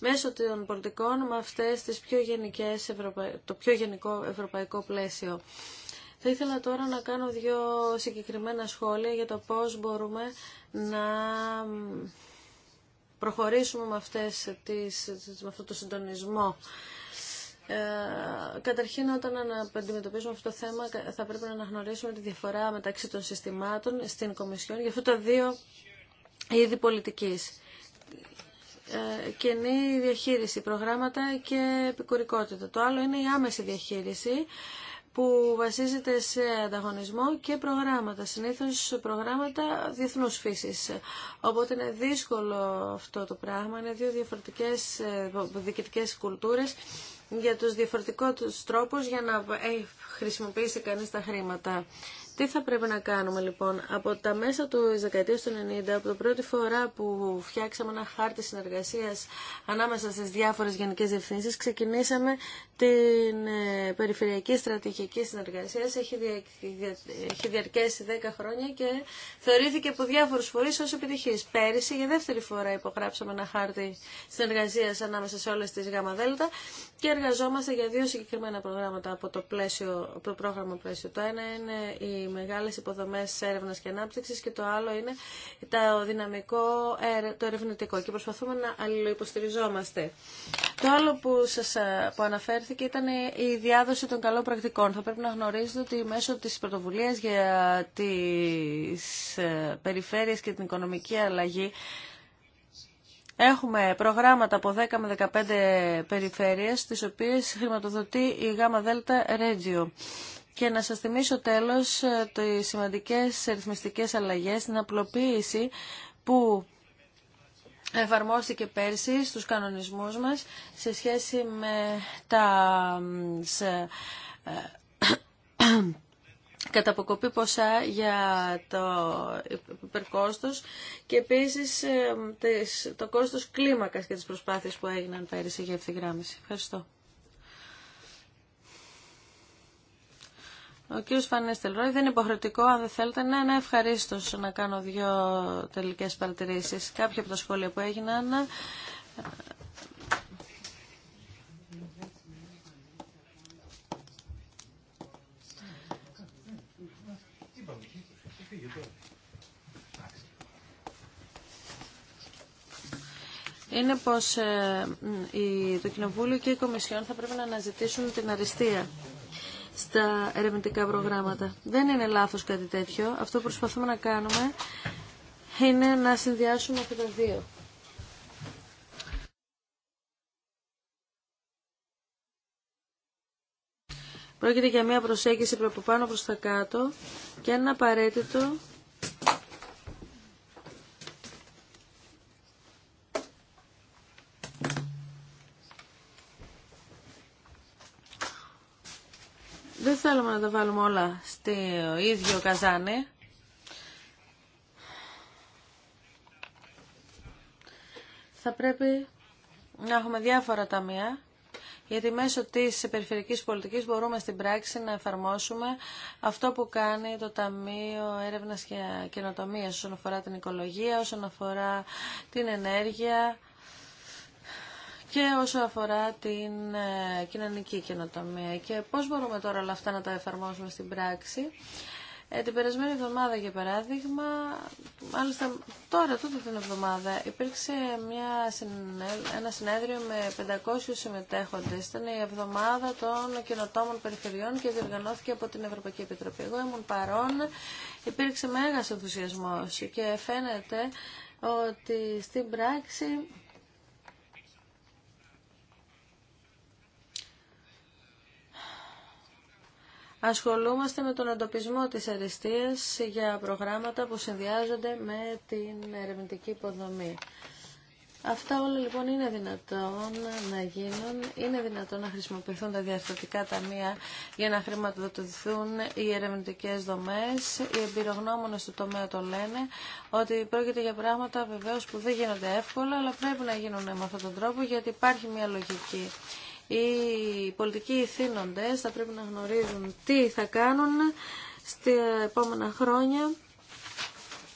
μέσω των πολιτικών με αυτές τις πιο το πιο γενικό ευρωπαϊκό πλαίσιο. Θα ήθελα τώρα να κάνω δύο συγκεκριμένα σχόλια για το πώς μπορούμε να προχωρήσουμε με, αυτές τις, με αυτό το συντονισμό ε, καταρχήν όταν αντιμετωπίζουμε αυτό το θέμα θα πρέπει να αναγνωρίσουμε τη διαφορά μεταξύ των συστημάτων στην Κομισιόν για αυτά τα δύο είδη Ε, κενή διαχείριση, προγράμματα και επικουρικότητα. Το άλλο είναι η άμεση διαχείριση που βασίζεται σε ανταγωνισμό και προγράμματα, συνήθως προγράμματα διεθνούς φύσης. Οπότε είναι δύσκολο αυτό το πράγμα, είναι δύο διαφορετικές ε, διοικητικές κουλτούρες για τους διαφορετικούς τρόπους για να χρησιμοποιήσει κανείς τα χρήματα. Τι θα πρέπει να κάνουμε λοιπόν από τα μέσα του δεκαετίας του 90, από την πρώτη φορά που φτιάξαμε ένα χάρτη συνεργασίας ανάμεσα στις διάφορες γενικές διευθύνσει, ξεκινήσαμε την ε, περιφερειακή στρατηγική συνεργασία. Έχει, δια... έχει διαρκέσει 10 χρόνια και θεωρήθηκε από διάφορους φορείς ως επιτυχής. Πέρυσι για δεύτερη φορά υπογράψαμε ένα χάρτη συνεργασία ανάμεσα σε όλες τις ΓΔ και εργαζόμαστε για δύο συγκεκριμένα προγράμματα από το, πλαίσιο, το πρόγραμμα πλαίσιο. Το ένα είναι η Μεγάλε μεγάλες υποδομές και ανάπτυξη και το άλλο είναι το δυναμικό, το ερευνητικό και προσπαθούμε να αλληλοϊποστηριζόμαστε. Το άλλο που, σας, που αναφέρθηκε ήταν η διάδοση των καλών πρακτικών. Θα πρέπει να γνωρίζετε ότι μέσω τη πρωτοβουλία για τι ε, περιφέρειες και την οικονομική αλλαγή Έχουμε προγράμματα από 10 με 15 περιφέρειες, τις οποίες χρηματοδοτεί η ΓΑΜΑ και να σας θυμίσω τέλος ε, τι σημαντικές ρυθμιστικές αλλαγές, την απλοποίηση που εφαρμόστηκε πέρσι στους κανονισμούς μας σε σχέση με τα σε, ε, καταποκοπή ποσά για το υπερκόστος και επίσης ε, το κόστος κλίμακας και τις προσπάθειες που έγιναν πέρυσι για ευθυγράμμιση. Ευχαριστώ. Ο κ. Φανέστελ Ρόι δεν είναι υποχρεωτικό, αν δεν θέλετε, ναι, είναι ευχαρίστω να κάνω δύο τελικέ παρατηρήσει Κάποια από τα σχόλια που έγιναν. είναι πως ε, το Κοινοβούλιο και η Κομισιόν θα πρέπει να αναζητήσουν την αριστεία στα ερευνητικά προγράμματα. Δεν είναι λάθος κάτι τέτοιο. Αυτό που προσπαθούμε να κάνουμε είναι να συνδυάσουμε αυτά τα δύο. Πρόκειται για μια προσέγγιση από πάνω προς τα κάτω και ένα απαραίτητο θέλουμε να τα βάλουμε όλα στο ίδιο καζάνι. Θα πρέπει να έχουμε διάφορα ταμεία γιατί μέσω της περιφερειακής πολιτικής μπορούμε στην πράξη να εφαρμόσουμε αυτό που κάνει το Ταμείο Έρευνας και Καινοτομίας όσον αφορά την οικολογία, όσον αφορά την ενέργεια, και όσο αφορά την ε, κοινωνική καινοτομία. Και πώς μπορούμε τώρα όλα αυτά να τα εφαρμόσουμε στην πράξη. Ε, την περασμένη εβδομάδα, για παράδειγμα, μάλιστα τώρα, τότε την εβδομάδα, υπήρξε μια, ένα συνέδριο με 500 συμμετέχοντες. Ήταν η εβδομάδα των καινοτόμων περιφερειών και διοργανώθηκε από την Ευρωπαϊκή Επιτροπή. Εγώ ήμουν παρόν, υπήρξε μέγας ενθουσιασμός και φαίνεται ότι στην πράξη ασχολούμαστε με τον εντοπισμό της αριστείας για προγράμματα που συνδυάζονται με την ερευνητική υποδομή. Αυτά όλα λοιπόν είναι δυνατόν να γίνουν, είναι δυνατόν να χρησιμοποιηθούν τα διαρθρωτικά ταμεία για να χρηματοδοτηθούν οι ερευνητικέ δομές. Οι εμπειρογνώμονες του τομέα το λένε ότι πρόκειται για πράγματα βεβαίως που δεν γίνονται εύκολα, αλλά πρέπει να γίνουν με αυτόν τον τρόπο γιατί υπάρχει μια λογική οι πολιτικοί ηθήνοντες θα πρέπει να γνωρίζουν τι θα κάνουν στα επόμενα χρόνια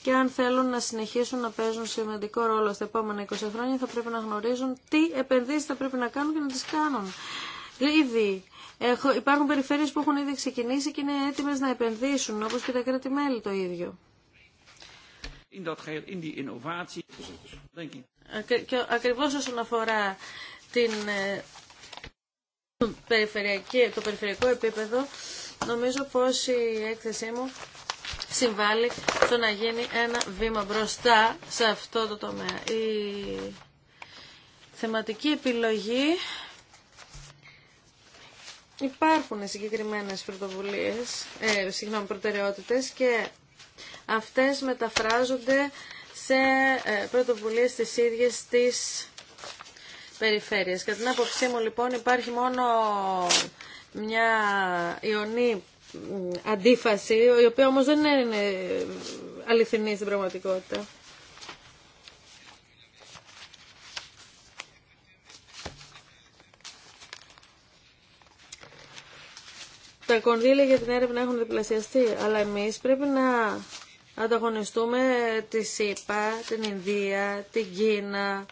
και αν θέλουν να συνεχίσουν να παίζουν σημαντικό ρόλο στα επόμενα 20 χρόνια θα πρέπει να γνωρίζουν τι επενδύσεις θα πρέπει να κάνουν και να τις κάνουν. Ήδη υπάρχουν περιφέρειες που έχουν ήδη ξεκινήσει και είναι έτοιμες να επενδύσουν όπως και τα κράτη-μέλη το ίδιο. Ακριβώς όσον αφορά την ε, το περιφερειακό επίπεδο, νομίζω πως η έκθεσή μου συμβάλλει στο να γίνει ένα βήμα μπροστά σε αυτό το τομέα. Η θεματική επιλογή υπάρχουν συγκεκριμένες πρωτοβουλίες, ε, συγγνώμη, προτεραιότητες και αυτές μεταφράζονται σε ε, πρωτοβουλίες της ίδιας της περιφέρειες. Κατά την άποψή μου λοιπόν υπάρχει μόνο μια ιονή αντίφαση, η οποία όμως δεν είναι αληθινή στην πραγματικότητα. Τα κονδύλια για την έρευνα έχουν διπλασιαστεί, αλλά εμείς πρέπει να ανταγωνιστούμε τη ΣΥΠΑ, την Ινδία, την Κίνα,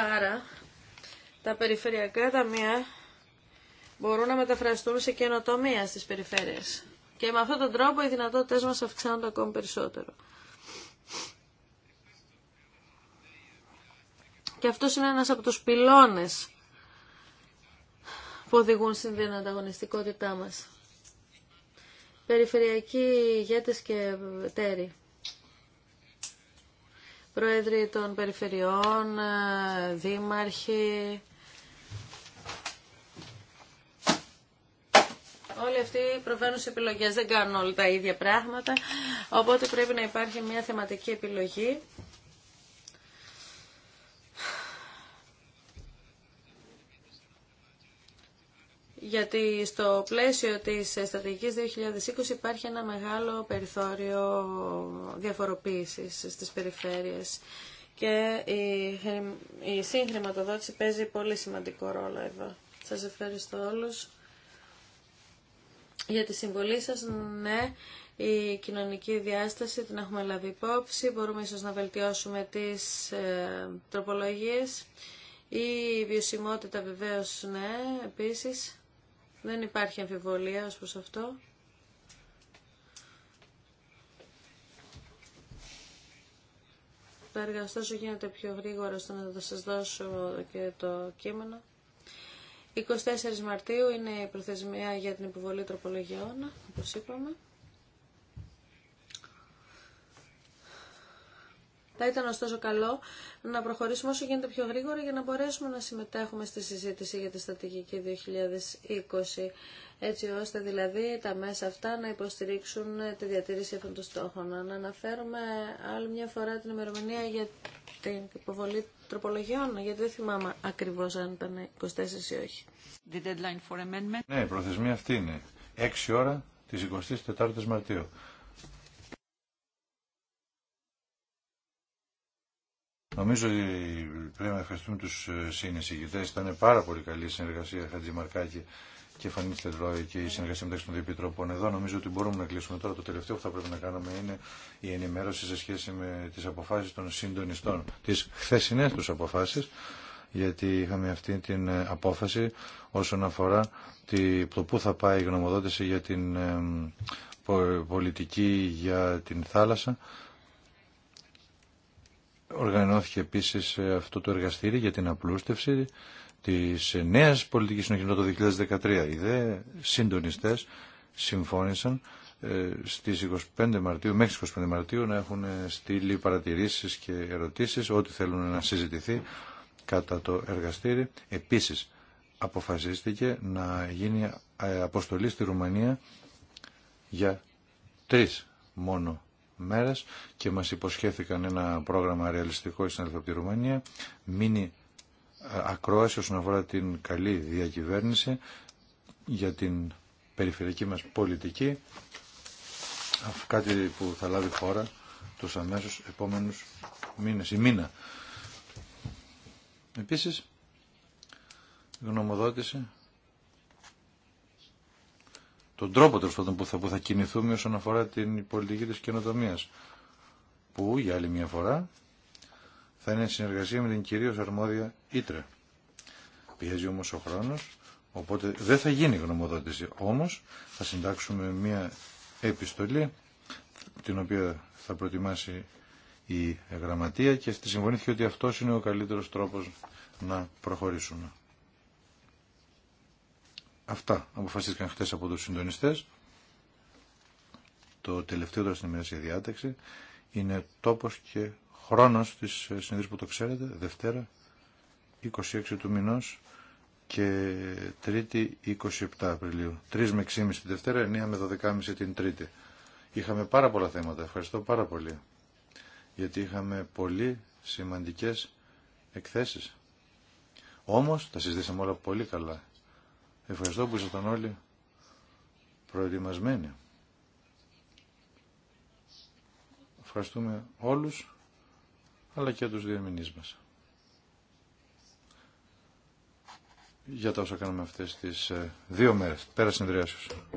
Άρα, τα περιφερειακά ταμεία μπορούν να μεταφραστούν σε καινοτομία στις περιφέρειες. Και με αυτόν τον τρόπο οι δυνατότητες μας αυξάνονται ακόμη περισσότερο. Και αυτό είναι ένας από τους πυλώνες που οδηγούν στην ανταγωνιστικότητά μας. Περιφερειακοί ηγέτες και τέρι πρόεδροι των περιφερειών, ε, δήμαρχοι, Όλοι αυτοί προβαίνουν σε επιλογές, δεν κάνουν όλα τα ίδια πράγματα, οπότε πρέπει να υπάρχει μια θεματική επιλογή. γιατί στο πλαίσιο της στρατηγικής 2020 υπάρχει ένα μεγάλο περιθώριο διαφοροποίησης στις περιφέρειες και η συγχρηματοδότηση παίζει πολύ σημαντικό ρόλο εδώ. Σας ευχαριστώ όλους για τη συμβολή σας. Ναι, η κοινωνική διάσταση την έχουμε λάβει υπόψη. Μπορούμε ίσως να βελτιώσουμε τις ε, τροπολογίες. Η βιωσιμότητα βεβαίως ναι, επίσης. Δεν υπάρχει αμφιβολία ως προς αυτό. Θα εργαστώ όσο γίνεται πιο γρήγορα στο να σας δώσω και το κείμενο. 24 Μαρτίου είναι η προθεσμία για την υποβολή τροπολογιών, όπως είπαμε. Θα ήταν ωστόσο καλό να προχωρήσουμε όσο γίνεται πιο γρήγορα για να μπορέσουμε να συμμετέχουμε στη συζήτηση για τη στρατηγική 2020, έτσι ώστε δηλαδή τα μέσα αυτά να υποστηρίξουν τη διατήρηση αυτών των στόχων. Να αναφέρουμε άλλη μια φορά την ημερομηνία για την υποβολή τροπολογιών, γιατί δεν θυμάμαι ακριβώς αν ήταν 24 ή όχι. The for Ναι, η προθεσμία αυτή είναι 6 ώρα της 24 Μαρτίου. Νομίζω ότι πρέπει να ευχαριστούμε τους ε, συνεισηγητές. Ήταν πάρα πολύ καλή η συνεργασία Χατζημαρκάκη και Φανή Τελρόη και η συνεργασία μεταξύ των δύο επιτροπών. Εδώ νομίζω ότι μπορούμε να κλείσουμε τώρα. Το τελευταίο που θα πρέπει να κάνουμε είναι η ενημέρωση σε σχέση με τις αποφάσεις των συντονιστών, τις χθεσινές τους αποφάσεις γιατί είχαμε αυτή την ε, απόφαση όσον αφορά το πού θα πάει η γνωμοδότηση για την ε, πολιτική για την θάλασσα Οργανώθηκε επίσης ε, αυτό το εργαστήρι για την απλούστευση της ε, νέας πολιτικής συνοχής το 2013. Οι δε συντονιστές συμφώνησαν ε, στις 25 Μαρτίου, μέχρι τις 25 Μαρτίου να έχουν στείλει παρατηρήσεις και ερωτήσεις, ό,τι θέλουν να συζητηθεί κατά το εργαστήρι. Επίσης, αποφασίστηκε να γίνει αποστολή στη Ρουμανία για τρεις μόνο μέρες και μας υποσχέθηκαν ένα πρόγραμμα ρεαλιστικό στην από τη Ρουμανία, μείνει ε, ακρόαση όσον αφορά την καλή διακυβέρνηση για την περιφερειακή μας πολιτική, κάτι που θα λάβει χώρα τους αμέσως επόμενους μήνες ή μήνα. Επίσης, γνωμοδότηση τον τρόπο τέλο πάντων που θα, θα κινηθούμε όσον αφορά την πολιτική της καινοτομία. Που για άλλη μια φορά θα είναι συνεργασία με την κυρίω αρμόδια Ήτρε. Πιέζει όμω ο χρόνο, οπότε δεν θα γίνει γνωμοδότηση. Όμω θα συντάξουμε μια επιστολή την οποία θα προετοιμάσει η γραμματεία και στη συμφωνήθηκε ότι αυτό είναι ο καλύτερο τρόπο να προχωρήσουμε. Αυτά αποφασίστηκαν χθε από τους συντονιστέ. Το τελευταίο τώρα στην ημερήσια διάταξη είναι τόπος και χρόνος της συνειδήσης που το ξέρετε, Δευτέρα 26 του μηνός και Τρίτη 27 Απριλίου. 3 με 6,5 τη Δευτέρα, 9 με 12,5 την Τρίτη. Είχαμε πάρα πολλά θέματα, ευχαριστώ πάρα πολύ, γιατί είχαμε πολύ σημαντικέ εκθέσει. Όμω, τα συζητήσαμε όλα πολύ καλά Ευχαριστώ που ήσασταν όλοι προετοιμασμένοι. Ευχαριστούμε όλους, αλλά και τους διερμηνείς μας. Για τα όσα κάνουμε αυτές τις ε, δύο μέρες. Πέρα συνδυάσεως.